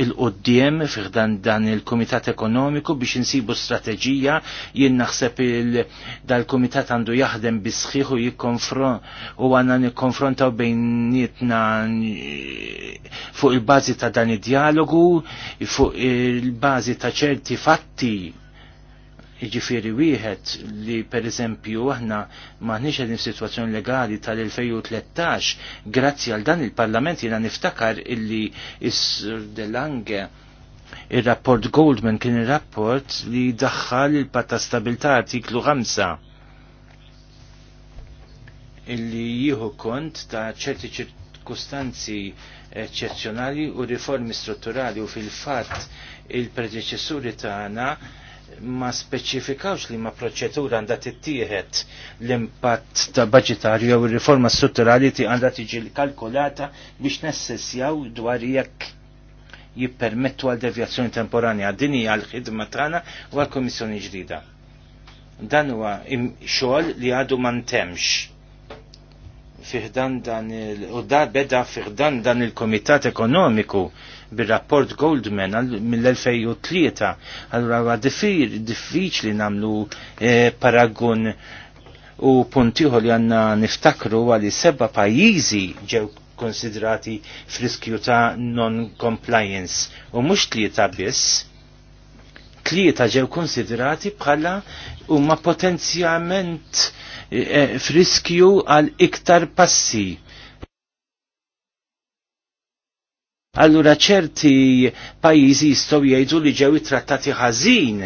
il-qoddim fiħdan dan il-Komitat Ekonomiku biex insibu strateġija jien naħseb dal-Komitat għandu jaħdem bisħiħ u jikkonfront u għanna nikkonfrontaw bejnietna fuq il-bazi ta' dan id-dialogu, fuq il-bazi ta' ċerti fatti Iġifiri wieħed li per eżempju aħna maħniex qegħdin situazzjoni legali tal-2013 grazzi għal dan il-Parlament jiena niftakar illi is-Sur Delange ir-rapport Goldman kien ir-rapport li daħħal il-patta stabilta artiklu 5 illi jieħu kont ta' ċerti ċirkustanzi eccezzjonali u riformi strutturali u fil-fatt il-predeċessuri tagħna ma speċifikawx li ma proċedura għandha tittieħed l-impatt ta' budgetarju jew ir-riforma strutturali ti għandha tiġi kalkulata biex nessessjaw dwar jekk jippermettu għal devjazzjoni temporanja din għal l-ħidma tagħna u għall-Kummissjoni ġdida. Dan huwa xogħol li għadu ma ntemx fiħdan dan il u da beda fiħdan dan il-Komitat Ekonomiku bir-rapport Goldman mill-2003 allura diffir diffiċli namlu eh, paragun u puntiħu li għanna niftakru għalli seba pajizi ġew konsidrati friskju ta' non-compliance u mux tlieta biss tlieta ġew konsiderati bħala huma potenzjament eh, eh, friskju għal iktar passi. Allura ċerti pajjiżi jistgħu jgħidu li ġew ittrattati ħażin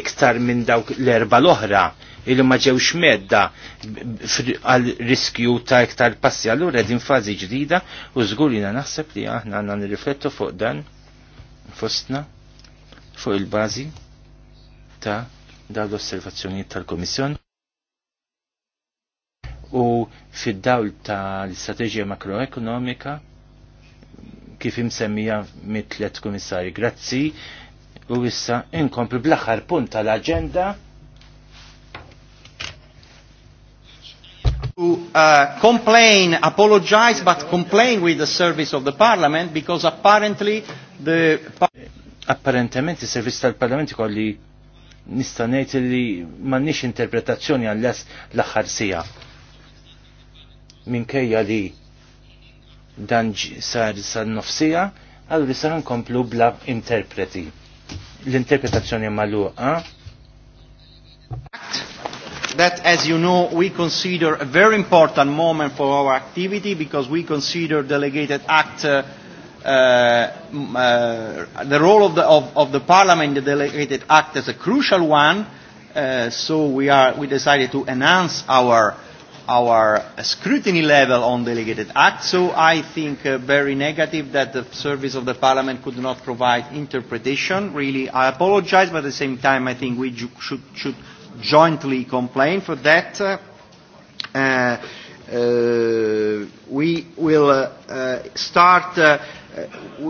iktar minn dawk l-erba l-oħra illi ma ġewx medda għal riskju ta' iktar passi allura din fażi ġdida u żgur naħseb li aħna għandna nirriflettu fuq dan fostna fuq il bazi ta' dawn osservazzjoni tal-Komissjon u fid-dawl ta' l istrateġija makroekonomika kif imsemmija mitlet komissari. Grazzi u issa inkompli bl-aħħar punt tal agenda to uh, complain, apologize, but complain with the service of the parliament because apparently the... Apparentemente is-servizz tal-Parlament ikolli nista' ngħid li m'għandniex interpretazzjoni għall l-aħħar sija. Minkejja li dan sar sar nofsija, li issa nkomplu bla interpreti. L-interpretazzjoni magħluqa. That, as you know, we consider a very important moment for our activity because we consider delegated act uh, Uh, uh, the role of the, of, of the Parliament, the delegated act, is a crucial one. Uh, so we, are, we decided to enhance our, our scrutiny level on delegated acts. So I think uh, very negative that the service of the Parliament could not provide interpretation. Really, I apologize, but at the same time, I think we should, should jointly complain for that. Uh, uh, we will uh, uh, start. Uh, Uh,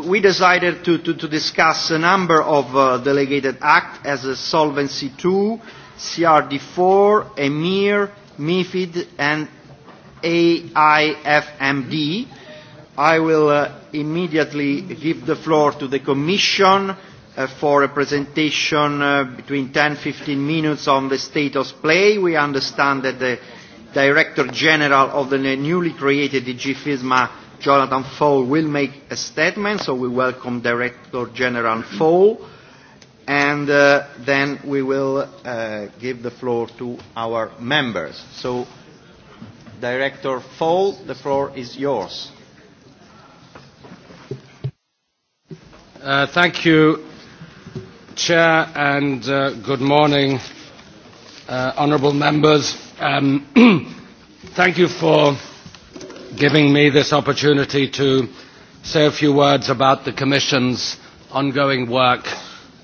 we decided to, to, to discuss a number of uh, delegated acts as a Solvency II, CRD4, EMIR, MIFID, and AIFMD. I will uh, immediately give the floor to the Commission uh, for a presentation uh, between 10-15 minutes on the state of play. We understand that the Director General of the newly created DG FISMA Jonathan Fowle will make a statement, so we welcome Director General Fowle, and uh, then we will uh, give the floor to our members. So, Director Fowle, the floor is yours. Uh, thank you, Chair, and uh, good morning, uh, honourable members. Um, thank you for giving me this opportunity to say a few words about the Commission's ongoing work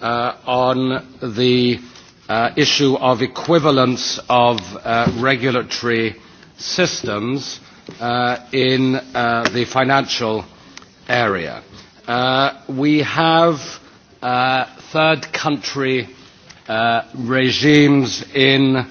uh, on the uh, issue of equivalence of uh, regulatory systems uh, in uh, the financial area. Uh, we have uh, third country uh, regimes in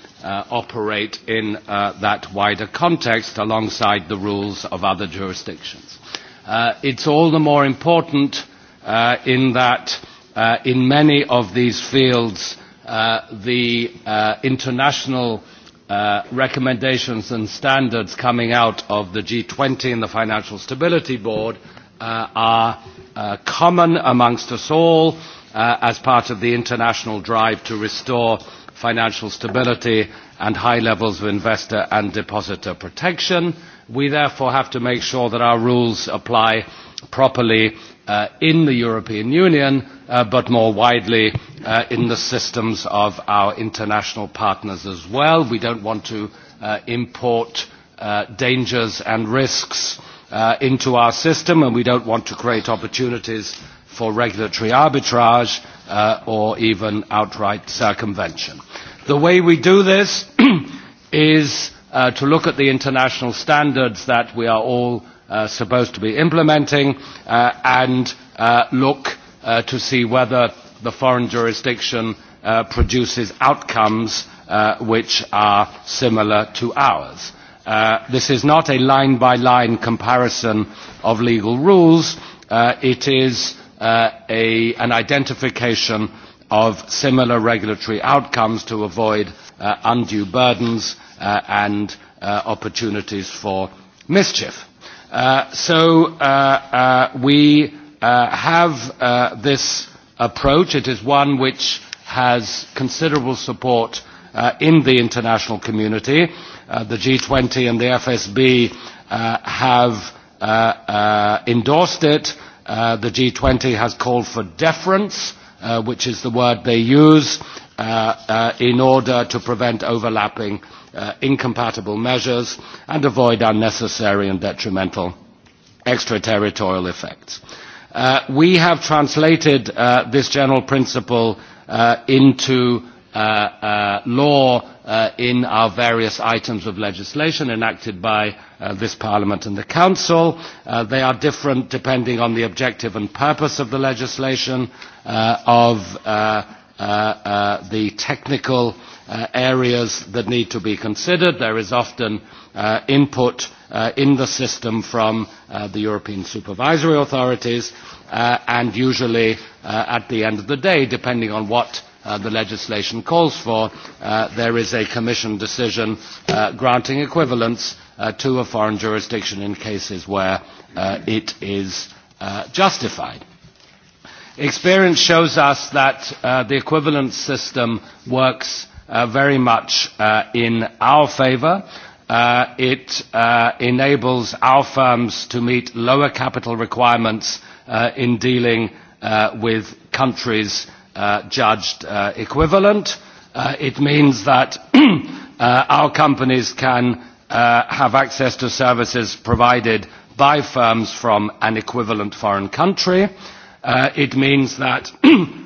uh, operate in uh, that wider context alongside the rules of other jurisdictions. Uh, it's all the more important uh, in that uh, in many of these fields uh, the uh, international uh, recommendations and standards coming out of the G20 and the Financial Stability Board uh, are uh, common amongst us all uh, as part of the international drive to restore uh, financial stability and high levels of investor and depositor protection. We therefore have to make sure that our rules apply properly uh, in the European Union, uh, but more widely uh, in the systems of our international partners as well. We don't want to uh, import uh, dangers and risks uh, into our system, and we don't want to create opportunities for regulatory arbitrage uh, or even outright circumvention. The way we do this is uh, to look at the international standards that we are all uh, supposed to be implementing uh, and uh, look uh, to see whether the foreign jurisdiction uh, produces outcomes uh, which are similar to ours. Uh, this is not a line-by-line -line comparison of legal rules. Uh, it is uh, a, an identification of similar regulatory outcomes to avoid uh, undue burdens uh, and uh, opportunities for mischief. Uh, so uh, uh, we uh, have uh, this approach. It is one which has considerable support uh, in the international community. Uh, the G20 and the FSB uh, have uh, uh, endorsed it. Uh, the G20 has called for deference, uh, which is the word they use, uh, uh, in order to prevent overlapping uh, incompatible measures and avoid unnecessary and detrimental extraterritorial effects. Uh, we have translated uh, this general principle uh, into uh, uh, law uh, in our various items of legislation enacted by uh, this Parliament and the Council. Uh, they are different depending on the objective and purpose of the legislation, uh, of uh, uh, uh, the technical uh, areas that need to be considered. There is often uh, input uh, in the system from uh, the European supervisory authorities uh, and usually uh, at the end of the day, depending on what uh, the legislation calls for, uh, there is a Commission decision uh, granting equivalence uh, to a foreign jurisdiction in cases where uh, it is uh, justified. Experience shows us that uh, the equivalence system works uh, very much uh, in our favour. Uh, it uh, enables our firms to meet lower capital requirements uh, in dealing uh, with countries Uh, judged uh, equivalent. Uh, it means that uh, our companies can uh, have access to services provided by firms from an equivalent foreign country. Uh, it means that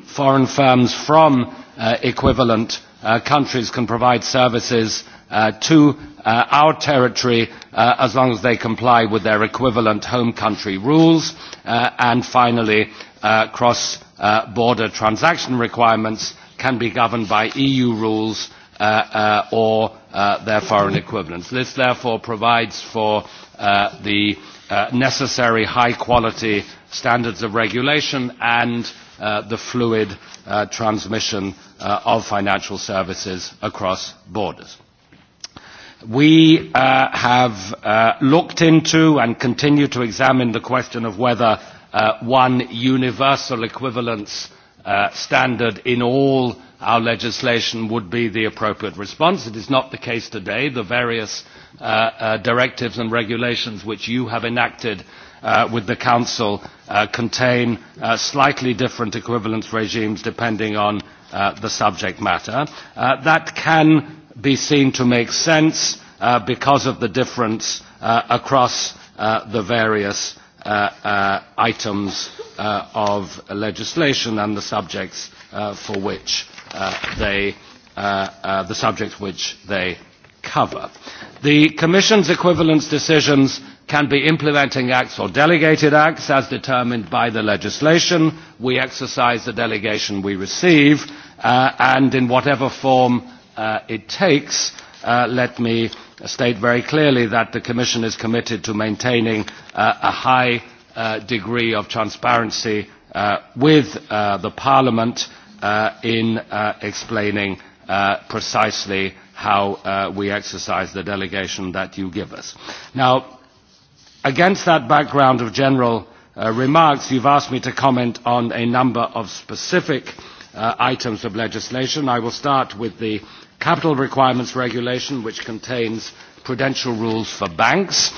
foreign firms from uh, equivalent uh, countries can provide services uh, to uh, our territory uh, as long as they comply with their equivalent home country rules. Uh, and finally, uh, cross Uh, border transaction requirements can be governed by EU rules uh, uh, or uh, their foreign equivalents. This therefore provides for uh, the uh, necessary high quality standards of regulation and uh, the fluid uh, transmission uh, of financial services across borders. We uh, have uh, looked into and continue to examine the question of whether uh, one universal equivalence uh, standard in all our legislation would be the appropriate response. It is not the case today. The various uh, uh, directives and regulations which you have enacted uh, with the Council uh, contain uh, slightly different equivalence regimes depending on uh, the subject matter. Uh, that can be seen to make sense uh, because of the difference uh, across uh, the various uh, uh, items uh, of legislation and the subjects uh, for which uh, they, uh, uh, the subjects which they cover. The Commission's equivalence decisions can be implementing acts or delegated acts as determined by the legislation. We exercise the delegation we receive uh, and in whatever form uh, it takes, uh, let me state very clearly that the Commission is committed to maintaining uh, a high uh, degree of transparency uh, with uh, the Parliament uh, in uh, explaining uh, precisely how uh, we exercise the delegation that you give us. Now, against that background of general uh, remarks, you've asked me to comment on a number of specific uh, items of legislation. I will start with the Capital Requirements Regulation, which contains prudential rules for banks.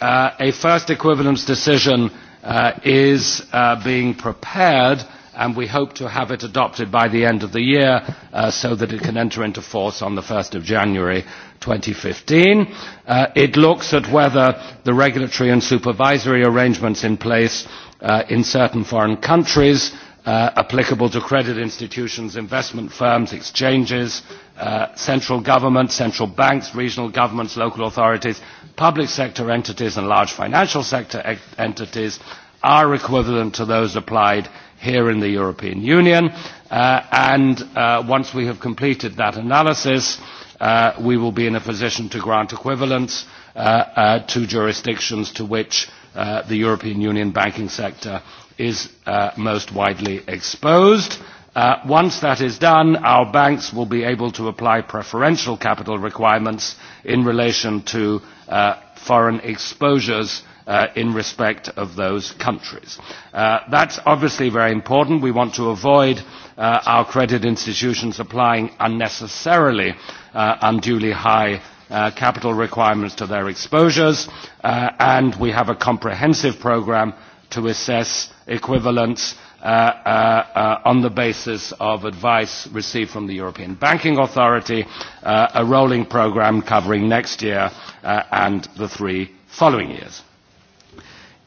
Uh, a first equivalence decision uh, is uh, being prepared and we hope to have it adopted by the end of the year uh, so that it can enter into force on the 1st of January 2015. Uh, it looks at whether the regulatory and supervisory arrangements in place uh, in certain foreign countries uh, applicable to credit institutions, investment firms, exchanges, uh, central government, central banks, regional governments, local authorities, public sector entities and large financial sector e- entities are equivalent to those applied here in the European Union. Uh, and uh, once we have completed that analysis, uh, we will be in a position to grant equivalence uh, uh, to jurisdictions to which uh, the European Union banking sector is uh, most widely exposed. Uh, once that is done, our banks will be able to apply preferential capital requirements in relation to uh, foreign exposures uh, in respect of those countries. Uh, that's obviously very important. We want to avoid uh, our credit institutions applying unnecessarily uh, unduly high uh, capital requirements to their exposures, uh, and we have a comprehensive programme to assess equivalence uh, uh, uh, on the basis of advice received from the European Banking Authority, uh, a rolling programme covering next year uh, and the three following years.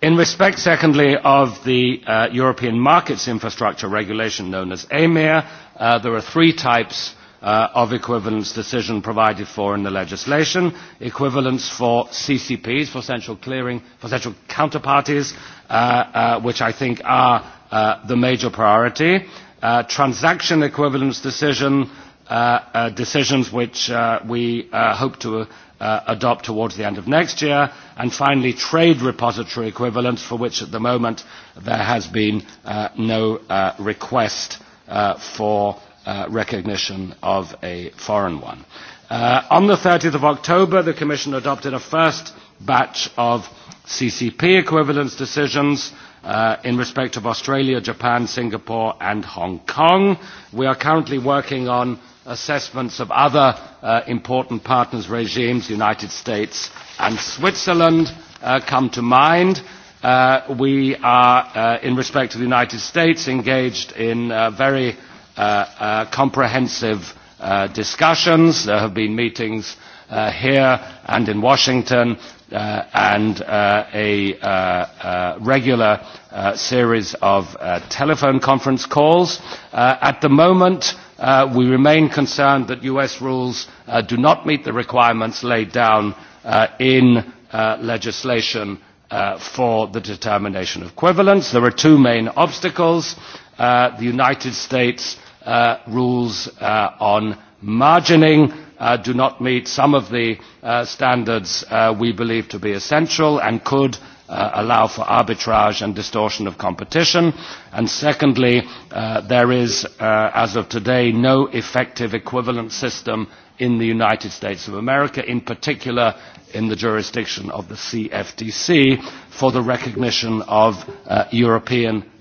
In respect, secondly, of the uh, European Markets Infrastructure Regulation known as EMIR, uh, there are three types uh, of equivalence decision provided for in the legislation, equivalence for CCPs, for central clearing, for central counterparties, uh, uh, which I think are uh, the major priority, uh, transaction equivalence decision, uh, uh, decisions which uh, we uh, hope to uh, uh, adopt towards the end of next year, and finally trade repository equivalents for which at the moment there has been uh, no uh, request uh, for Uh, recognition of a foreign one. Uh, on the 30th of October, the Commission adopted a first batch of CCP equivalence decisions uh, in respect of Australia, Japan, Singapore and Hong Kong. We are currently working on assessments of other uh, important partners regimes, the United States and Switzerland uh, come to mind. Uh, we are, uh, in respect to the United States, engaged in uh, very uh, uh, comprehensive uh, discussions. There have been meetings uh, here and in Washington uh, and uh, a uh, uh, regular uh, series of uh, telephone conference calls. Uh, at the moment, uh, we remain concerned that US rules uh, do not meet the requirements laid down uh, in uh, legislation uh, for the determination of equivalence. There are two main obstacles. Uh, the United States uh, rules uh, on margining uh, do not meet some of the uh, standards uh, we believe to be essential and could uh, allow for arbitrage and distortion of competition. And secondly, uh, there is, uh, as of today, no effective equivalent system in the United States of America, in particular in the jurisdiction of the CFTC, for the recognition of uh, European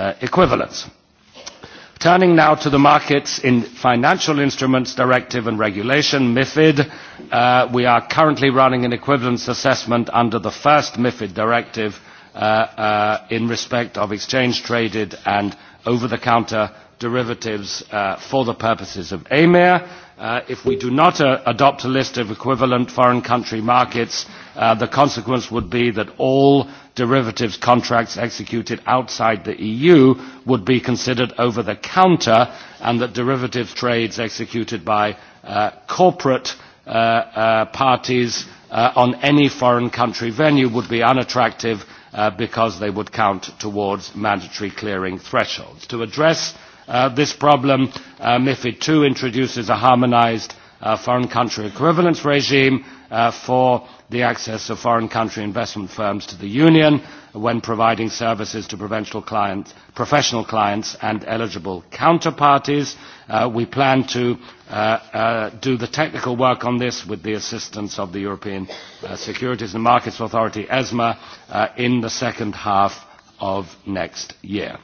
Uh, equivalence. Turning now to the Markets in Financial Instruments Directive and Regulation, MIFID, uh, we are currently running an equivalence assessment under the first MIFID directive uh, uh, in respect of exchange-traded and over-the-counter derivatives uh, for the purposes of AMIR. E Uh, if we do not uh, adopt a list of equivalent foreign country markets, uh, the consequence would be that all derivatives contracts executed outside the EU would be considered over the counter and that derivative trades executed by uh, corporate uh, uh, parties uh, on any foreign country venue would be unattractive uh, because they would count towards mandatory clearing thresholds. To address uh, this problem. Uh, MIFID II introduces a harmonized uh, foreign country equivalence regime uh, for the access of foreign country investment firms to the Union when providing services to provincial clients, professional clients and eligible counterparties. Uh, we plan to uh, uh, do the technical work on this with the assistance of the European uh, Securities and Markets Authority, ESMA, uh, in the second half of next year.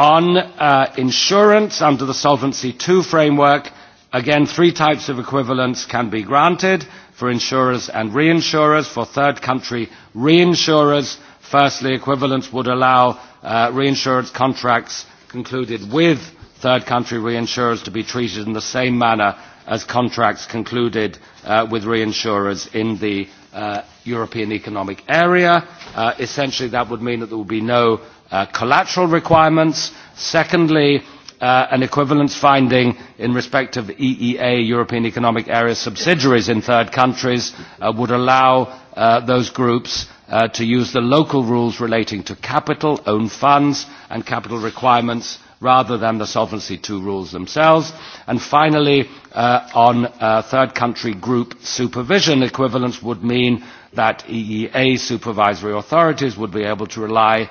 On uh, insurance under the Solvency II framework, again, three types of equivalence can be granted for insurers and reinsurers. For third country reinsurers, firstly, equivalence would allow uh, reinsurance contracts concluded with third country reinsurers to be treated in the same manner as contracts concluded uh, with reinsurers in the uh, European Economic Area. Uh, essentially, that would mean that there would be no Uh, collateral requirements, secondly, uh, an equivalence finding in respect of EEA, European Economic Area subsidiaries in third countries, uh, would allow uh, those groups uh, to use the local rules relating to capital, own funds, and capital requirements rather than the Solvency II rules themselves. And finally, uh, on uh, third country group supervision equivalence would mean that EEA supervisory authorities would be able to rely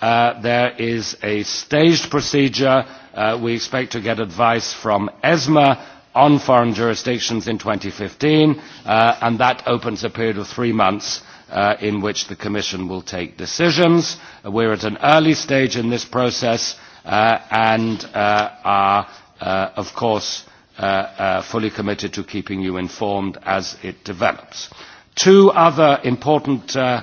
Uh, there is a staged procedure. Uh, we expect to get advice from ESMA on foreign jurisdictions in 2015, uh, and that opens a period of three months uh, in which the Commission will take decisions. Uh, we're at an early stage in this process uh, and uh, are, uh, of course, uh, uh, fully committed to keeping you informed as it develops. Two other important uh,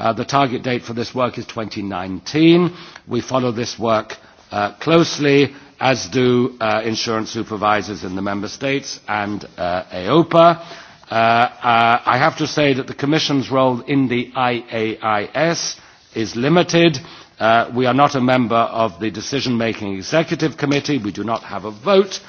Uh, the target date for this work is 2019. We follow this work uh, closely, as do uh, insurance supervisors in the Member States and uh, AOPA. Uh, uh, I have to say that the Commission's role in the IAIS is limited. Uh, we are not a member of the Decision-Making Executive Committee. We do not have a vote. Uh,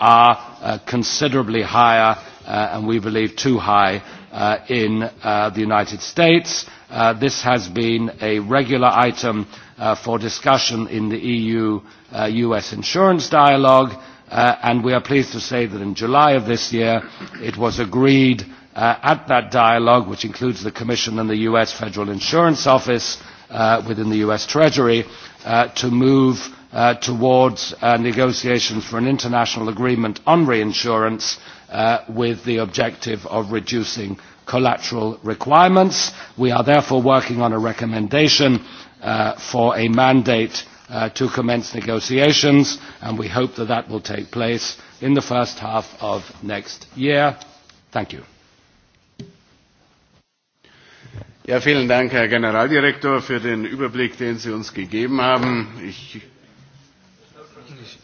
are uh, considerably higher uh, and we believe too high uh, in uh, the United States. Uh, this has been a regular item uh, for discussion in the EU-US uh, insurance dialogue uh, and we are pleased to say that in July of this year it was agreed uh, at that dialogue, which includes the Commission and the US Federal Insurance Office uh, within the US Treasury, uh, to move uh, towards uh, negotiations for an international agreement on reinsurance uh, with the objective of reducing collateral requirements. We are therefore working on a recommendation uh, for a mandate uh, to commence negotiations and we hope that that will take place in the first half of next year. Thank you. Ja, vielen Dank, Herr Generaldirektor, für den Überblick, den Sie uns gegeben haben. Ich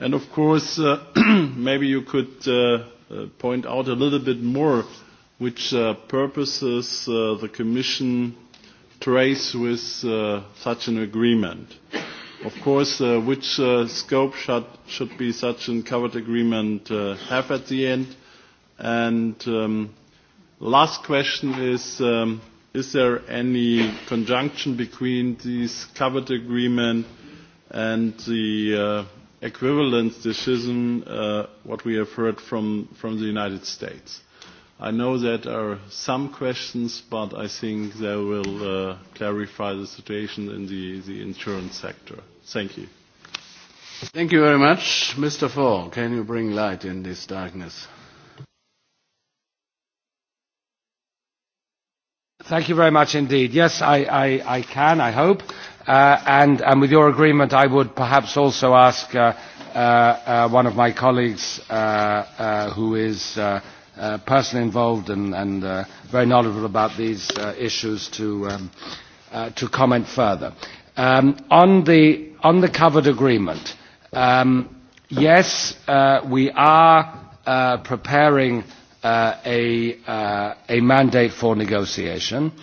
And of course, uh, maybe you could uh, uh, point out a little bit more which uh, purposes uh, the Commission trace with uh, such an agreement. Of course, uh, which uh, scope should, should be such a covered agreement uh, have at the end? And um, last question is, um, is there any conjunction between this covered agreement and the uh, equivalent decision uh, what we have heard from, from the United States. I know that are some questions, but I think they will uh, clarify the situation in the, the insurance sector. Thank you. Thank you very much. Mr. Fall, can you bring light in this darkness? Thank you very much indeed. Yes, I, I, I can, I hope. Uh, and, and with your agreement, I would perhaps also ask uh, uh, uh, one of my colleagues uh, uh, who is uh, uh, personally involved and, and uh, very knowledgeable about these uh, issues to, um, uh, to comment further. Um, on, the, on the covered agreement, um, yes, uh, we are uh, preparing uh, a, uh, a mandate for negotiation. Uh,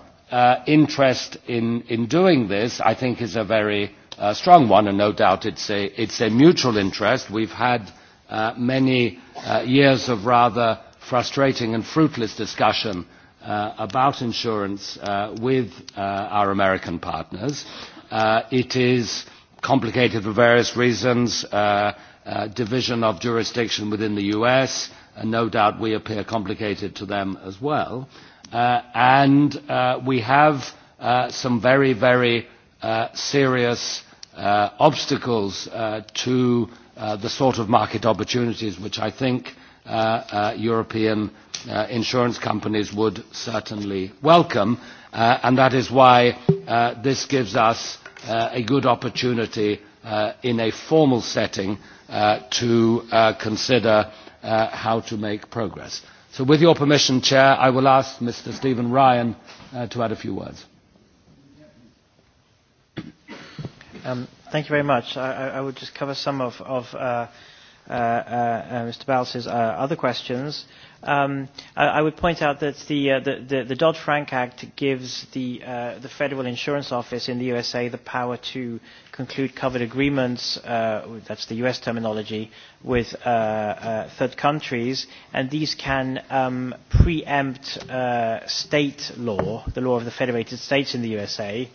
uh, interest in, in doing this, I think, is a very uh, strong one, and no doubt it's a, it's a mutual interest. We've had uh, many uh, years of rather frustrating and fruitless discussion uh, about insurance uh, with uh, our American partners. Uh, it is complicated for various reasons, uh, uh, division of jurisdiction within the US, and no doubt we appear complicated to them as well. Uh, uh, and uh, we have uh, some very, very uh, serious uh, obstacles uh, to uh, the sort of market opportunities which I think uh, uh, European uh, insurance companies would certainly welcome, uh, and that is why uh, this gives us uh, a good opportunity uh, in a formal setting uh, to uh, consider uh, how to make progress. So with your permission, Chair, I will ask Mr. Stephen Ryan uh, to add a few words. Um, thank you very much. I, I would just cover some of, of uh, uh, uh, uh Mr. Bowles' uh, other questions. Um, I, I would point out that the, uh, the, the, the Dodd-Frank Act gives the, uh, the Federal Insurance Office in the USA the power to uh, conclude covered agreements, uh, that's the US terminology, with uh, uh, third countries, and these can um, preempt uh, state law, the law of the Federated States in the USA,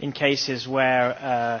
in cases where uh,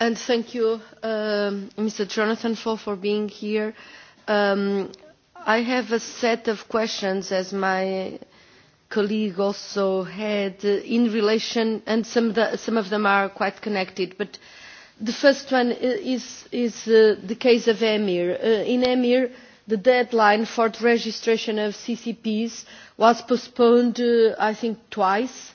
And thank you, um, Mr. Jonathan, for, for being here. Um, I have a set of questions, as my colleague also had, uh, in relation, and some, the, some of them are quite connected. But the first one is, is uh, the case of EMIR. Uh, in EMIR, the deadline for the registration of CCPs was postponed, uh, I think, twice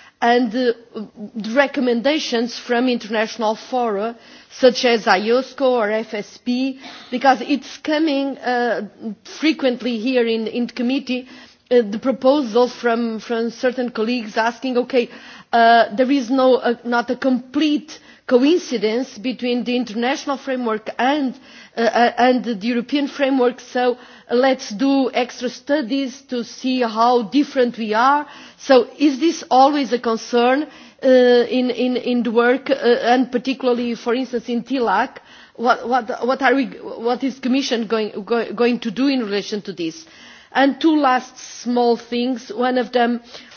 and uh, the recommendations from international fora such as IOSCO or FSP because it's coming uh, frequently here in, in committee uh, the proposals from, from certain colleagues asking okay uh, there is no, uh, not a complete uh, coincidence between the international framework and, uh, uh and the European framework, so uh, let's do extra studies to see how different we are. So is this always a concern uh, in, in, in the work, uh, and particularly, for instance, in TILAC? What, what, what, are we, what is Commission going, go, going to do in relation to this? And two last small things. One of them, uh,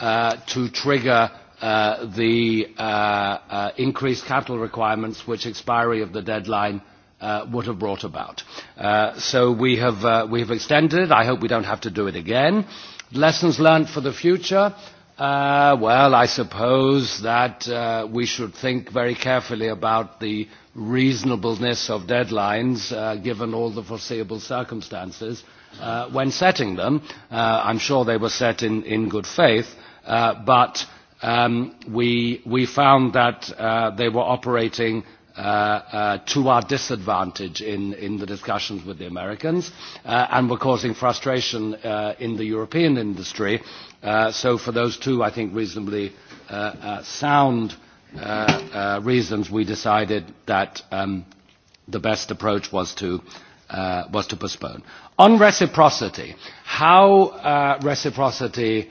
uh, to trigger uh, the uh, uh, increased capital requirements which expiry of the deadline uh, would have brought about. Uh, so we have, uh, we have extended I hope we don't have to do it again. Lessons learned for the future. Uh, well, I suppose that uh, we should think very carefully about the reasonableness of deadlines uh, given all the foreseeable circumstances uh, when setting them. Uh, I'm sure they were set in, in good faith, uh, but um, we, we found that uh, they were operating uh, uh, to our disadvantage in, in the discussions with the Americans uh, and were causing frustration uh, in the European industry. Uh, so for those two, I think, reasonably uh, uh, sound uh, uh, reasons, we decided that um, the best approach was to uh, was to postpone. On reciprocity, how uh, reciprocity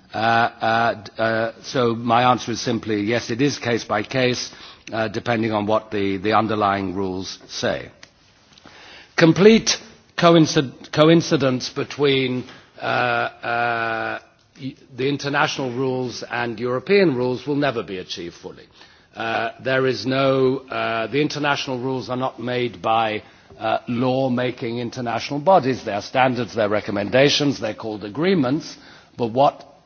Uh, uh, uh, so my answer is simply yes, it is case by case, uh, depending on what the, the underlying rules say. Complete coincid coincidence between uh, uh, the international rules and European rules will never be achieved fully. Uh, there is no, uh, the international rules are not made by uh, law-making international bodies. They are standards, they are recommendations, they are called agreements, but what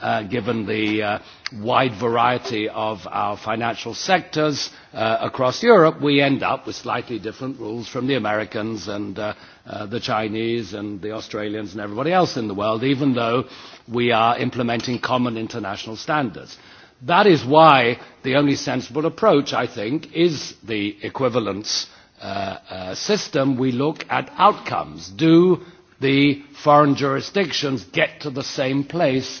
uh, given the uh, wide variety of our financial sectors uh, across Europe, we end up with slightly different rules from the Americans and uh, uh, the Chinese and the Australians and everybody else in the world, even though we are implementing common international standards. That is why the only sensible approach, I think, is the equivalence uh, uh, system. We look at outcomes. Do the foreign jurisdictions get to the same place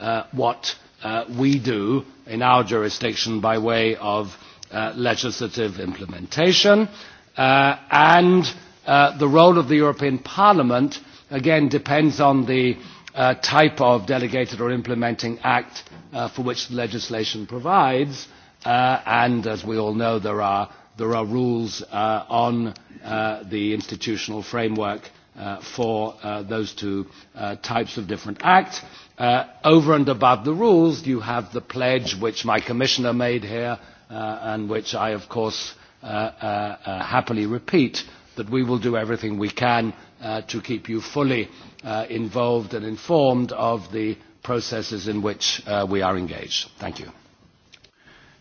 uh, what uh, we do in our jurisdiction by way of uh, legislative implementation uh, and uh, the role of the European Parliament again depends on the uh, type of delegated or implementing act uh, for which the legislation provides uh, and as we all know there are there are rules uh, on uh, the institutional framework uh, for uh, those two uh, types of different acts Uh, over and above the rules, you have the pledge which my commissioner made here uh, and which I, of course, uh, uh, uh, happily repeat that we will do everything we can uh, to keep you fully uh, involved and informed of the processes in which uh, we are engaged. Thank you.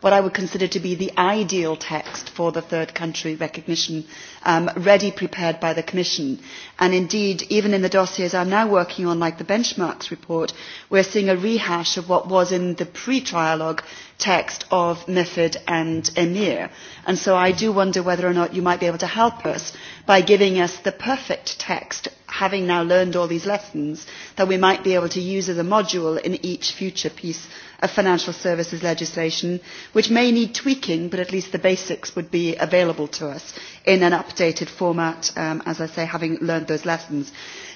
what I would consider to be the ideal text for the third country recognition, um, ready prepared by the Commission. And indeed, even in the dossiers I'm now working on, like the benchmarks report, we're seeing a rehash of what was in the pre-trialogue text of MIFID and EMIR. And so I do wonder whether or not you might be able to help us by giving us the perfect text, having now learned all these lessons, that we might be able to use as a module in each future piece of financial services legislation, which may need tweaking, but at least the basics would be available to us in an updated format, um, as I say, having learned those lessons.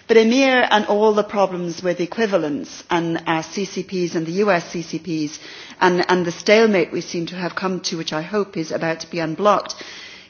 But EMIR and all the problems with equivalence and our uh, CCPs and the US CCPs and, and the stalemate we seem to have come to, which I hope is about to be unblocked,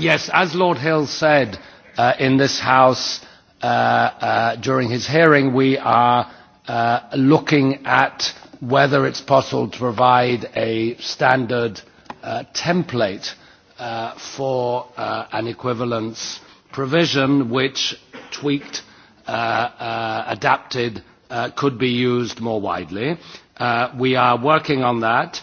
Yes, as Lord Hill said uh, in this House uh, uh, during his hearing, we are uh, looking at whether it's possible to provide a standard uh, template uh, for uh, an equivalence provision which tweaked, uh, uh, adapted, uh, could be used more widely. Uh, we are working on that.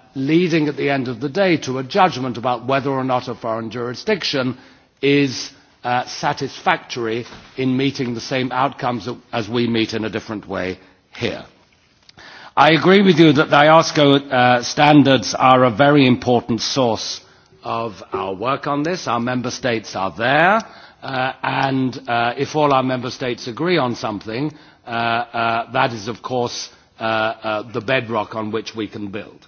leading at the end of the day to a judgment about whether or not a foreign jurisdiction is uh, satisfactory in meeting the same outcomes as we meet in a different way here. I agree with you that the IOSCO uh, standards are a very important source of our work on this. Our member states are there, uh, and uh, if all our member states agree on something, uh, uh, that is, of course, uh, uh, the bedrock on which we can build.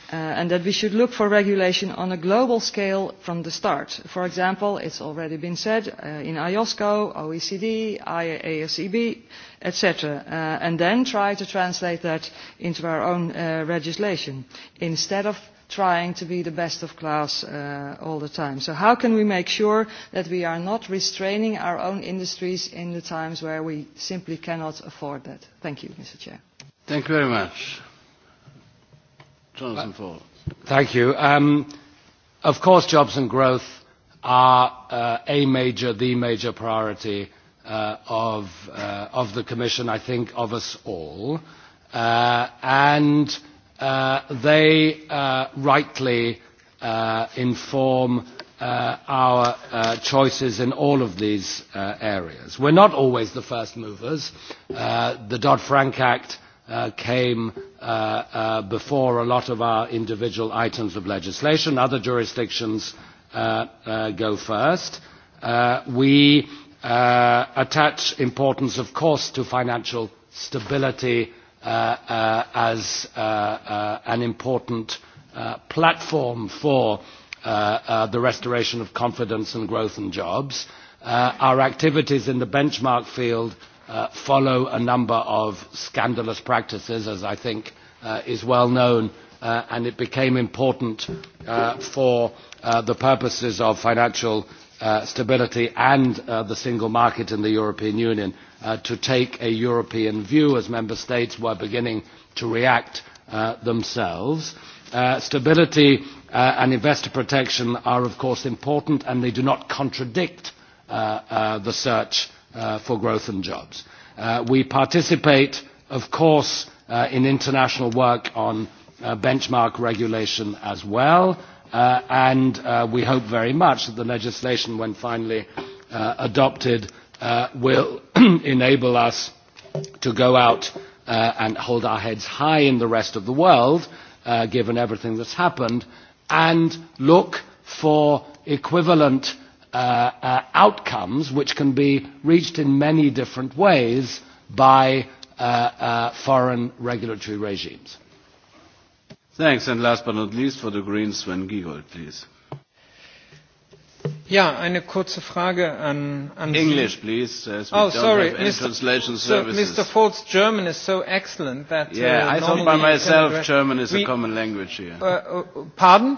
uh, and that we should look for regulation on a global scale from the start. For example, it's already been said uh, in IOSCO, OECD, IASEB, etc., uh, and then try to translate that into our own uh, legislation instead of trying to be the best of class uh, all the time. So how can we make sure that we are not restraining our own industries in the times where we simply cannot afford that? Thank you, Mr. Chair. Thank you very much. Jonathan Thank you. Um, of course, jobs and growth are uh, a major, the major priority uh, of, uh, of the Commission, I think, of us all. Uh, and uh, they uh, rightly uh, inform uh, our uh, choices in all of these uh, areas. We're not always the first movers. Uh, the Dodd-Frank Act uh, came uh, uh, before a lot of our individual items of legislation. Other jurisdictions uh, uh, go first. Uh, we uh, attach importance, of course, to financial stability uh, uh, as uh, uh, an important uh, platform for uh, uh, the restoration of confidence and growth and jobs. Uh, our activities in the benchmark field uh, follow a number of scandalous practices, as I think uh, is well known, uh, and it became important uh, for uh, the purposes of financial uh, stability and uh, the single market in the European Union uh, to take a European view as member states were beginning to react uh, themselves. Uh, stability uh, and investor protection are of course important and they do not contradict uh, uh, the search uh, uh, for growth and jobs. Uh, we participate, of course, uh, in international work on uh, benchmark regulation as well, uh, and uh, we hope very much that the legislation, when finally uh, adopted, uh, will enable us to go out uh, and hold our heads high in the rest of the world, uh, given everything that's happened, and look for equivalent uh, uh, outcomes which can be reached in many different ways by uh, uh, foreign regulatory regimes. Thanks, and last but not least for the Greens, Sven Giegold, please. Ja, eine kurze Frage an, an English, Sie. please. As we oh, don't sorry, have Mr. Translation so services. Mr. Folt's German is so excellent that. Yeah, uh, I thought by myself German is we, a common language here. Uh, uh, pardon?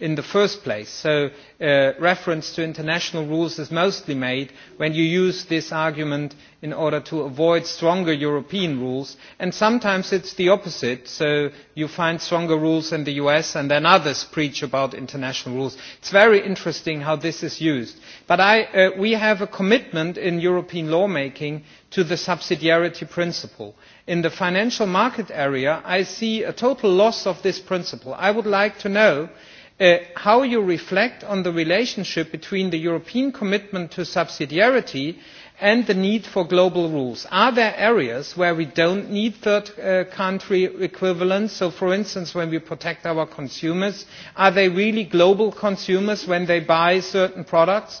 in the first place. So uh, reference to international rules is mostly made when you use this argument in order to avoid stronger European rules. And sometimes it's the opposite. So you find stronger rules in the US and then others preach about international rules. It's very interesting how this is used. But I, uh, we have a commitment in European lawmaking to the subsidiarity principle. In the financial market area, I see a total loss of this principle. I would like to know uh, how you reflect on the relationship between the European commitment to subsidiarity and the need for global rules. Are there areas where we don't need third uh, country equivalents? So for instance, when we protect our consumers, are they really global consumers when they buy certain products?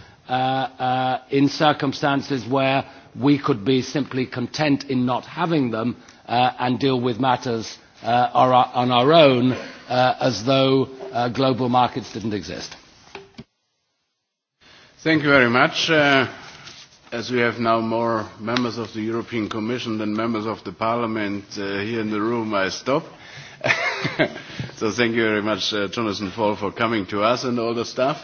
uh, uh, in circumstances where we could be simply content in not having them uh, and deal with matters uh, on our own uh, as though uh, global markets didn't exist. Thank you very much. Uh, as we have now more members of the European Commission than members of the Parliament uh, here in the room, I stop. so thank you very much, uh, Jonathan Fall, for coming to us and all the stuff